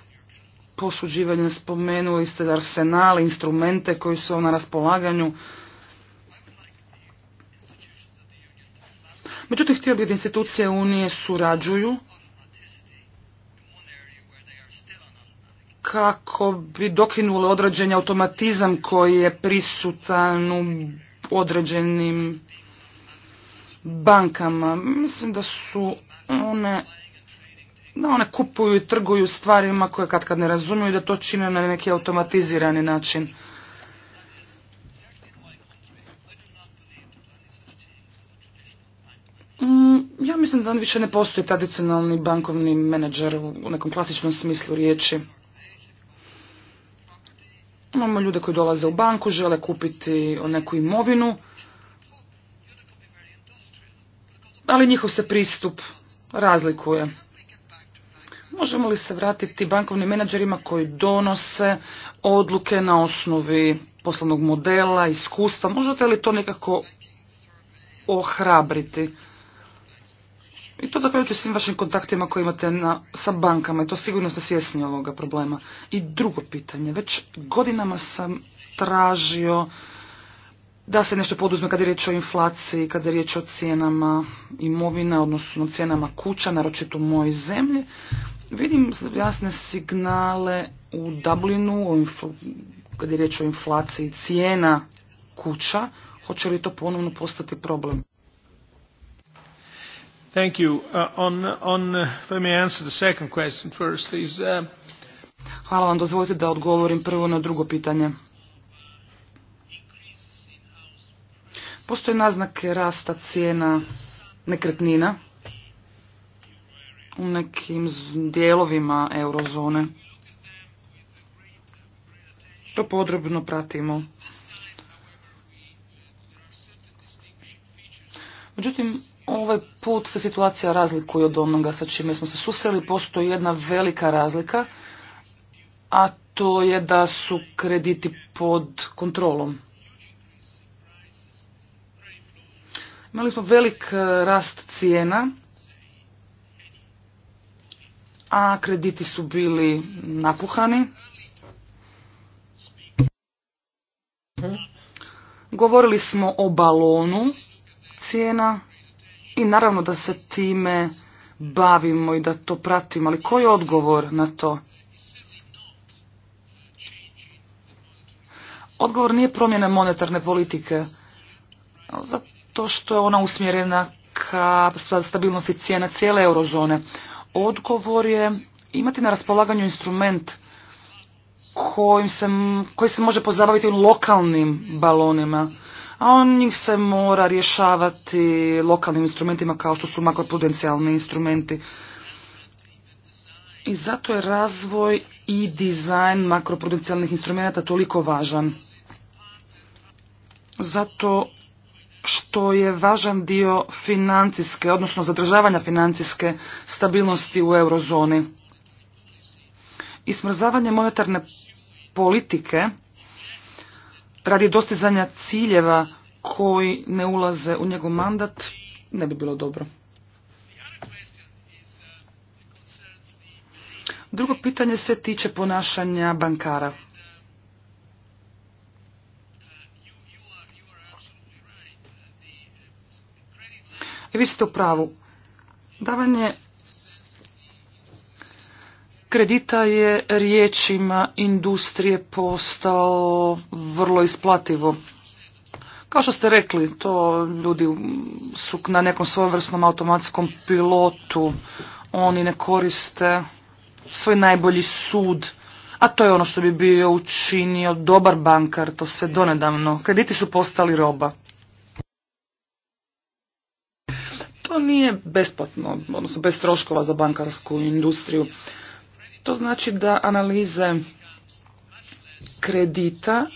posuđivanja spomenuli ste arsenale, instrumente koji su na raspolaganju. Međutim, htio bih da institucije Unije surađuju kako bi dokinule određeni automatizam koji je prisutan u određenim bankama. Mislim da su Mm. one, da one kupuju i trguju stvarima koje kad kad ne razumiju i da to čine na neki automatizirani način. Mm, ja mislim da on više ne postoji tradicionalni bankovni menadžer u nekom klasičnom smislu riječi. Imamo ljude koji dolaze u banku, žele kupiti neku imovinu, ali njihov se pristup razlikuje. Možemo li se vratiti bankovnim menadžerima koji donose odluke na osnovi poslovnog modela, iskustva? Možete li to nekako ohrabriti? I to zahvaljujući svim vašim kontaktima koje imate sa bankama i to sigurno ste svjesni ovoga problema. I drugo pitanje, već godinama sam tražio da se nešto poduzme kada je riječ o inflaciji, kada je riječ o cijenama imovina, odnosno cijenama kuća, naročito u mojoj zemlji. Vidim jasne signale u Dublinu, kada je riječ o inflaciji cijena kuća, hoće li to ponovno postati problem? Thank you. Uh, on, on, uh, let me answer the second question first. Is, uh, Hvala vam, dozvolite da odgovorim prvo na drugo pitanje. Postoje naznake rasta cijena nekretnina u nekim dijelovima eurozone. To podrobno pratimo. Međutim, ovaj put se situacija razlikuje od onoga sa čime smo se susreli. Postoji jedna velika razlika, a to je da su krediti pod kontrolom. Imali smo velik e, rast cijena, a krediti su bili napuhani. Govorili smo o balonu cijena i naravno da se time bavimo i da to pratimo, ali koji je odgovor na to? Odgovor nije promjene monetarne politike. Za to što je ona usmjerena ka stabilnosti cijena cijele eurozone. Odgovor je imati na raspolaganju instrument kojim se, koji se može pozabaviti lokalnim balonima, a on njih se mora rješavati lokalnim instrumentima kao što su makroprudencijalni instrumenti. I zato je razvoj i dizajn makroprudencijalnih instrumenta toliko važan. Zato što je važan dio financijske, odnosno zadržavanja financijske stabilnosti u eurozoni. I smrzavanje monetarne politike radi dostizanja ciljeva koji ne ulaze u njegov mandat ne bi bilo dobro. Drugo pitanje se tiče ponašanja bankara. I vi ste u pravu. Davanje kredita je riječima industrije postao vrlo isplativo. Kao što ste rekli, to ljudi su na nekom svojevrsnom automatskom pilotu, oni ne koriste svoj najbolji sud, a to je ono što bi bio učinio dobar bankar, to se donedavno. Krediti su postali roba. nije besplatno, odnosno bez troškova za bankarsku industriju. To znači da analize kredita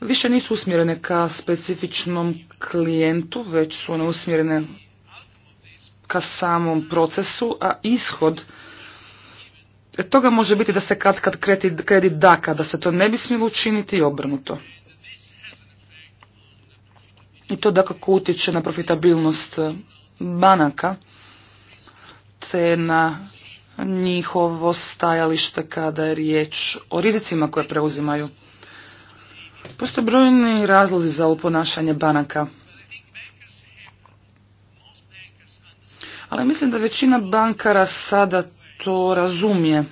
više nisu usmjerene ka specifičnom klijentu, već su one usmjerene ka samom procesu, a ishod toga može biti da se kad kad kredit da kada se to ne bi smjelo učiniti i obrnuto. I to dakako utječe na profitabilnost e, banaka te na njihovo stajalište kada je riječ o rizicima koje preuzimaju. Postoje brojni razlozi za uponašanje banaka. Ali mislim da većina bankara sada to razumije.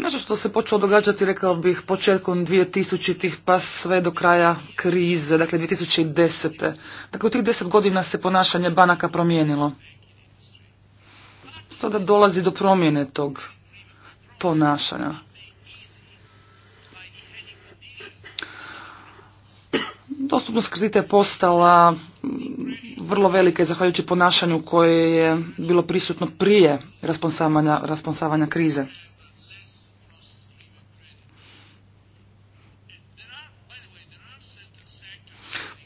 nešto što se počelo događati, rekao bih, početkom 2000-ih pa sve do kraja krize, dakle 2010. Dakle, u tih deset godina se ponašanje banaka promijenilo. Sada dolazi do promjene tog ponašanja. Dostupnost kredita je postala vrlo velika i zahvaljujući ponašanju koje je bilo prisutno prije rasponsavanja krize.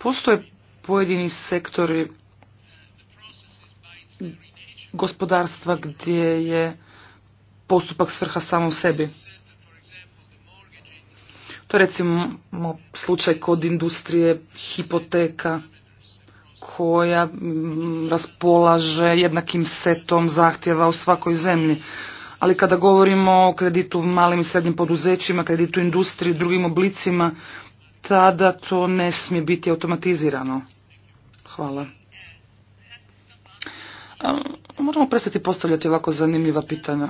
Postoje pojedini sektori gospodarstva gdje je postupak svrha samo u sebi. To je recimo slučaj kod industrije hipoteka koja mm, raspolaže jednakim setom zahtjeva u svakoj zemlji. Ali kada govorimo o kreditu malim i srednjim poduzećima, kreditu industriji, drugim oblicima sada to ne smije biti automatizirano. Hvala. Moramo prestati postavljati ovako zanimljiva pitanja.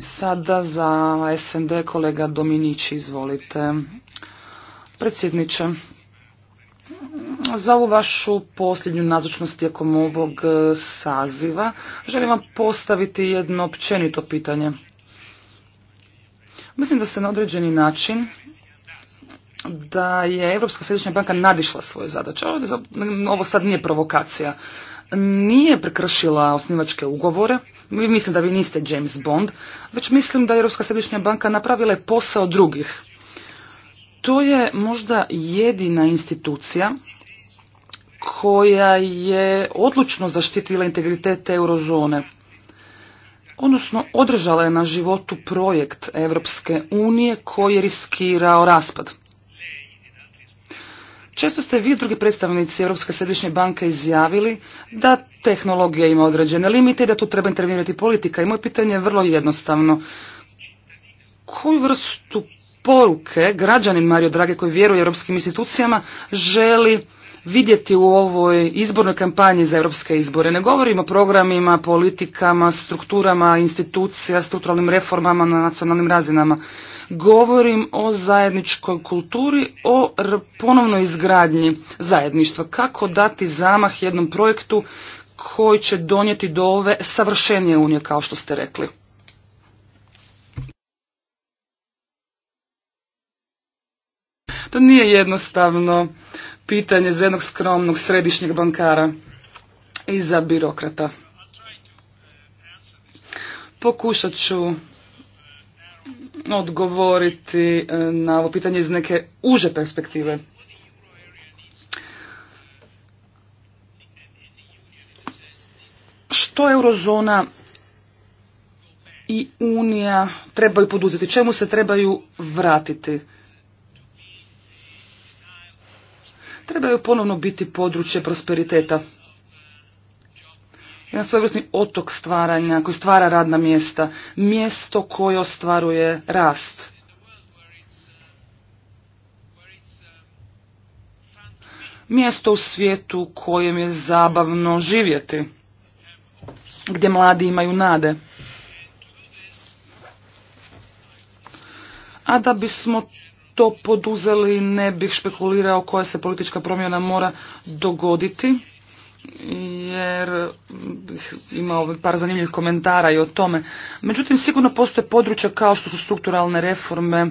Sada za SND kolega Dominić, izvolite. Predsjedniče, za ovu vašu posljednju nazočnost tijekom ovog saziva želim vam postaviti jedno općenito pitanje. Mislim da se na određeni način da je Europska središnja banka nadišla svoje zadaće. Ovo sad nije provokacija. Nije prekršila osnivačke ugovore. Mislim da vi niste James Bond. Već mislim da je Europska središnja banka napravila posao drugih. To je možda jedina institucija koja je odlučno zaštitila integritet eurozone odnosno održala je na životu projekt Evropske unije koji je riskirao raspad. Često ste vi drugi predstavnici Europske središnje banke izjavili da tehnologija ima određene limite i da tu treba intervenirati politika. I moje pitanje je vrlo jednostavno. Koju vrstu poruke građanin Mario Drage koji vjeruje europskim institucijama želi vidjeti u ovoj izbornoj kampanji za europske izbore. Ne govorim o programima, politikama, strukturama, institucija, strukturalnim reformama na nacionalnim razinama. Govorim o zajedničkoj kulturi, o ponovnoj izgradnji zajedništva. Kako dati zamah jednom projektu koji će donijeti do ove savršenije unije, kao što ste rekli. To nije jednostavno pitanje za jednog skromnog središnjeg bankara i za birokrata. Pokušat ću odgovoriti e, na ovo pitanje iz neke uže perspektive. Što eurozona i Unija trebaju poduzeti? Čemu se trebaju vratiti? trebaju ponovno biti područje prosperiteta. Jedan svojevrsni otok stvaranja koji stvara radna mjesta, mjesto koje ostvaruje rast. Mjesto u svijetu u kojem je zabavno živjeti, gdje mladi imaju nade. A da bismo to poduzeli, ne bih špekulirao koja se politička promjena mora dogoditi, jer bih imao par zanimljivih komentara i o tome. Međutim, sigurno postoje područja kao što su strukturalne reforme,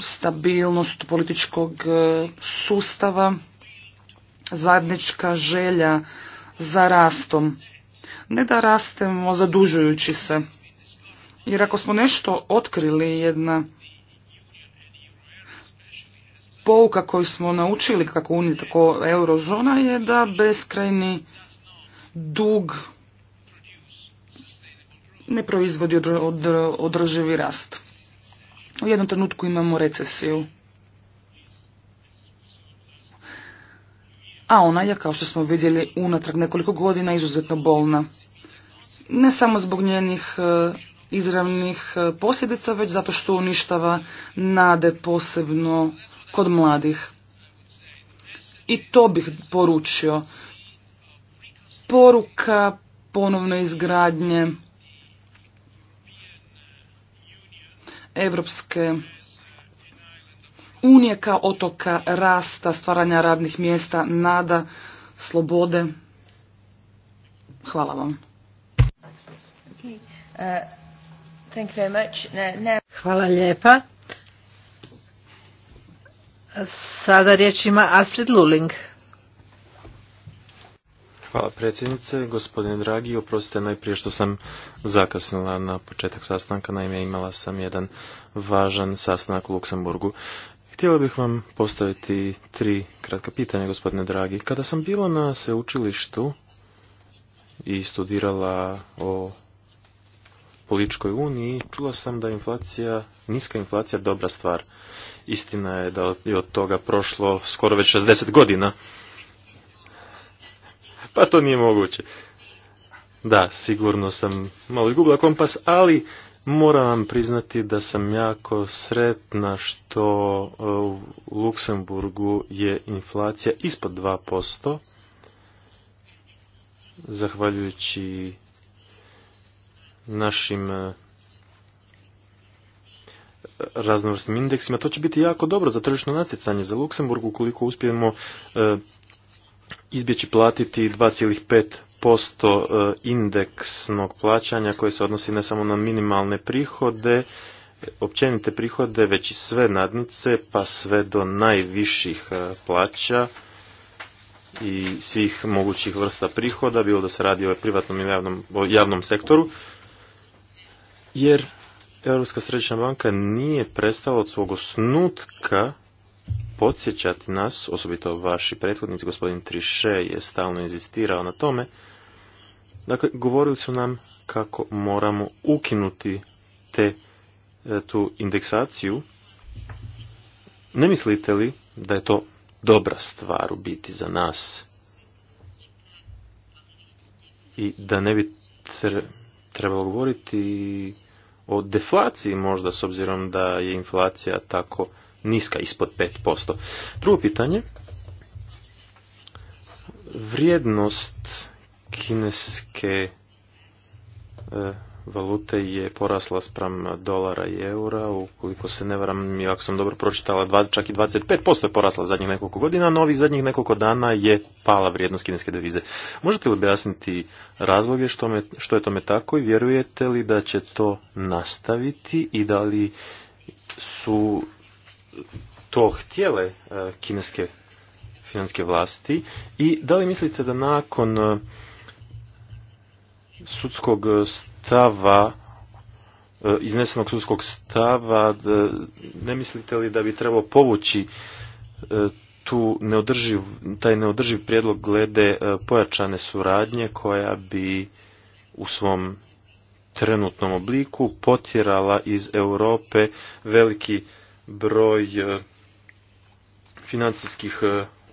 stabilnost političkog e, sustava, zajednička želja za rastom. Ne da rastemo zadužujući se. Jer ako smo nešto otkrili, jedna pouka koju smo naučili kako unije tako eurozona je da beskrajni dug ne proizvodi održivi rast. U jednom trenutku imamo recesiju. A ona je, kao što smo vidjeli, unatrag nekoliko godina izuzetno bolna. Ne samo zbog njenih e, izravnih e, posljedica, već zato što uništava nade posebno kod mladih. I to bih poručio. Poruka ponovno izgradnje Evropske unije kao otoka rasta, stvaranja radnih mjesta, nada, slobode. Hvala vam. Uh, Hvala lijepa. Sada riječ ima Astrid Luling. Hvala predsjednice. Gospodine dragi, oprostite najprije što sam zakasnila na početak sastanka. Naime, imala sam jedan važan sastanak u Luksemburgu. Htjela bih vam postaviti tri kratka pitanja, gospodine dragi. Kada sam bila na sveučilištu i studirala o političkoj uniji, čula sam da je inflacija, niska inflacija dobra stvar. Istina je da je od toga prošlo skoro već 60 godina. Pa to nije moguće. Da, sigurno sam malo izgubila kompas, ali moram vam priznati da sam jako sretna što e, u Luksemburgu je inflacija ispod 2%, zahvaljujući našim e, raznovrsnim indeksima, to će biti jako dobro za tržišno natjecanje za Luksemburg ukoliko uspijemo e, izbjeći platiti 2,5% e, indeksnog plaćanja koje se odnosi ne samo na minimalne prihode, općenite prihode, već i sve nadnice, pa sve do najviših e, plaća i svih mogućih vrsta prihoda, bilo da se radi o privatnom ili o javnom sektoru, jer Europska središnja banka nije prestala od svog osnutka podsjećati nas, osobito vaši prethodnici, gospodin Triše je stalno inzistirao na tome, dakle, govorili su nam kako moramo ukinuti te, e, tu indeksaciju. Ne mislite li da je to dobra stvar u biti za nas i da ne bi trebalo govoriti o deflaciji možda s obzirom da je inflacija tako niska ispod 5%. Drugo pitanje, vrijednost kineske e, valute je porasla spram dolara i eura, ukoliko se ne varam, ako sam dobro pročitala, čak i 25% je porasla zadnjih nekoliko godina, no ovih zadnjih nekoliko dana je pala vrijednost kineske devize. Možete li objasniti razloge što, me, što je tome tako i vjerujete li da će to nastaviti i da li su to htjele e, kineske financijske vlasti i da li mislite da nakon e, sudskog stava e, iznesenog sudskog stava ne mislite li da bi trebalo povući e, tu neodrživ, taj neodrživ prijedlog glede e, pojačane suradnje koja bi u svom trenutnom obliku potjerala iz Europe veliki broj financijskih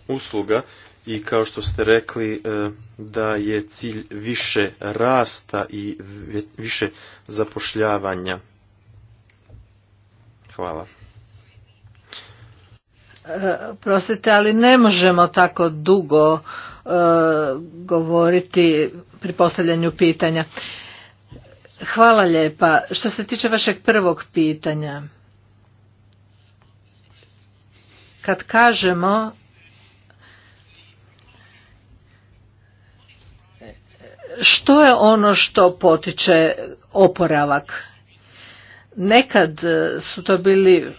usluga i kao što ste rekli e, da je cilj više rasta i više zapošljavanja. Hvala. E, prostite, ali ne možemo tako dugo e, govoriti pri postavljanju pitanja. Hvala lijepa. Što se tiče vašeg prvog pitanja, kad kažemo što je ono što potiče oporavak? Nekad e, su to bili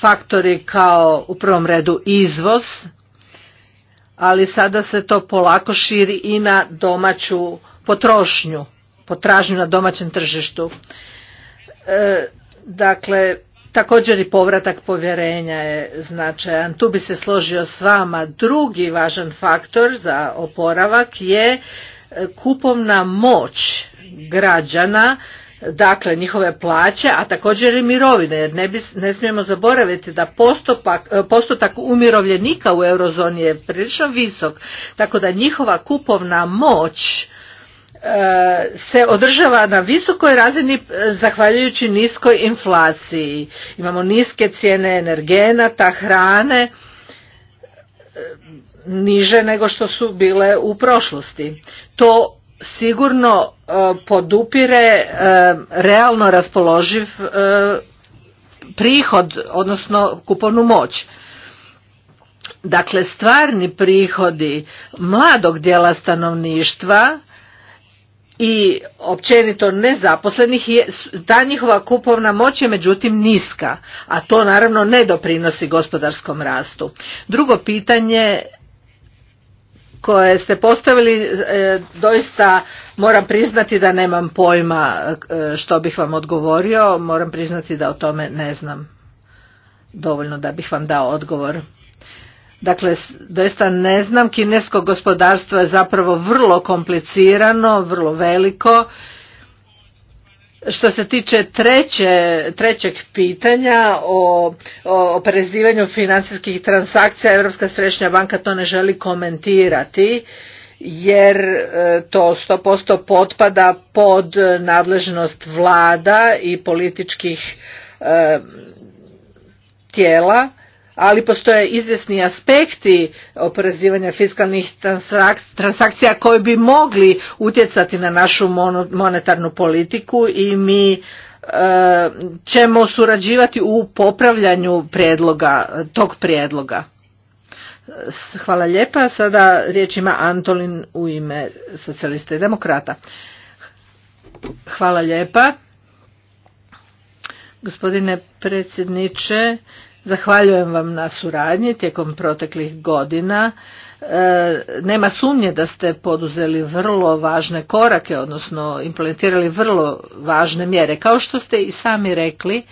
faktori kao u prvom redu izvoz, ali sada se to polako širi i na domaću potrošnju, potražnju na domaćem tržištu. E, dakle, također i povratak povjerenja je značajan. Tu bi se složio s vama. Drugi važan faktor za oporavak je kupovna moć građana dakle njihove plaće, a također i mirovine, jer ne, ne smijemo zaboraviti da postupak, e, postotak umirovljenika u eurozoni je prilično visok, tako da njihova kupovna moć e, se održava na visokoj razini e, zahvaljujući niskoj inflaciji. Imamo niske cijene energenata, hrane, niže nego što su bile u prošlosti. To sigurno e, podupire e, realno raspoloživ e, prihod, odnosno kupovnu moć. Dakle, stvarni prihodi mladog dijela stanovništva i općenito nezaposlenih je ta njihova kupovna moć je međutim niska a to naravno ne doprinosi gospodarskom rastu drugo pitanje koje ste postavili e, doista moram priznati da nemam pojma e, što bih vam odgovorio moram priznati da o tome ne znam dovoljno da bih vam dao odgovor Dakle, doista ne znam, kinesko gospodarstvo je zapravo vrlo komplicirano, vrlo veliko. Što se tiče treće, trećeg pitanja o oporezivanju financijskih transakcija, Europska središnja banka to ne želi komentirati jer e, to 100% potpada pod nadležnost vlada i političkih e, tijela ali postoje izvjesni aspekti oporezivanja fiskalnih transakcija koji bi mogli utjecati na našu monetarnu politiku i mi e, ćemo surađivati u popravljanju prijedloga, tog prijedloga. Hvala lijepa. Sada riječ ima Antolin u ime socijalista i demokrata. Hvala lijepa. Gospodine predsjedniče, Zahvaljujem vam na suradnji tijekom proteklih godina. E, nema sumnje da ste poduzeli vrlo važne korake, odnosno implementirali vrlo važne mjere. Kao što ste i sami rekli,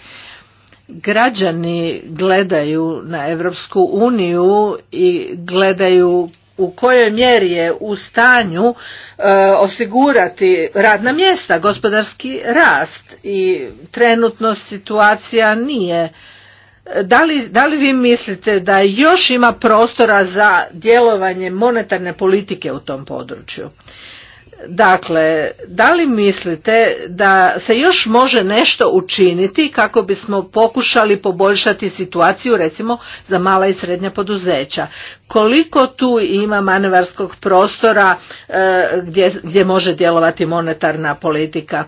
građani gledaju na Europsku uniju i gledaju u kojoj mjeri je u stanju e, osigurati radna mjesta, gospodarski rast i trenutno situacija nije da li, da li vi mislite da još ima prostora za djelovanje monetarne politike u tom području? Dakle, da li mislite da se još može nešto učiniti kako bismo pokušali poboljšati situaciju recimo za mala i srednja poduzeća? Koliko tu ima manevarskog prostora e, gdje, gdje može djelovati monetarna politika?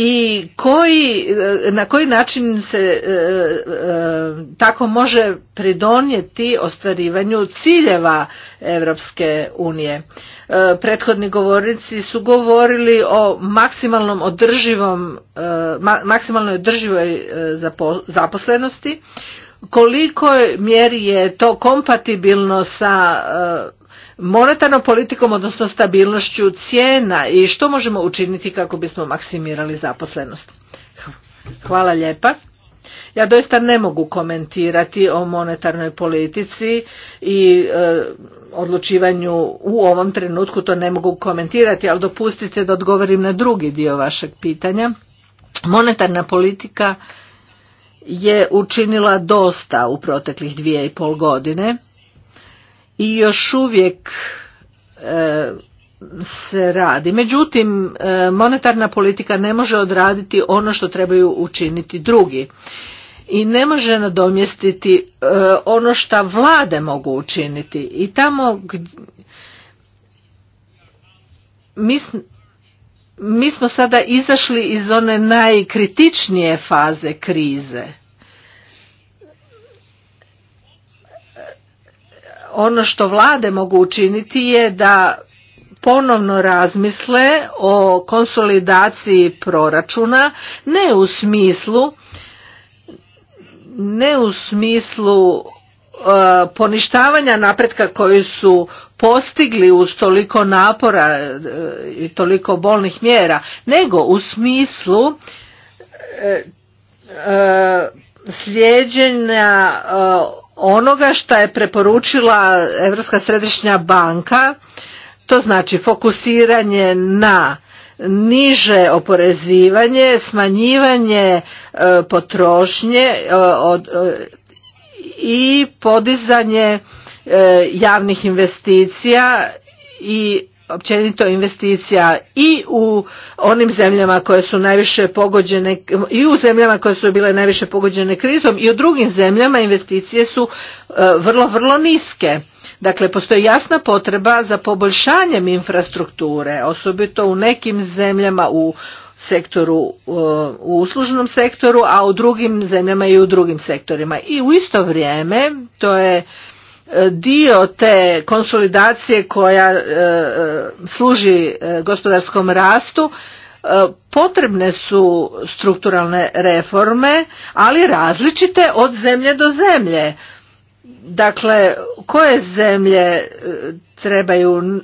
i koji, e, na koji način se e, e, tako može pridonijeti ostvarivanju ciljeva Europske unije. prethodni govornici su govorili o maksimalnom održivom, maksimalnoj održivoj zaposlenosti, koliko mjeri je to kompatibilno sa monetarnom politikom, odnosno stabilnošću cijena i što možemo učiniti kako bismo maksimirali zaposlenost. Hvala lijepa. Ja doista ne mogu komentirati o monetarnoj politici i e, odlučivanju u ovom trenutku to ne mogu komentirati, ali dopustite da odgovorim na drugi dio vašeg pitanja. Monetarna politika je učinila dosta u proteklih dvije i pol godine i još uvijek e, se radi. Međutim, e, monetarna politika ne može odraditi ono što trebaju učiniti drugi i ne može nadomjestiti e, ono što vlade mogu učiniti. I tamo mi smo sada izašli iz one najkritičnije faze krize. ono što vlade mogu učiniti je da ponovno razmisle o konsolidaciji proračuna ne u smislu ne u smislu e, poništavanja napretka koji su postigli uz toliko napora e, i toliko bolnih mjera nego u smislu e, slijeđenja onoga što je preporučila Europska središnja banka, to znači fokusiranje na niže oporezivanje, smanjivanje e, potrošnje e, e, i podizanje javnih investicija i općenito investicija i u onim zemljama koje su najviše pogođene i u zemljama koje su bile najviše pogođene krizom i u drugim zemljama investicije su e, vrlo vrlo niske. Dakle, postoji jasna potreba za poboljšanjem infrastrukture, osobito u nekim zemljama u sektoru, e, u uslužnom sektoru, a u drugim zemljama i u drugim sektorima. I u isto vrijeme, to je dio te konsolidacije koja e, e, služi e, gospodarskom rastu potrebne su strukturalne reforme, ali različite od zemlje do zemlje. Dakle, koje zemlje trebaju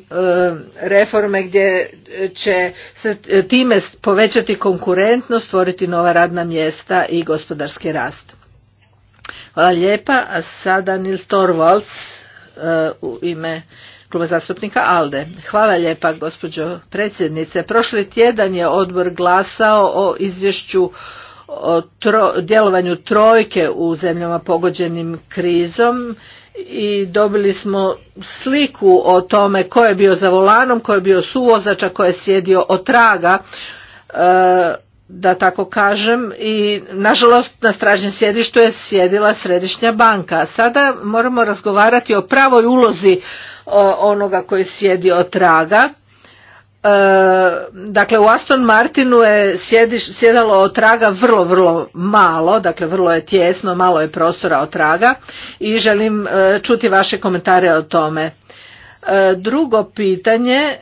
reforme gdje će se time povećati konkurentnost, stvoriti nova radna mjesta i gospodarski rast? Hvala lijepa. A sada Nils Torvalds e, u ime kluba zastupnika ALDE. Hvala lijepa gospođo predsjednice. Prošli tjedan je odbor glasao o izvješću o djelovanju trojke u zemljama pogođenim krizom i dobili smo sliku o tome ko je bio za volanom, ko je bio suvozača, ko je sjedio od traga. E, da tako kažem i nažalost na stražnjem sjedištu je sjedila središnja banka. Sada moramo razgovarati o pravoj ulozi onoga koji sjedi od traga. E, dakle, u Aston Martinu je sjedalo od traga vrlo, vrlo malo, dakle vrlo je tjesno, malo je prostora od traga i želim e, čuti vaše komentare o tome. E, drugo pitanje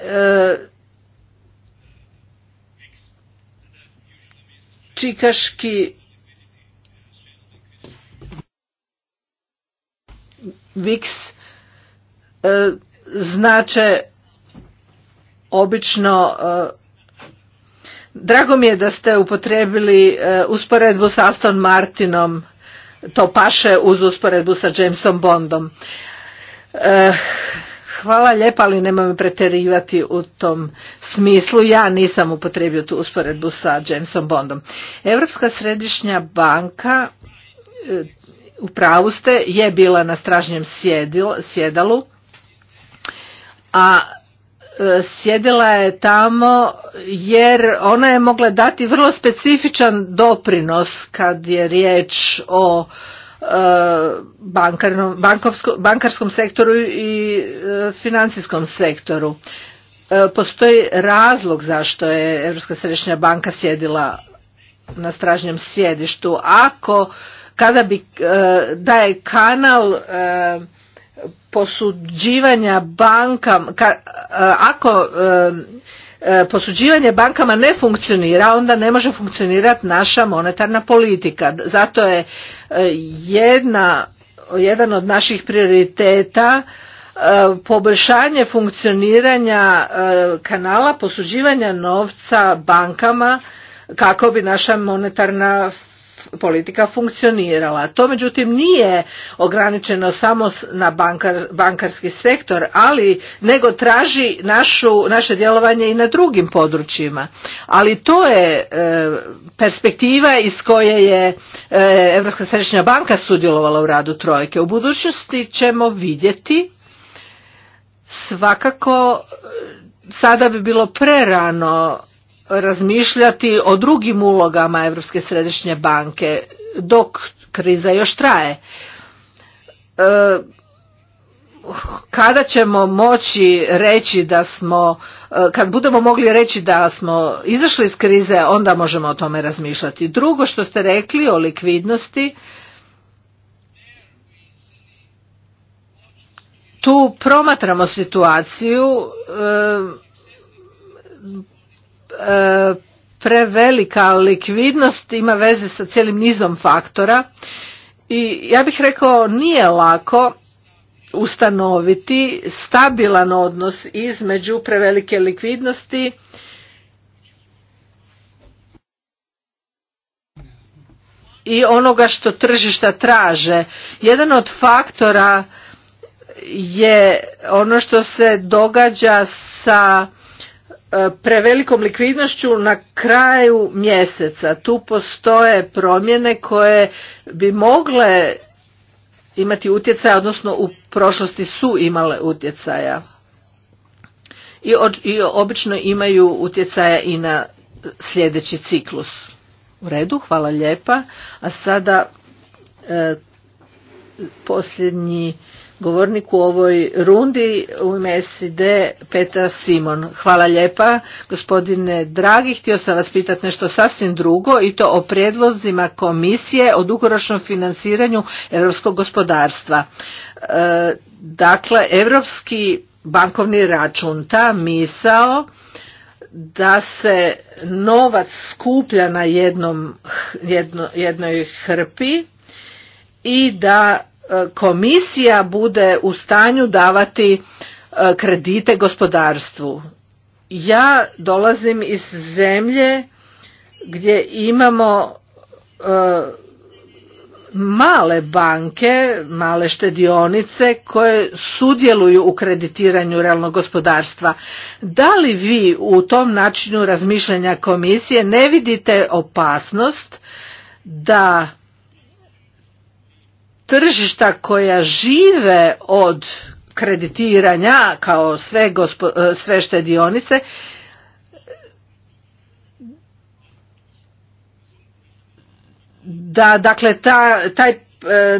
čikaški viks e, znače obično e, drago mi je da ste upotrijebili e, usporedbu sa Aston Martinom to paše uz usporedbu sa Jamesom Bondom Hvala lijepa, ali nemoj preterivati u tom smislu. Ja nisam upotrijebio tu usporedbu sa Jamesom Bondom. Europska središnja banka, e, u pravu ste, je bila na stražnjem sjedalu, a e, sjedila je tamo jer ona je mogla dati vrlo specifičan doprinos kad je riječ o E, bankarskom sektoru i e, financijskom sektoru. E, postoji razlog zašto je Europska središnja banka sjedila na stražnjem sjedištu. Ako kada bi da je kanal posuđivanja bankama ako E, posuđivanje bankama ne funkcionira, onda ne može funkcionirati naša monetarna politika. Zato je e, jedna, jedan od naših prioriteta e, poboljšanje funkcioniranja kanala posuđivanja novca bankama kako bi naša monetarna politika funkcionirala. To međutim nije ograničeno samo na bankarski sektor, ali nego traži našu, naše djelovanje i na drugim područjima. Ali to je e, perspektiva iz koje je Europska središnja banka sudjelovala u radu trojke. U budućnosti ćemo vidjeti svakako e, sada bi bilo prerano razmišljati o drugim ulogama Europske središnje banke dok kriza još traje. E, kada ćemo moći reći da smo, e, kad budemo mogli reći da smo izašli iz krize, onda možemo o tome razmišljati. Drugo što ste rekli o likvidnosti, tu promatramo situaciju e, E, prevelika likvidnost ima veze sa cijelim nizom faktora i ja bih rekao nije lako ustanoviti stabilan odnos između prevelike likvidnosti i onoga što tržišta traže. Jedan od faktora je ono što se događa sa E, prevelikom likvidnošću na kraju mjeseca. Tu postoje promjene koje bi mogle imati utjecaja, odnosno u prošlosti su imale utjecaja. I, i obično imaju utjecaja i na sljedeći ciklus. U redu, hvala lijepa. A sada e, posljednji govornik u ovoj rundi u ime SID Petar Simon. Hvala lijepa. Gospodine dragi, htio sam vas pitati nešto sasvim drugo i to o prijedlozima komisije o dugoročnom financiranju europskog gospodarstva. E, dakle, europski bankovni račun, ta misao da se novac skuplja na jednom, jednoj hrpi i da E, komisija bude u stanju davati e, kredite gospodarstvu. Ja dolazim iz zemlje gdje imamo e, male banke, male štedionice koje sudjeluju u kreditiranju realnog gospodarstva. Da li vi u tom načinu razmišljanja komisije ne vidite opasnost da tržišta koja žive od kreditiranja kao sve, e, sve štedionice da dakle ta, taj e,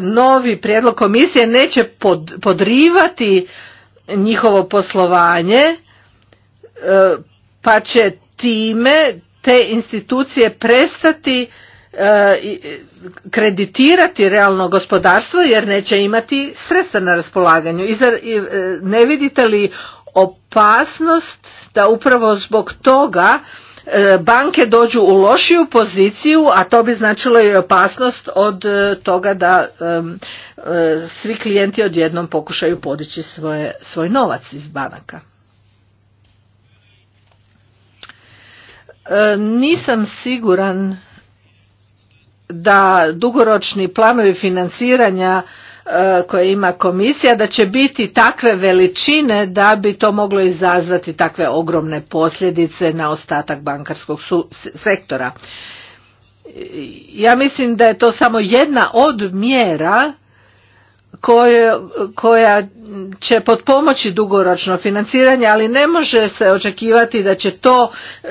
novi prijedlog komisije neće pod, podrivati njihovo poslovanje e, pa će time te institucije prestati E, e, kreditirati realno gospodarstvo jer neće imati sredstva na raspolaganju. E, ne vidite li opasnost da upravo zbog toga banke dođu u lošiju poziciju, a to bi značilo i opasnost od toga da svi klijenti odjednom pokušaju podići svoje, svoj novac iz banaka. Nisam siguran da dugoročni planovi financiranja e, koje ima komisija da će biti takve veličine da bi to moglo izazvati takve ogromne posljedice na ostatak bankarskog sektora. Ja mislim da je to samo jedna od mjera koja će potpomoći dugoročno financiranje, ali ne može se očekivati da će to e,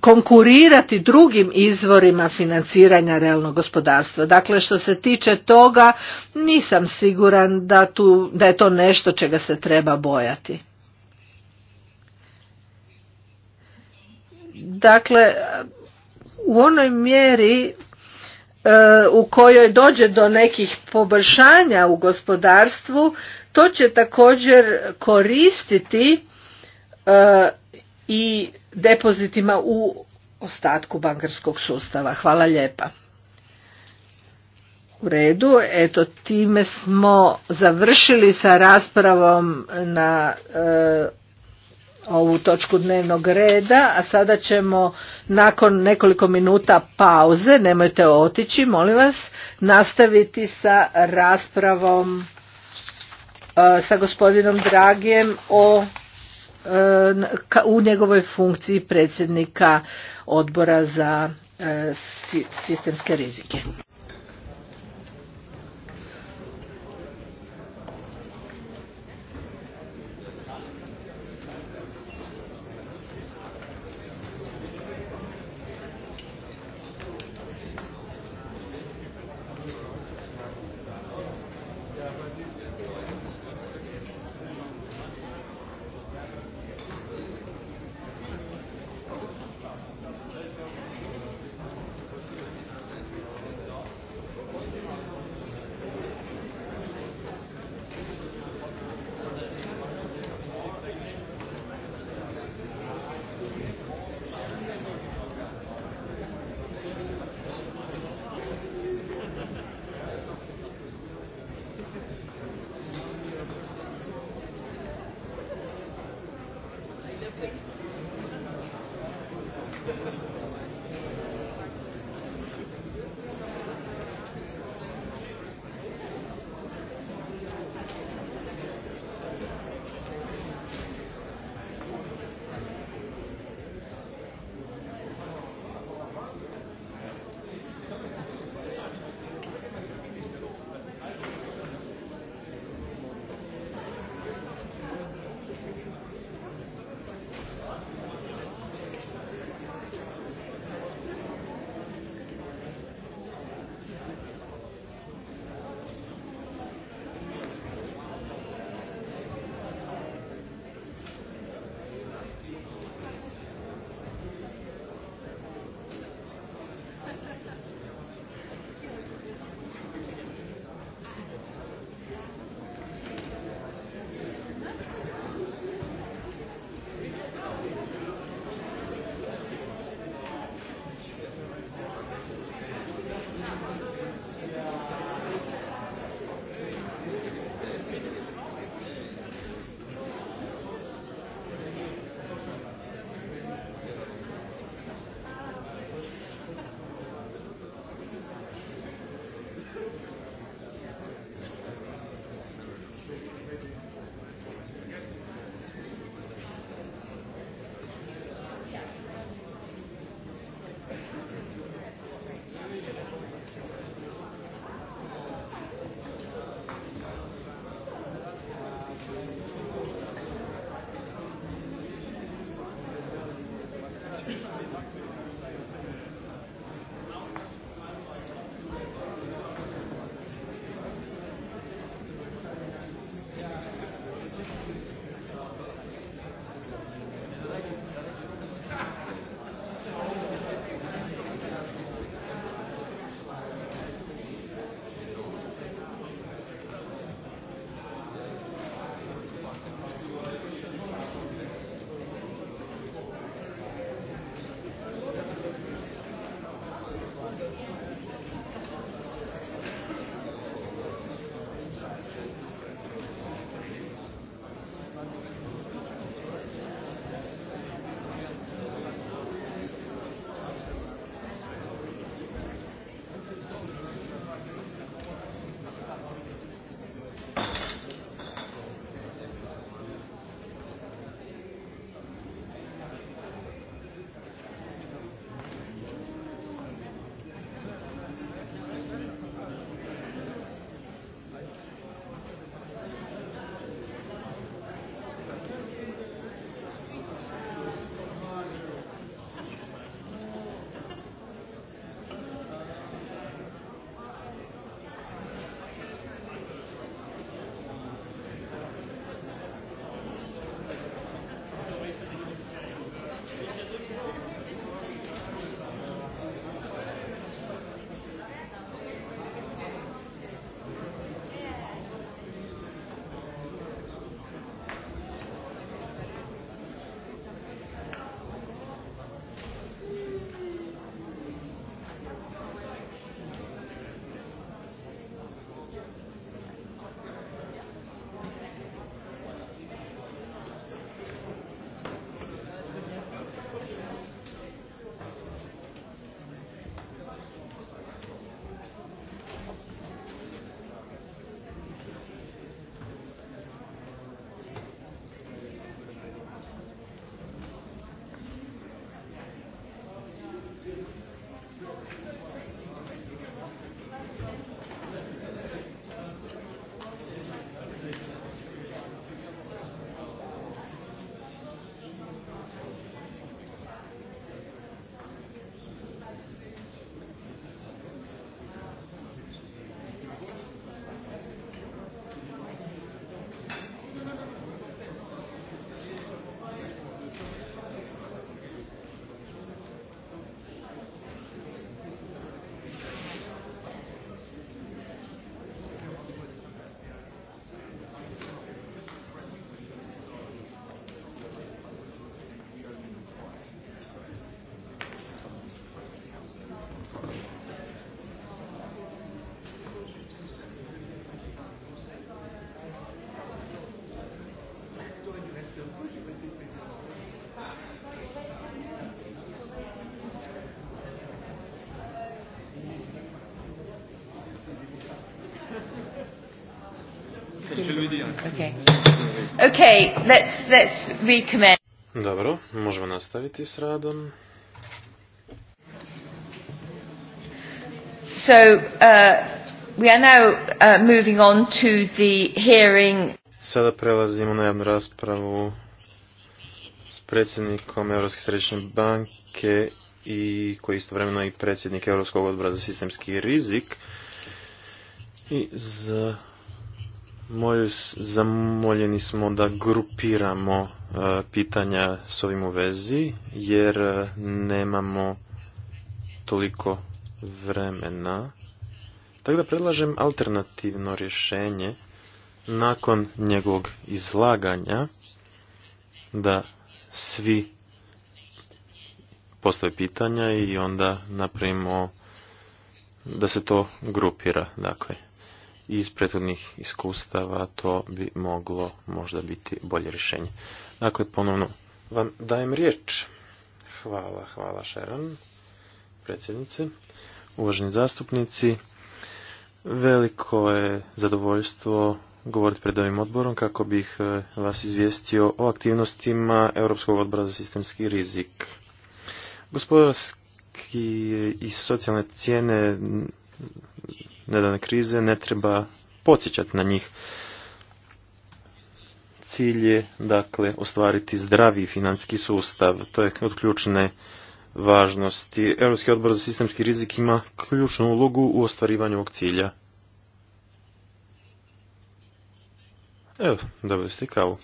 konkurirati drugim izvorima financiranja realnog gospodarstva. Dakle, što se tiče toga, nisam siguran da, tu, da je to nešto čega se treba bojati. Dakle, u onoj mjeri E, u kojoj dođe do nekih poboljšanja u gospodarstvu, to će također koristiti e, i depozitima u ostatku bankarskog sustava. Hvala lijepa. U redu, eto time smo završili sa raspravom na e, ovu točku dnevnog reda, a sada ćemo nakon nekoliko minuta pauze, nemojte otići, molim vas, nastaviti sa raspravom e, sa gospodinom Dragijem o e, u njegovoj funkciji predsjednika odbora za e, sistemske rizike. Okay. Dobro, možemo nastaviti s radom. So, uh, we are now uh, on to the Sada prelazimo na javnu raspravu s predsjednikom Europske središnje banke i koji je istovremeno i predsjednik Europskog odbora za sistemski rizik. I za Moju zamoljeni smo da grupiramo e, pitanja s ovim u vezi, jer e, nemamo toliko vremena. Tako da predlažem alternativno rješenje nakon njegovog izlaganja da svi postave pitanja i onda napravimo da se to grupira. Dakle, iz prethodnih iskustava to bi moglo možda biti bolje rješenje. Dakle, ponovno vam dajem riječ. Hvala, hvala Šeran, predsjednice, uvaženi zastupnici. Veliko je zadovoljstvo govoriti pred ovim odborom kako bih e, vas izvijestio o aktivnostima Europskog odbora za sistemski rizik. Gospodarski i socijalne cijene nedavne krize ne treba podsjećati na njih. Cilj je, dakle, ostvariti zdravi financijski sustav. To je od ključne važnosti. Europski odbor za sistemski rizik ima ključnu ulogu u ostvarivanju ovog cilja. Evo, dobili ste kavu.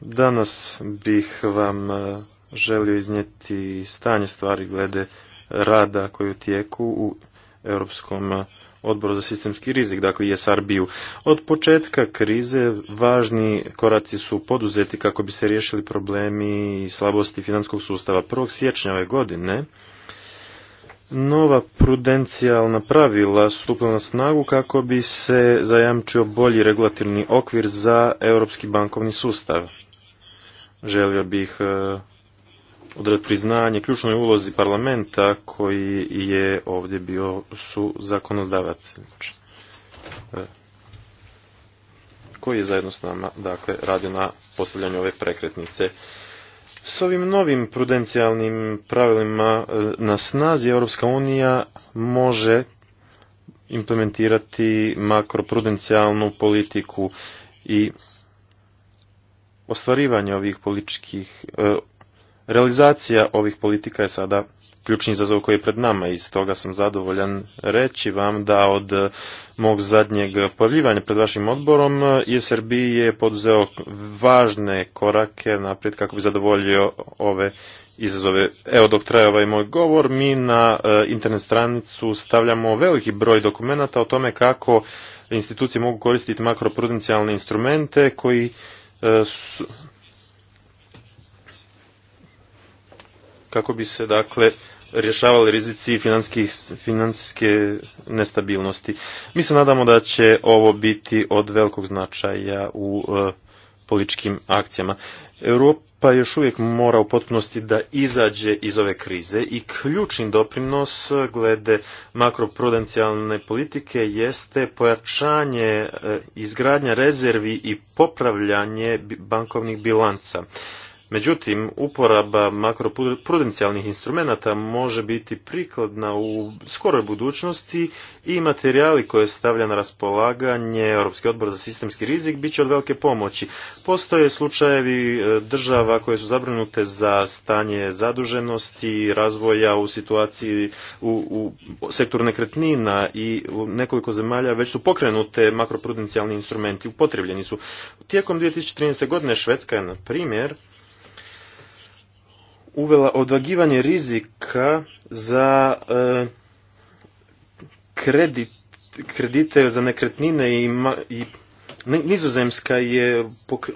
Danas bih vam eh, želio iznijeti stanje stvari glede rada koju tijeku u Europskom odboru za sistemski rizik, dakle ISRB-u. E Od početka krize važni koraci su poduzeti kako bi se riješili problemi i slabosti finanskog sustava. 1. siječnja ove godine nova prudencijalna pravila stupila na snagu kako bi se zajamčio bolji regulativni okvir za europski bankovni sustav. Želio bih e, odred priznanje ključnoj ulozi parlamenta koji je ovdje bio su zakonodavac znači, e, koji je zajedno s nama dakle, radio na postavljanju ove prekretnice. S ovim novim prudencijalnim pravilima e, na snazi Europska unija može implementirati makroprudencijalnu politiku i ostvarivanje ovih političkih, e, Realizacija ovih politika je sada ključni izazov koji je pred nama i stoga sam zadovoljan reći vam da od eh, mog zadnjeg pojavljivanja pred vašim odborom ISRB eh, je poduzeo važne korake naprijed kako bi zadovoljio ove izazove. Evo dok traje ovaj moj govor, mi na eh, internet stranicu stavljamo veliki broj dokumenata o tome kako institucije mogu koristiti makroprudencijalne instrumente koji su kako bi se dakle rješavali rizici financijske nestabilnosti. Mi se nadamo da će ovo biti od velikog značaja u e, političkim akcijama. Europa još uvijek mora u potpunosti da izađe iz ove krize i ključni doprinos glede makroprudencijalne politike jeste pojačanje e, izgradnja rezervi i popravljanje bankovnih bilanca. Međutim, uporaba makroprudencijalnih instrumenata može biti prikladna u skoroj budućnosti i materijali koje stavlja na raspolaganje Europski odbor za sistemski rizik bit će od velike pomoći. Postoje slučajevi e, država koje su zabrinute za stanje zaduženosti, razvoja u situaciji u, u sektoru nekretnina i u nekoliko zemalja već su pokrenute makroprudencijalni instrumenti, upotrebljeni su. Tijekom 2013. godine Švedska je, na primjer, uvela odvagivanje rizika za e, kredit, kredite za nekretnine i, Nizozemska je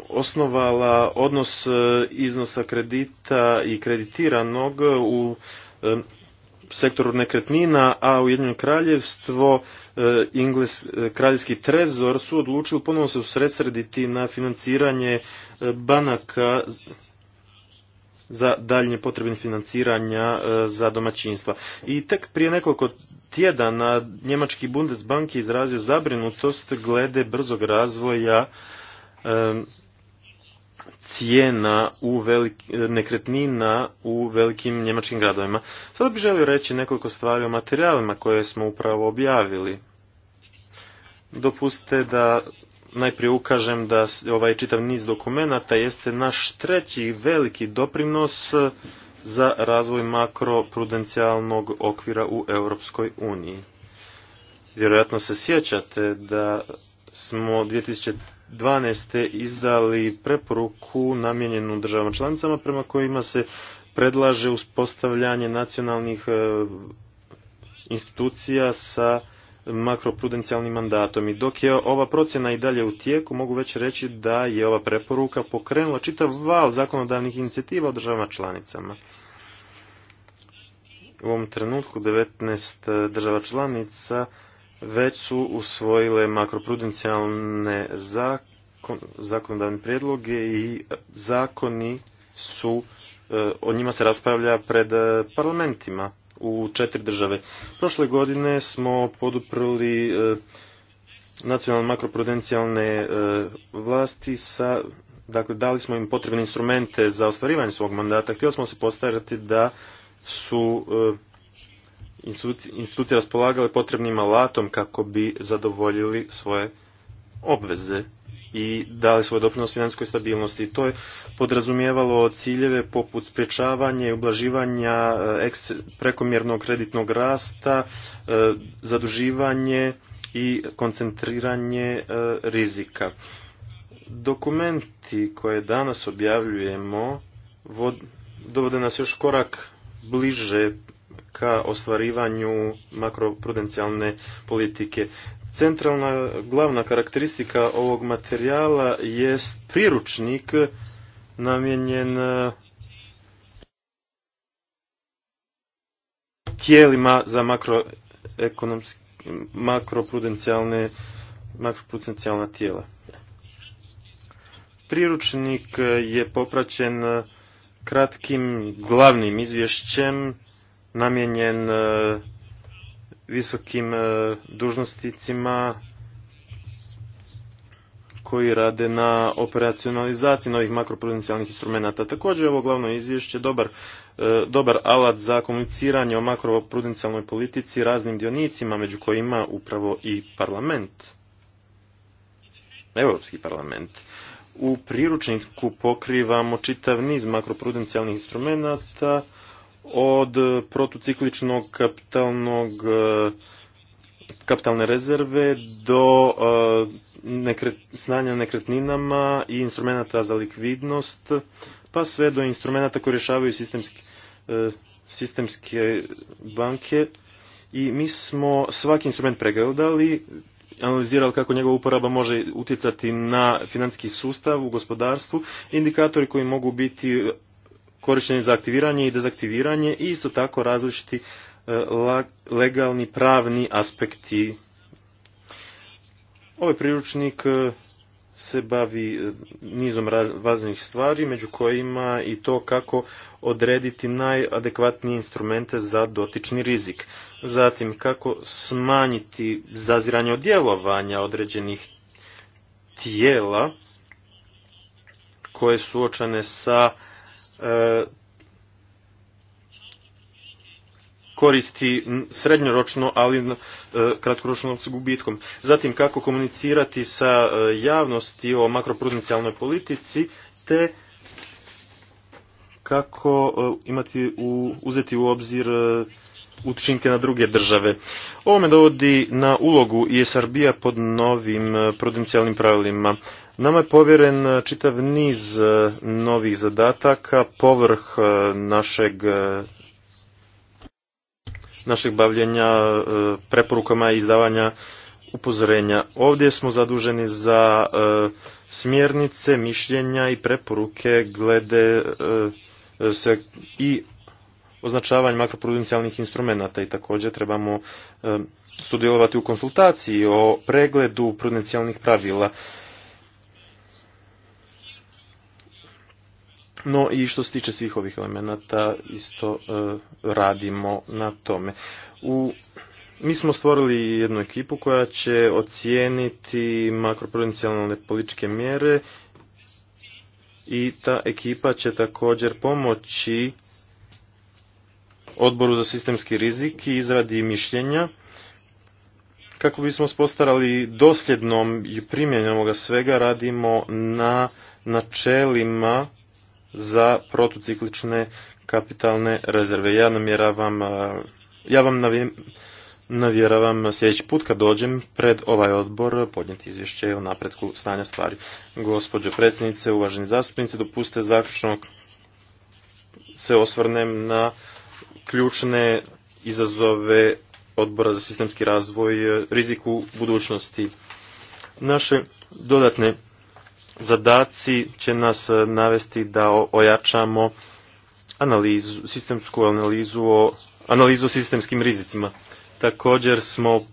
osnovala odnos e, iznosa kredita i kreditiranog u e, sektoru nekretnina, a u Ujedinjeno kraljevstvo, Ingles, kraljevski trezor su odlučili ponovno se usredsrediti na financiranje banaka za daljnje potrebne financiranja e, za domaćinstva. I tek prije nekoliko tjedana njemački Bundesbank je izrazio zabrinutost glede brzog razvoja e, cijena u e, nekretnina u velikim njemačkim gradovima. Sada bih želio reći nekoliko stvari o materijalima koje smo upravo objavili. Dopustite da najprije ukažem da ovaj čitav niz dokumenata jeste naš treći veliki doprinos e, za razvoj makroprudencijalnog okvira u Europskoj uniji. Vjerojatno se sjećate da smo 2012. izdali preporuku namijenjenu državama članicama prema kojima se predlaže uspostavljanje nacionalnih e, institucija sa makroprudencijalnim mandatom. I dok je ova procjena i dalje u tijeku, mogu već reći da je ova preporuka pokrenula čitav val zakonodavnih inicijativa u državama članicama. U ovom trenutku 19 e, država članica već su usvojile makroprudencijalne zakon, zakonodavne prijedloge i zakoni su, e, o njima se raspravlja pred e, parlamentima u četiri države. Prošle godine smo poduprli e, nacionalne makroprudencijalne e, vlasti sa dakle dali smo im potrebne instrumente za ostvarivanje svog mandata. Htjeli smo se postarati da su e, institucije raspolagale potrebnim alatom kako bi zadovoljili svoje obveze i dali svoj doprinos financijskoj stabilnosti. To je podrazumijevalo ciljeve poput sprječavanja i ublaživanja eh, prekomjernog kreditnog rasta, eh, zaduživanje i koncentriranje eh, rizika. Dokumenti koje danas objavljujemo dovode nas još korak bliže ka ostvarivanju makroprudencijalne politike. Centralna glavna karakteristika ovog materijala je priručnik namijenjen e, tijelima za makroprudencijalne makroprudencijalna tijela. Priručnik je popraćen kratkim glavnim izvješćem namijenjen e, visokim e, dužnosticima koji rade na operacionalizaciji novih makroprudencijalnih instrumenata. Također je ovo glavno izvješće dobar, e, dobar alat za komuniciranje o makroprudencijalnoj politici raznim dionicima, među kojima upravo i parlament, Europski parlament. U priručniku pokrivamo čitav niz makroprudencijalnih instrumenata, od protucikličnog kapitalnog eh, kapitalne rezerve do znanja eh, nekretninama i instrumenata za likvidnost, pa sve do instrumenata koji rješavaju eh, sistemske banke. I mi smo svaki instrument pregledali, analizirali kako njegova uporaba može utjecati na financijski sustav u gospodarstvu, indikatori koji mogu biti korištenje za aktiviranje i dezaktiviranje i isto tako različiti e, legalni pravni aspekti. Ovaj priručnik e, se bavi e, nizom raznih stvari, među kojima i to kako odrediti najadekvatnije instrumente za dotični rizik. Zatim, kako smanjiti zaziranje od djelovanja određenih tijela koje su očane sa koristi srednjoročno, ali e, kratkoročno s gubitkom. Zatim kako komunicirati sa e, javnosti o makroprudencijalnoj politici, te kako e, imati uzeti u obzir učinke na druge države. Ovo me dovodi na ulogu ISRB-a pod novim prudencijalnim pravilima. Nama je povjeren e, čitav niz e, novih zadataka povrh e, našeg našeg bavljenja preporukama i izdavanja upozorenja. Ovdje smo zaduženi za smjernice, mišljenja i preporuke glede se i označavanje makroprudencijalnih instrumenata i također trebamo sudjelovati u konsultaciji o pregledu prudencijalnih pravila. No i što se tiče svih ovih elemenata isto e, radimo na tome. U mi smo stvorili jednu ekipu koja će ocijeniti makroprovincijalne političke mjere i ta ekipa će također pomoći odboru za sistemski rizik i izradi mišljenja kako bismo spostarali dosljednom i primjenju ovoga svega radimo na načelima za protuciklične kapitalne rezerve. Ja namjeravam, ja vam navjeravam sljedeći put kad dođem pred ovaj odbor podnijeti izvješće o napretku stanja stvari. Gospođo predsjednice, uvaženi zastupnici, dopustite zaključno se osvrnem na ključne izazove odbora za sistemski razvoj riziku budućnosti. Naše dodatne zadaci će nas e, navesti da ojačamo analizu, sistemsku analizu o analizu sistemskim rizicima. Također smo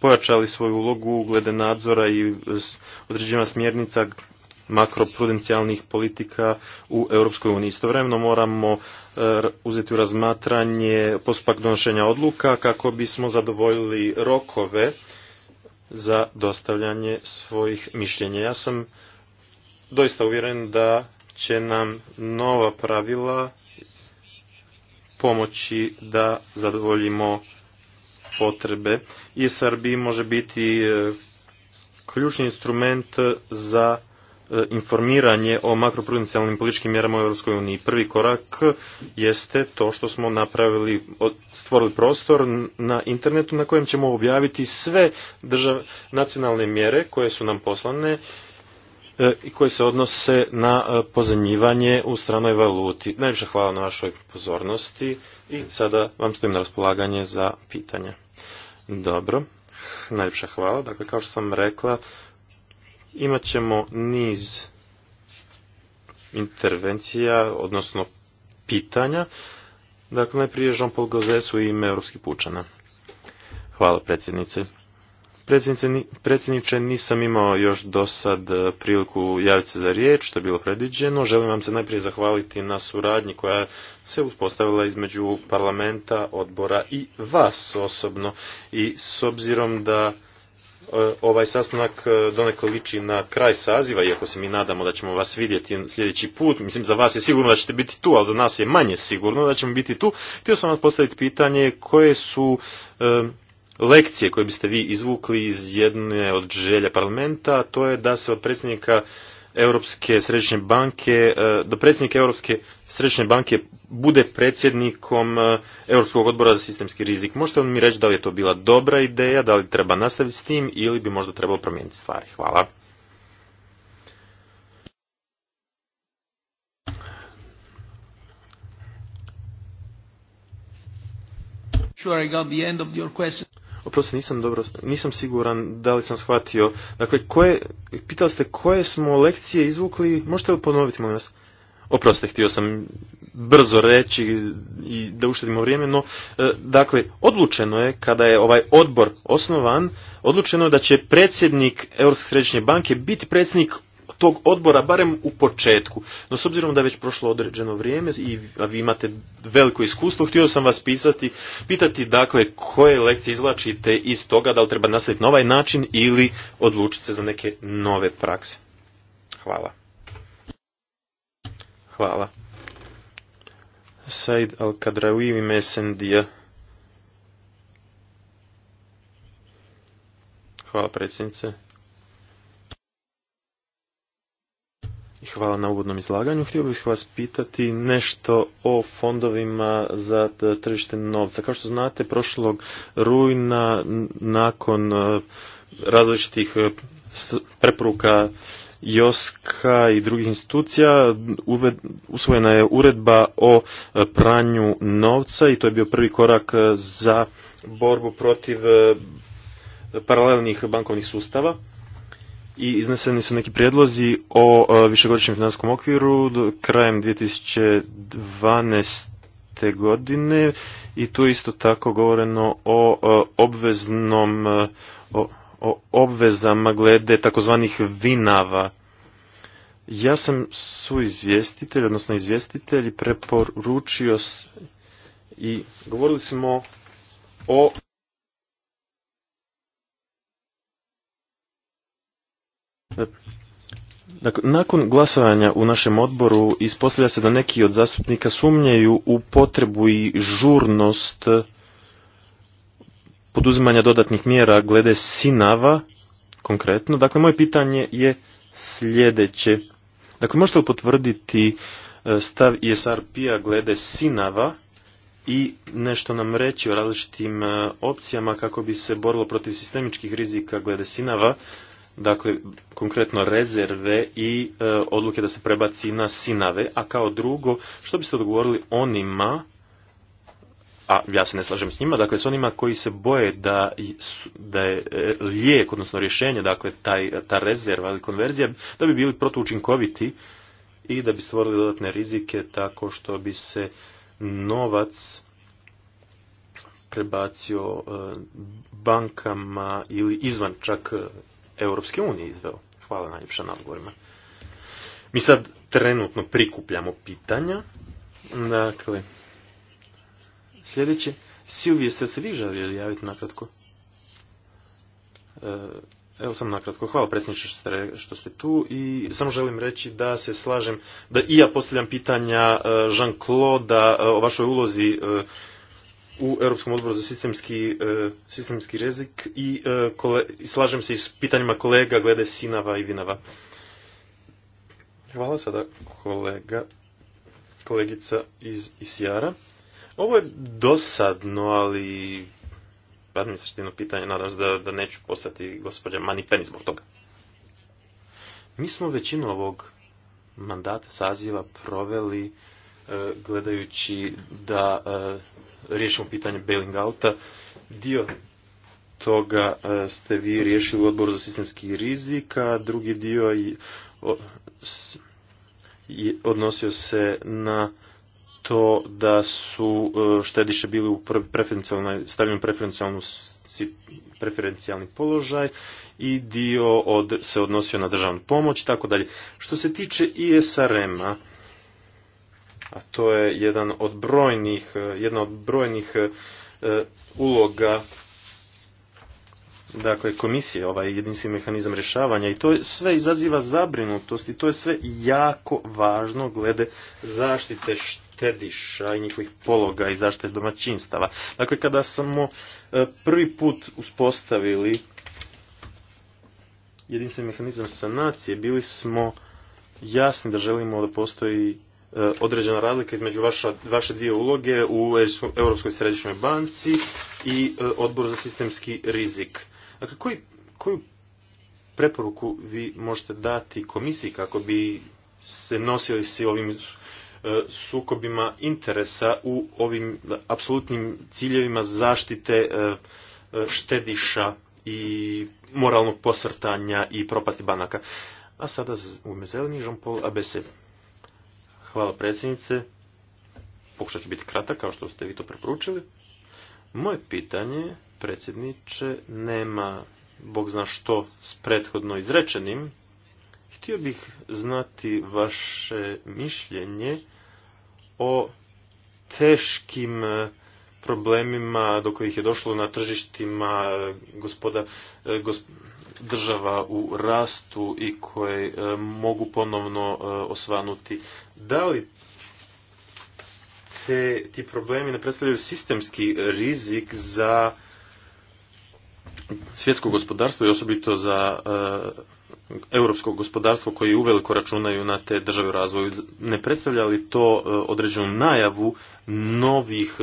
pojačali svoju ulogu glede nadzora i e, određena smjernica makroprudencijalnih politika u Europskoj uniji. Istovremeno moramo e, uzeti u razmatranje postupak donošenja odluka kako bismo zadovoljili rokove za dostavljanje svojih mišljenja. Ja sam doista uvjeren da će nam nova pravila pomoći da zadovoljimo potrebe. I ISRB može biti e, ključni instrument za E, informiranje o makroprudencijalnim političkim mjerama u Europskoj uniji. Prvi korak jeste to što smo napravili, stvorili prostor na internetu na kojem ćemo objaviti sve nacionalne mjere koje su nam poslane e, i koje se odnose na e, pozemljivanje u stranoj valuti. Najviše hvala na vašoj pozornosti i sada vam stojim na raspolaganje za pitanje. Dobro, najviše hvala. Dakle, kao što sam rekla, imat ćemo niz intervencija, odnosno pitanja. Dakle, najprije Jean-Paul Gauzès u ime Europskih pučana. Hvala predsjednice. Predsjednice, predsjedniče, nisam imao još do sad e, priliku javiti se za riječ, što je bilo predviđeno. Želim vam se najprije zahvaliti na suradnji koja se uspostavila između parlamenta, odbora i vas osobno. I s obzirom da E, ovaj sastanak e, donekle liči na kraj saziva, iako se mi nadamo da ćemo vas vidjeti sljedeći put. Mislim, za vas je sigurno da ćete biti tu, ali za nas je manje sigurno da ćemo biti tu. Htio sam vam postaviti pitanje koje su e, lekcije koje biste vi izvukli iz jedne od želja parlamenta, to je da se od predsjednika Europske središnje banke, e, da predsjednik Europske središnje banke bude predsjednikom e, Europskog odbora za sistemski rizik. Možete li mi reći da li je to bila dobra ideja, da li treba nastaviti s tim ili bi možda trebalo promijeniti stvari? Hvala. Sure, oprosti nisam dobro, nisam siguran da li sam shvatio. Dakle, koje, pitali ste koje smo lekcije izvukli, možete li ponoviti, molim vas? Oprosti, htio sam brzo reći i da uštedimo vrijeme, no, e, dakle, odlučeno je, kada je ovaj odbor osnovan, odlučeno je da će predsjednik Europske središnje banke biti predsjednik tog odbora, barem u početku. No s obzirom da je već prošlo određeno vrijeme i vi imate veliko iskustvo, htio sam vas pisati, pitati dakle koje lekcije izlačite iz toga, da li treba nastaviti na ovaj način ili odlučiti se za neke nove prakse. Hvala. Hvala. Said Al-Kadraoui u ime Hvala predsjednice. Hvala na uvodnom izlaganju. Htio bih vas pitati nešto o fondovima za tržište novca. Kao što znate, prošlog rujna nakon e, različitih e, preporuka Joska i drugih institucija usvojena je uredba o e, pranju novca i to je bio prvi korak za borbu protiv paralelnih bankovnih sustava i izneseni su neki prijedlozi o e, višegodišnjem financijskom okviru krajem 2012 godine i tu isto tako govoreno o, e, obveznom e, o, obvezama glede takozvanih vinava. Ja sam izvjestitelj, odnosno izvjestitelj preporučio i govorili smo o Dakle, nakon glasovanja u našem odboru ispostavlja se da neki od zastupnika sumnjaju u potrebu i žurnost poduzimanja dodatnih mjera glede sinava konkretno. Dakle, moje pitanje je sljedeće. Dakle, možete li potvrditi e, stav ISRP-a glede sinava i nešto nam reći o različitim e, opcijama kako bi se borilo protiv sistemičkih rizika glede sinava, dakle konkretno rezerve i e, odluke da se prebaci na sinave, a kao drugo, što biste odgovorili onima, a ja se ne slažem s njima, dakle s onima koji se boje da, da je e, lijek, odnosno rješenje, dakle taj, ta rezerva ili konverzija, da bi bili protuučinkoviti i da bi stvorili dodatne rizike tako što bi se novac prebacio e, bankama ili izvan čak Europske unije izveo? Hvala najljepša na odgovorima. Mi sad trenutno prikupljamo pitanja. Dakle, sljedeće. Silvije, ste se vi željeli javiti nakratko? E, evo sam nakratko. Hvala predsjedniče što ste, tu i samo želim reći da se slažem, da i ja postavljam pitanja e, Jean-Claude e, o vašoj ulozi u Europskom odboru za sistemski, e, sistemski rizik e, i, slažem se i s pitanjima kolega glede Sinava i Vinava. Hvala sada kolega, kolegica iz ICR-a. Ovo je dosadno, ali administrativno pitanje, nadam se da, da neću postati gospođa Manipeni zbog toga. Mi smo većinu ovog mandata saziva proveli gledajući da e, riješimo pitanje bailing outa. Dio toga e, ste vi riješili u odboru za sistemski rizik, a drugi dio odnosio se na to da su e, štediše bili u preferencijalnoj, stavljenom preferencijalni položaj i dio se odnosio na državnu pomoć i tako dalje. Što se tiče ISRM-a, a to je jedan od brojnih, e, jedna od brojnih e, e, uloga dakle komisije, ovaj jedinstveni mehanizam rješavanja i to sve izaziva zabrinutost i to je sve jako važno glede zaštite štediša i njihovih pologa i zaštite domaćinstava. Dakle, kada smo prvi put uspostavili jedinstveni mehanizam sanacije, bili smo jasni da želimo da postoji E, određena razlika između vaše dvije uloge u Europskoj središnjoj banci i e, odboru za sistemski rizik. Dakle, koju preporuku vi možete dati komisiji kako bi se nosili s ovim e, sukobima interesa u ovim apsolutnim ciljevima zaštite štediša i moralnog posrtanja i propasti banaka. A sada u ime zeleni Jean-Paul Abese. Hvala predsjednice. Pokušat ću biti kratak kao što ste vi to preporučili. Moje pitanje, predsjedniče, nema Bog zna što s prethodno izrečenim. Htio bih znati vaše mišljenje o teškim e, problemima do kojih je došlo na tržištima e, gospoda, e, država u rastu i koje e, mogu ponovno e, osvanuti. Da li te, ti problemi ne predstavljaju sistemski rizik za svjetsko gospodarstvo i osobito za e, europsko gospodarstvo koji uveliko računaju na te države u razvoju. Ne predstavlja li to određenu najavu novih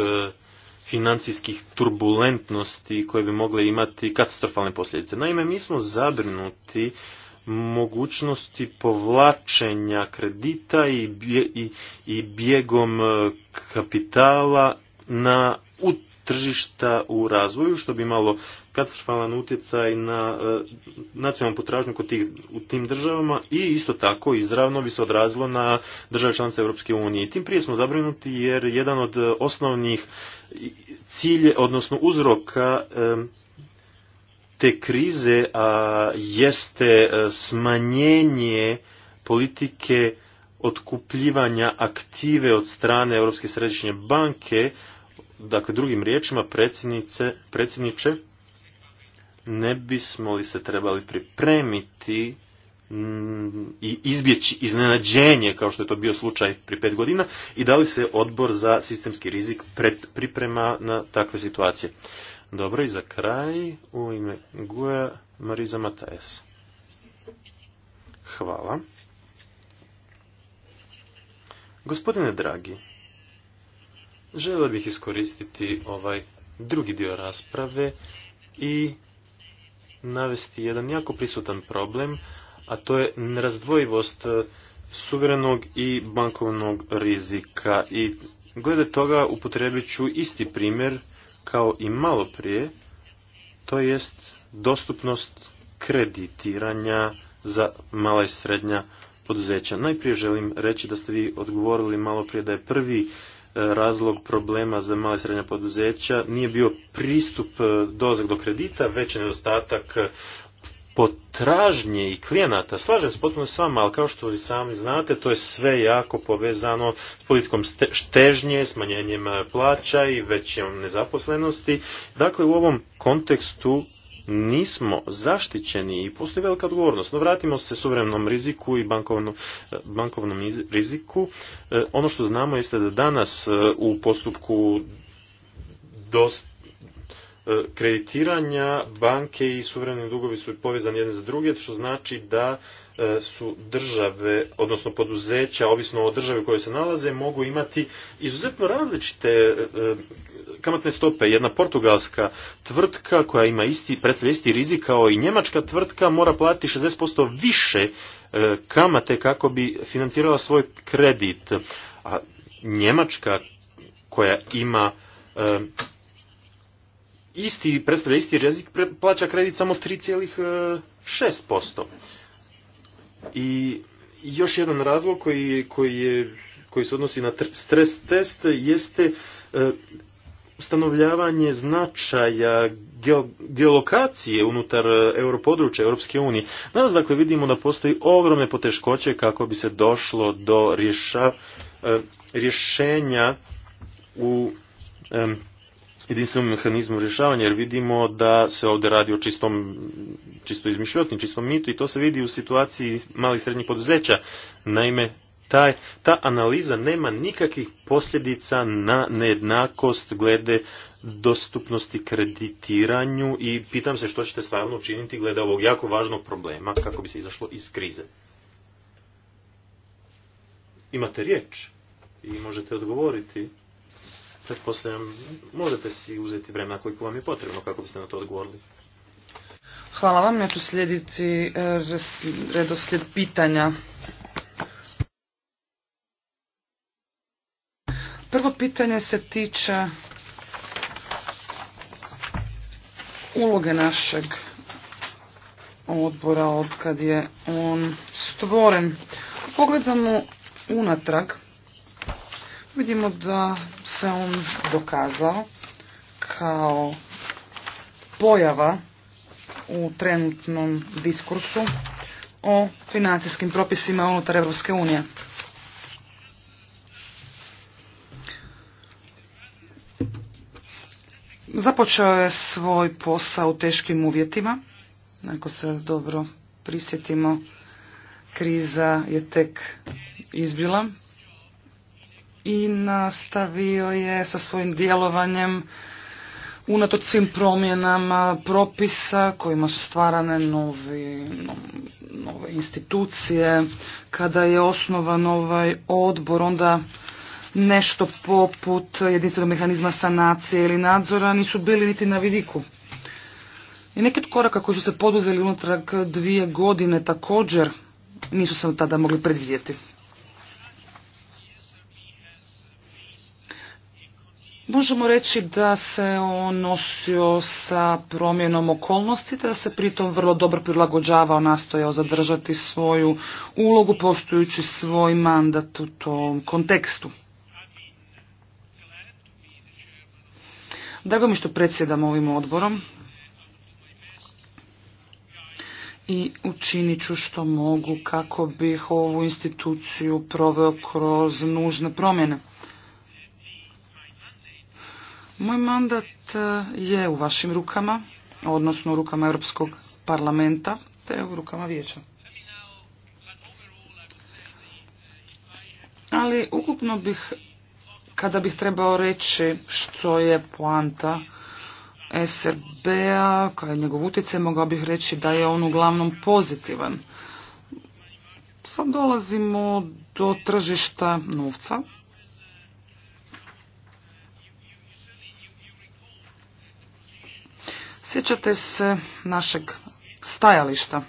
financijskih turbulentnosti koje bi mogle imati katastrofalne posljedice. Naime, mi smo zabrinuti mogućnosti povlačenja kredita i bjegom e, kapitala na u tržišta u razvoju, što bi imalo katastrofalan utjecaj na e, nacionalnu potražnju kod tih, u tim državama i isto tako izravno bi se odrazilo na države članice Europske unije. I tim prije smo zabrinuti jer jedan od e, osnovnih cilje, odnosno uzroka e, te krize a jeste smanjenje politike otkupljivanja aktive od strane Europske središnje banke, dakle drugim riječima predsjednice, predsjedniče, ne bismo li se trebali pripremiti i izbjeći iznenađenje kao što je to bio slučaj pri pet godina i da li se odbor za sistemski rizik priprema na takve situacije. Dobro i za kraj u ime Guja Mariza Matajes. Hvala. Gospodine dragi, želio bih iskoristiti ovaj drugi dio rasprave i navesti jedan jako prisutan problem, a to je nerazdvojivost e, suverenog i bankovnog rizika. I glede toga upotrebit ću isti primjer kao i malo prije, to jest dostupnost kreditiranja za mala i srednja poduzeća. Najprije želim reći da ste vi odgovorili malo prije da je prvi razlog problema za male srednja poduzeća nije bio pristup e, dozak do kredita, već nedostatak e, potražnje i klijenata. Slažem se potpuno s vama, ali kao što vi sami znate, to je sve jako povezano s politikom štežnje, smanjenjem e, plaća i većom nezaposlenosti. Dakle, u ovom kontekstu nismo zaštićeni i postoji velika odgovornost. No vratimo se suvremnom riziku i bankovnom eh, riziku. Eh, ono što znamo jeste da danas eh, u postupku kreditiranja banke i suvremeni dugovi su povezani jedne za druge, što znači da E, su države, odnosno poduzeća, ovisno o državi u kojoj se nalaze, mogu imati izuzetno različite e, e, kamatne stope. Jedna portugalska tvrtka koja ima isti, predstavlja isti rizik kao i njemačka tvrtka mora platiti 60% više kamate kako bi financirala svoj kredit. A njemačka koja ima isti, predstavlja isti rizik, plaća kredit samo 3,6%. I još jedan razlog koji, koji, je, koji se odnosi na stres test jeste e, ustanovljavanje značaja geolokacije unutar europodručja Europske unije. Danas dakle vidimo da postoji ogromne poteškoće kako bi se došlo do rješa, e, rješenja u jedinstvenom mehanizmu rješavanja, jer vidimo da se ovdje radi o čistom, čisto izmišljotnim, čistom mitu i to se vidi u situaciji malih i srednjih poduzeća. Naime, taj, ta analiza nema nikakvih posljedica na nejednakost glede dostupnosti kreditiranju i pitam se što ćete stvarno učiniti glede ovog jako važnog problema kako bi se izašlo iz krize. Imate riječ i možete odgovoriti pretpostavljam, možete si uzeti vremena koliko vam je potrebno kako biste na to odgovorili. Hvala vam, ja ću slijediti e, redoslijed pitanja. Prvo pitanje se tiče uloge našeg odbora od je on stvoren. Pogledamo unatrag Vidimo da se on dokazao kao pojava u trenutnom diskursu o financijskim propisima unutar Europske unije. Započeo je svoj posao u teškim uvjetima. Ako se dobro prisjetimo, kriza je tek izbila i nastavio je sa svojim djelovanjem unatoč svim promjenama propisa kojima su stvarane novi, nove institucije. Kada je osnovan ovaj odbor, onda nešto poput jedinstvenog mehanizma sanacije ili nadzora nisu bili niti na vidiku. I neki od koraka koji su se poduzeli unatrag dvije godine također nisu se tada mogli predvidjeti. Možemo reći da se on nosio sa promjenom okolnosti, da se pritom vrlo dobro prilagođavao, nastojao zadržati svoju ulogu, postojući svoj mandat u tom kontekstu. Drago mi što predsjedam ovim odborom i učinit ću što mogu kako bih ovu instituciju proveo kroz nužne promjene. Moj mandat e, je u vašim rukama, odnosno u rukama Europskog parlamenta te u rukama vijeća. Ali ukupno bih, kada bih trebao reći što je poanta SRB-a, kada je njegov utjecaj, mogao bih reći da je on uglavnom pozitivan. Sad dolazimo do tržišta novca Sjećate se našeg stajališta.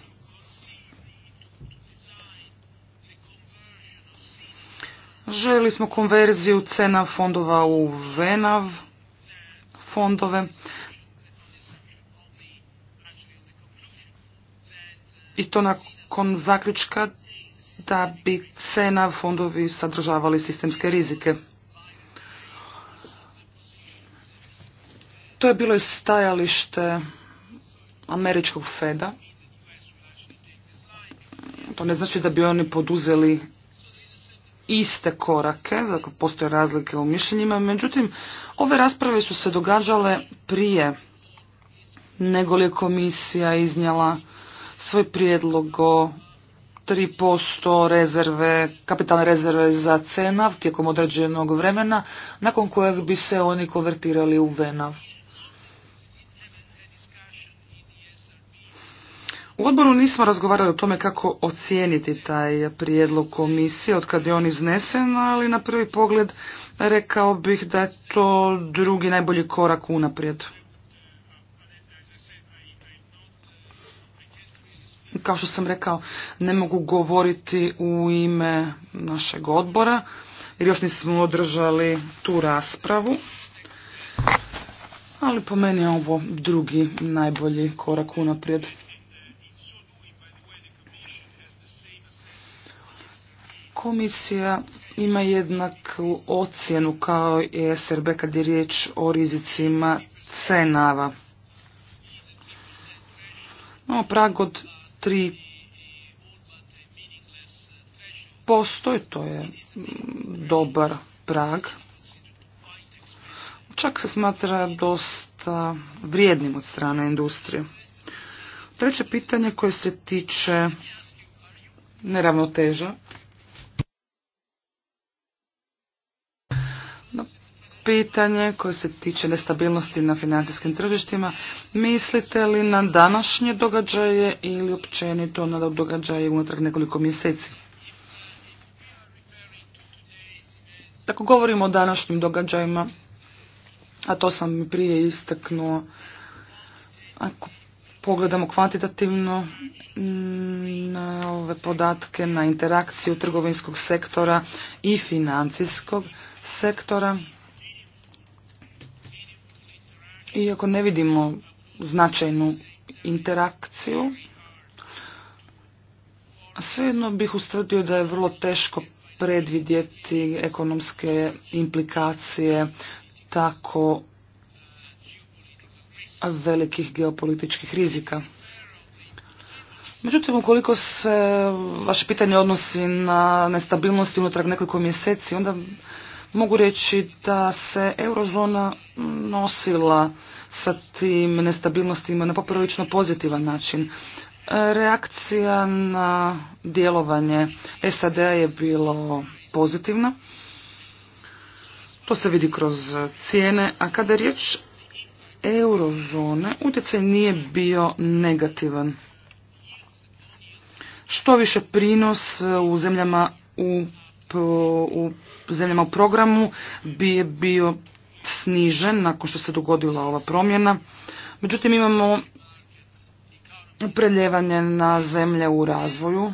Željeli smo konverziju cena fondova u VENAV fondove. I to nakon zaključka da bi cena fondovi sadržavali sistemske rizike. To je bilo stajalište američkog Feda. To ne znači da bi oni poduzeli iste korake, zato postoje razlike u mišljenjima, međutim, ove rasprave su se događale prije nego li je komisija iznjela svoj prijedlog o 3% rezerve, kapitalne rezerve za cenav tijekom određenog vremena, nakon kojeg bi se oni konvertirali u venav. U odboru nismo razgovarali o tome kako ocijeniti taj prijedlog komisije od kad je on iznesen, ali na prvi pogled rekao bih da je to drugi najbolji korak unaprijed. Kao što sam rekao, ne mogu govoriti u ime našeg odbora, jer još nismo održali tu raspravu. Ali po meni je ovo drugi najbolji korak unaprijed. Komisija ima jednaku ocjenu kao i SRB kad je riječ o rizicima cenava. no, prag od 3 postoji, to je mm, dobar prag. Čak se smatra dosta vrijednim od strane industrije. Treće pitanje koje se tiče neravnoteža. pitanje koje se tiče nestabilnosti na financijskim tržištima. Mislite li na današnje događaje ili općenito na događaje unutar nekoliko mjeseci? Ako dakle, govorimo o današnjim događajima, a to sam i prije istaknuo, ako pogledamo kvantitativno mm, na ove podatke, na interakciju trgovinskog sektora i financijskog sektora, iako ne vidimo značajnu interakciju, svejedno bih ustvrdio da je vrlo teško predvidjeti ekonomske implikacije tako velikih geopolitičkih rizika. Međutim, ukoliko se vaše pitanje odnosi na nestabilnosti unutar nekoliko mjeseci, onda mogu reći da se eurozona nosila sa tim nestabilnostima na poprilično pozitivan način. Reakcija na djelovanje SAD-a je bilo pozitivna. To se vidi kroz cijene, a kada je riječ eurozone, utjecaj nije bio negativan. Što više prinos u zemljama u u zemljama u programu bi je bio snižen nakon što se dogodila ova promjena. Međutim, imamo preljevanje na zemlje u razvoju.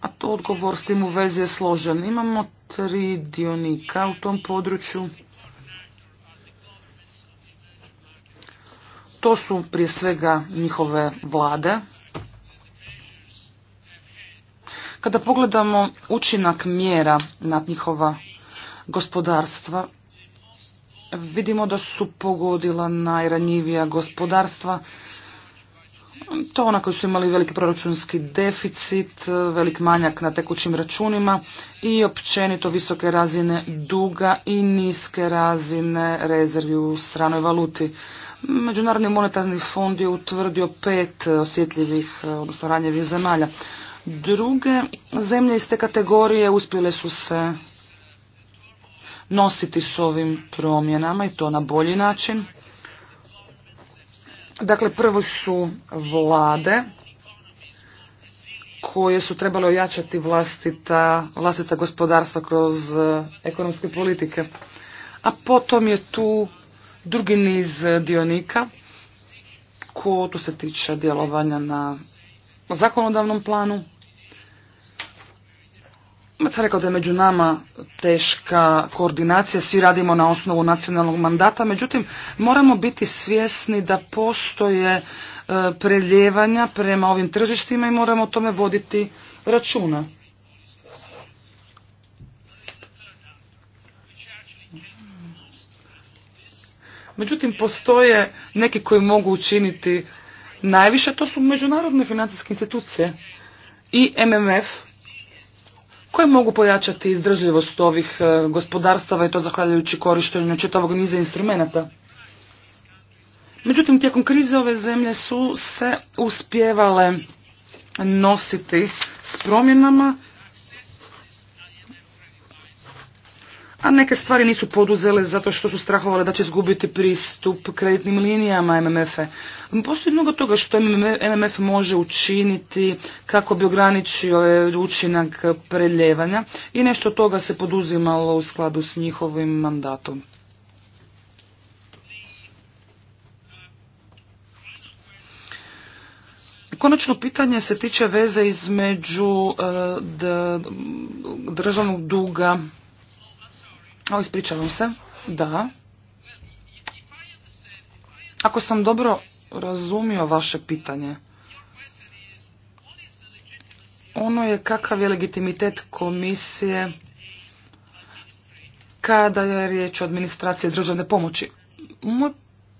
A to odgovor s tim u vezi je složen. Imamo tri dionika u tom području. To su prije svega njihove vlade. Kada pogledamo učinak mjera na njihova gospodarstva, vidimo da su pogodila najranjivija gospodarstva to onako koji su imali veliki proračunski deficit, velik manjak na tekućim računima i općenito visoke razine duga i niske razine rezervi u stranoj valuti. Međunarodni monetarni fond je utvrdio pet osjetljivih, odnosno ranjevih zemalja. Druge zemlje iz te kategorije uspjele su se nositi s ovim promjenama i to na bolji način. Dakle, prvo su vlade koje su trebale ojačati vlastita, vlastita gospodarstva kroz e, ekonomske politike. A potom je tu drugi niz dionika ko tu se tiče djelovanja na zakonodavnom planu, rekao da je među nama teška koordinacija, svi radimo na osnovu nacionalnog mandata, međutim moramo biti svjesni da postoje e, preljevanja prema ovim tržištima i moramo o tome voditi računa. Međutim, postoje neki koji mogu učiniti najviše, to su međunarodne financijske institucije i MMF koje mogu pojačati izdržljivost ovih e, gospodarstava i to zahvaljujući korištenju četavog niza instrumenata. Međutim, tijekom krize ove zemlje su se uspjevale nositi s promjenama a neke stvari nisu poduzele zato što su strahovale da će izgubiti pristup kreditnim linijama MMF-e. Postoji mnogo toga što MMF može učiniti kako bi ograničio ovaj učinak preljevanja i nešto toga se poduzimalo u skladu s njihovim mandatom. Konačno pitanje se tiče veze između eh, državnog duga o, ispričavam se. Da. Ako sam dobro razumio vaše pitanje, ono je kakav je legitimitet komisije kada je riječ o administraciji državne pomoći. Moje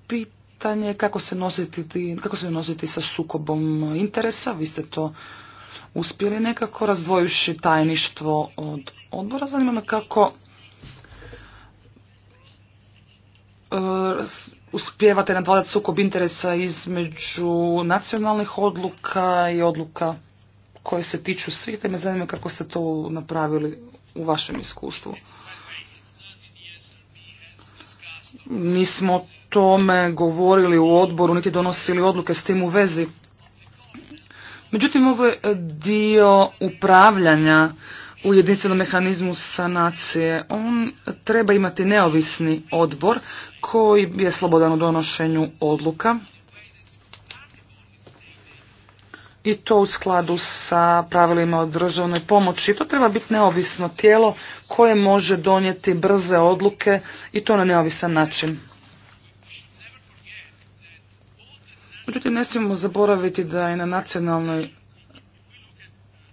pitanje je kako se nositi, kako se nositi sa sukobom interesa. Vi ste to uspjeli nekako razdvojuši tajništvo od odbora. Zanima me kako E, uspijevate nadvladati sukob interesa između nacionalnih odluka i odluka koje se tiču svih, te me zanima kako ste to napravili u vašem iskustvu. Nismo o tome govorili u odboru, niti donosili odluke s tim u vezi. Međutim, ovo je dio upravljanja u jedinstvenom mehanizmu sanacije. On treba imati neovisni odbor koji je slobodan u donošenju odluka i to u skladu sa pravilima o državnoj pomoći. To treba biti neovisno tijelo koje može donijeti brze odluke i to na neovisan način. Međutim, ne smijemo zaboraviti da je na nacionalnoj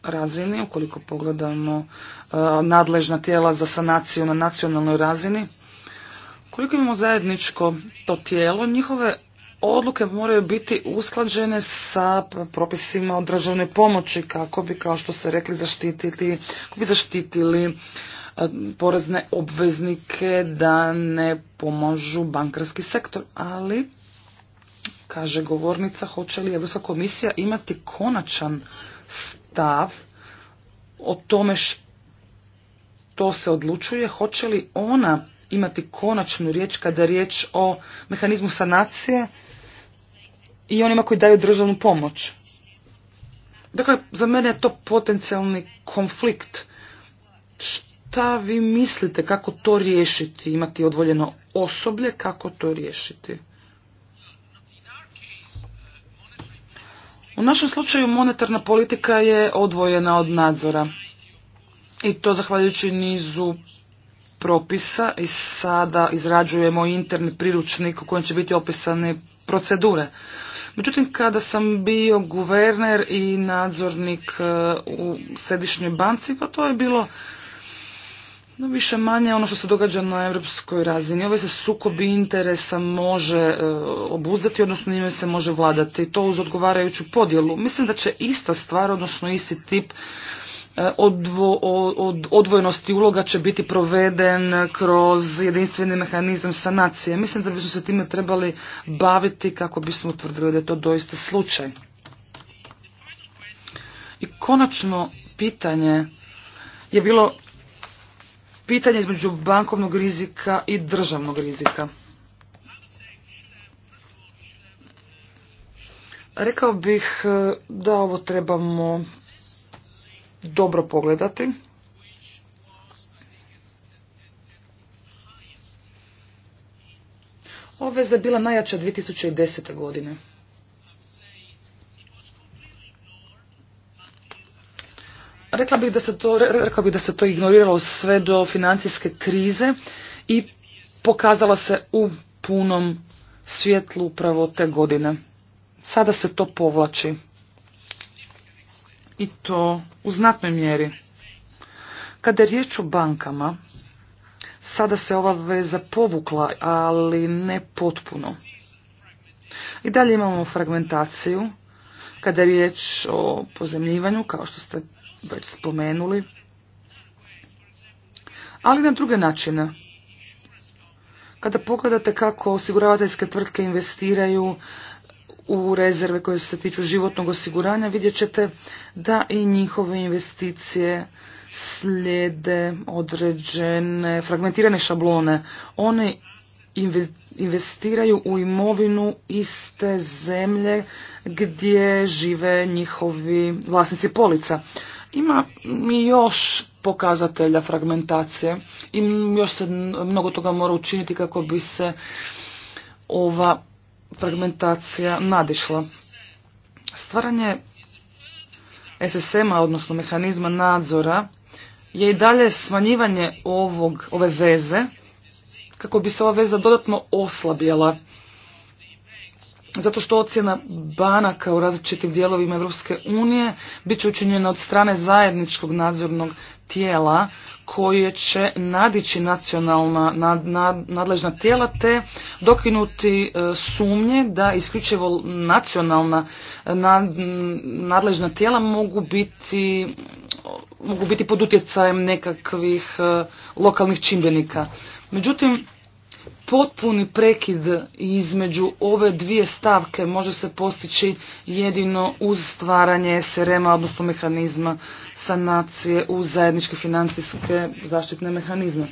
razini, ukoliko pogledamo e, nadležna tijela za sanaciju na nacionalnoj razini, koliko imamo zajedničko to tijelo, njihove odluke moraju biti usklađene sa propisima o državnoj pomoći kako bi, kao što ste rekli, zaštitili, kako bi zaštitili e, porezne obveznike da ne pomažu bankarski sektor. Ali, kaže govornica, hoće li Evropska komisija imati konačan stav o tome što se odlučuje, hoće li ona imati konačnu riječ kada je riječ o mehanizmu sanacije i onima koji daju državnu pomoć. Dakle, za mene je to potencijalni konflikt. Šta vi mislite kako to riješiti? Imati odvoljeno osoblje, kako to riješiti? U našem slučaju monetarna politika je odvojena od nadzora. I to zahvaljujući nizu propisa i sada izrađujemo interni priručnik u kojem će biti opisane procedure. Međutim, kada sam bio guverner i nadzornik e, u središnjoj banci, pa to je bilo no, više manje ono što se događa na europskoj razini. Ove ovaj se sukob interesa može e, obuzdati, odnosno njime se može vladati. To uz odgovarajuću podjelu. Mislim da će ista stvar, odnosno isti tip e, od, odvojenosti uloga će biti proveden kroz jedinstveni mehanizam sanacije. Mislim da bismo se time trebali baviti kako bismo utvrdili da je to doista slučaj. I konačno pitanje je bilo pitanje između bankovnog rizika i državnog rizika. Rekao bih e, da ovo trebamo dobro pogledati. Obveza je bila najjača 2010. godine. Rekla bih da se to, rekla bih da se to ignoriralo sve do financijske krize i pokazala se u punom svjetlu upravo te godine. Sada se to povlači. I to u znatnoj mjeri. Kada je riječ o bankama, sada se ova veza povukla, ali ne potpuno. I dalje imamo fragmentaciju, kada je riječ o pozemljivanju, kao što ste već spomenuli, ali na druge načine. Kada pogledate kako osiguravateljske tvrtke investiraju u rezerve koje se tiču životnog osiguranja, vidjet ćete da i njihove investicije slijede određene fragmentirane šablone. One investiraju u imovinu iste zemlje gdje žive njihovi vlasnici polica. Ima mi još pokazatelja fragmentacije i još se mnogo toga mora učiniti kako bi se ova fragmentacija nadišla. Stvaranje SSM-a, odnosno mehanizma nadzora, je i dalje smanjivanje ovog, ove veze, kako bi se ova veza dodatno oslabjela zato što ocjena banaka u različitim dijelovima Europske unije bit će učinjena od strane zajedničkog nadzornog tijela koje će nadići nacionalna nadležna tijela te dokinuti e, sumnje da isključivo nacionalna nadležna tijela mogu biti mogu biti pod utjecajem nekakvih e, lokalnih čimbenika. Međutim, potpuni prekid između ove dvije stavke može se postići jedino uz stvaranje SRM-a, odnosno mehanizma sanacije u zajedničke financijske zaštitne mehanizme.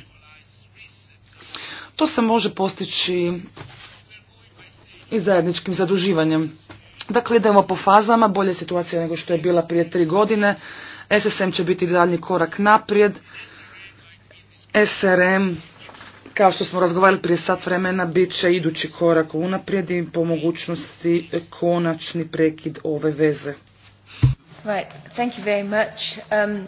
To se može postići i zajedničkim zaduživanjem. Dakle, idemo po fazama, bolje situacija nego što je bila prije tri godine. SSM će biti daljnji korak naprijed. SRM kao što smo razgovarali prije sat vremena, bit će idući korak unaprijed i po mogućnosti konačni prekid ove veze. Um,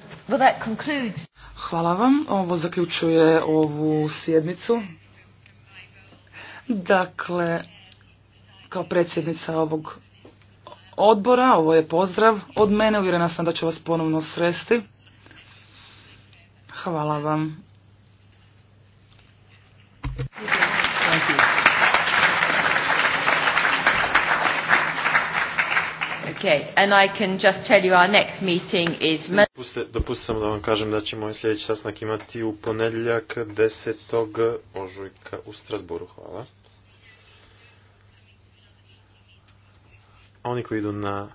Hvala vam. Ovo zaključuje ovu sjednicu. Dakle, kao predsjednica ovog odbora, ovo je pozdrav od mene. Uvjerena sam da ću vas ponovno sresti. Hvala vam. I Dopustite, samo da vam kažem da ćemo sljedeći sastanak imati u ponedjeljak 10. ožujka u Strasburu. Hvala. A oni koji idu na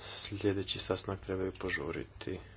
sljedeći sastanak trebaju požuriti.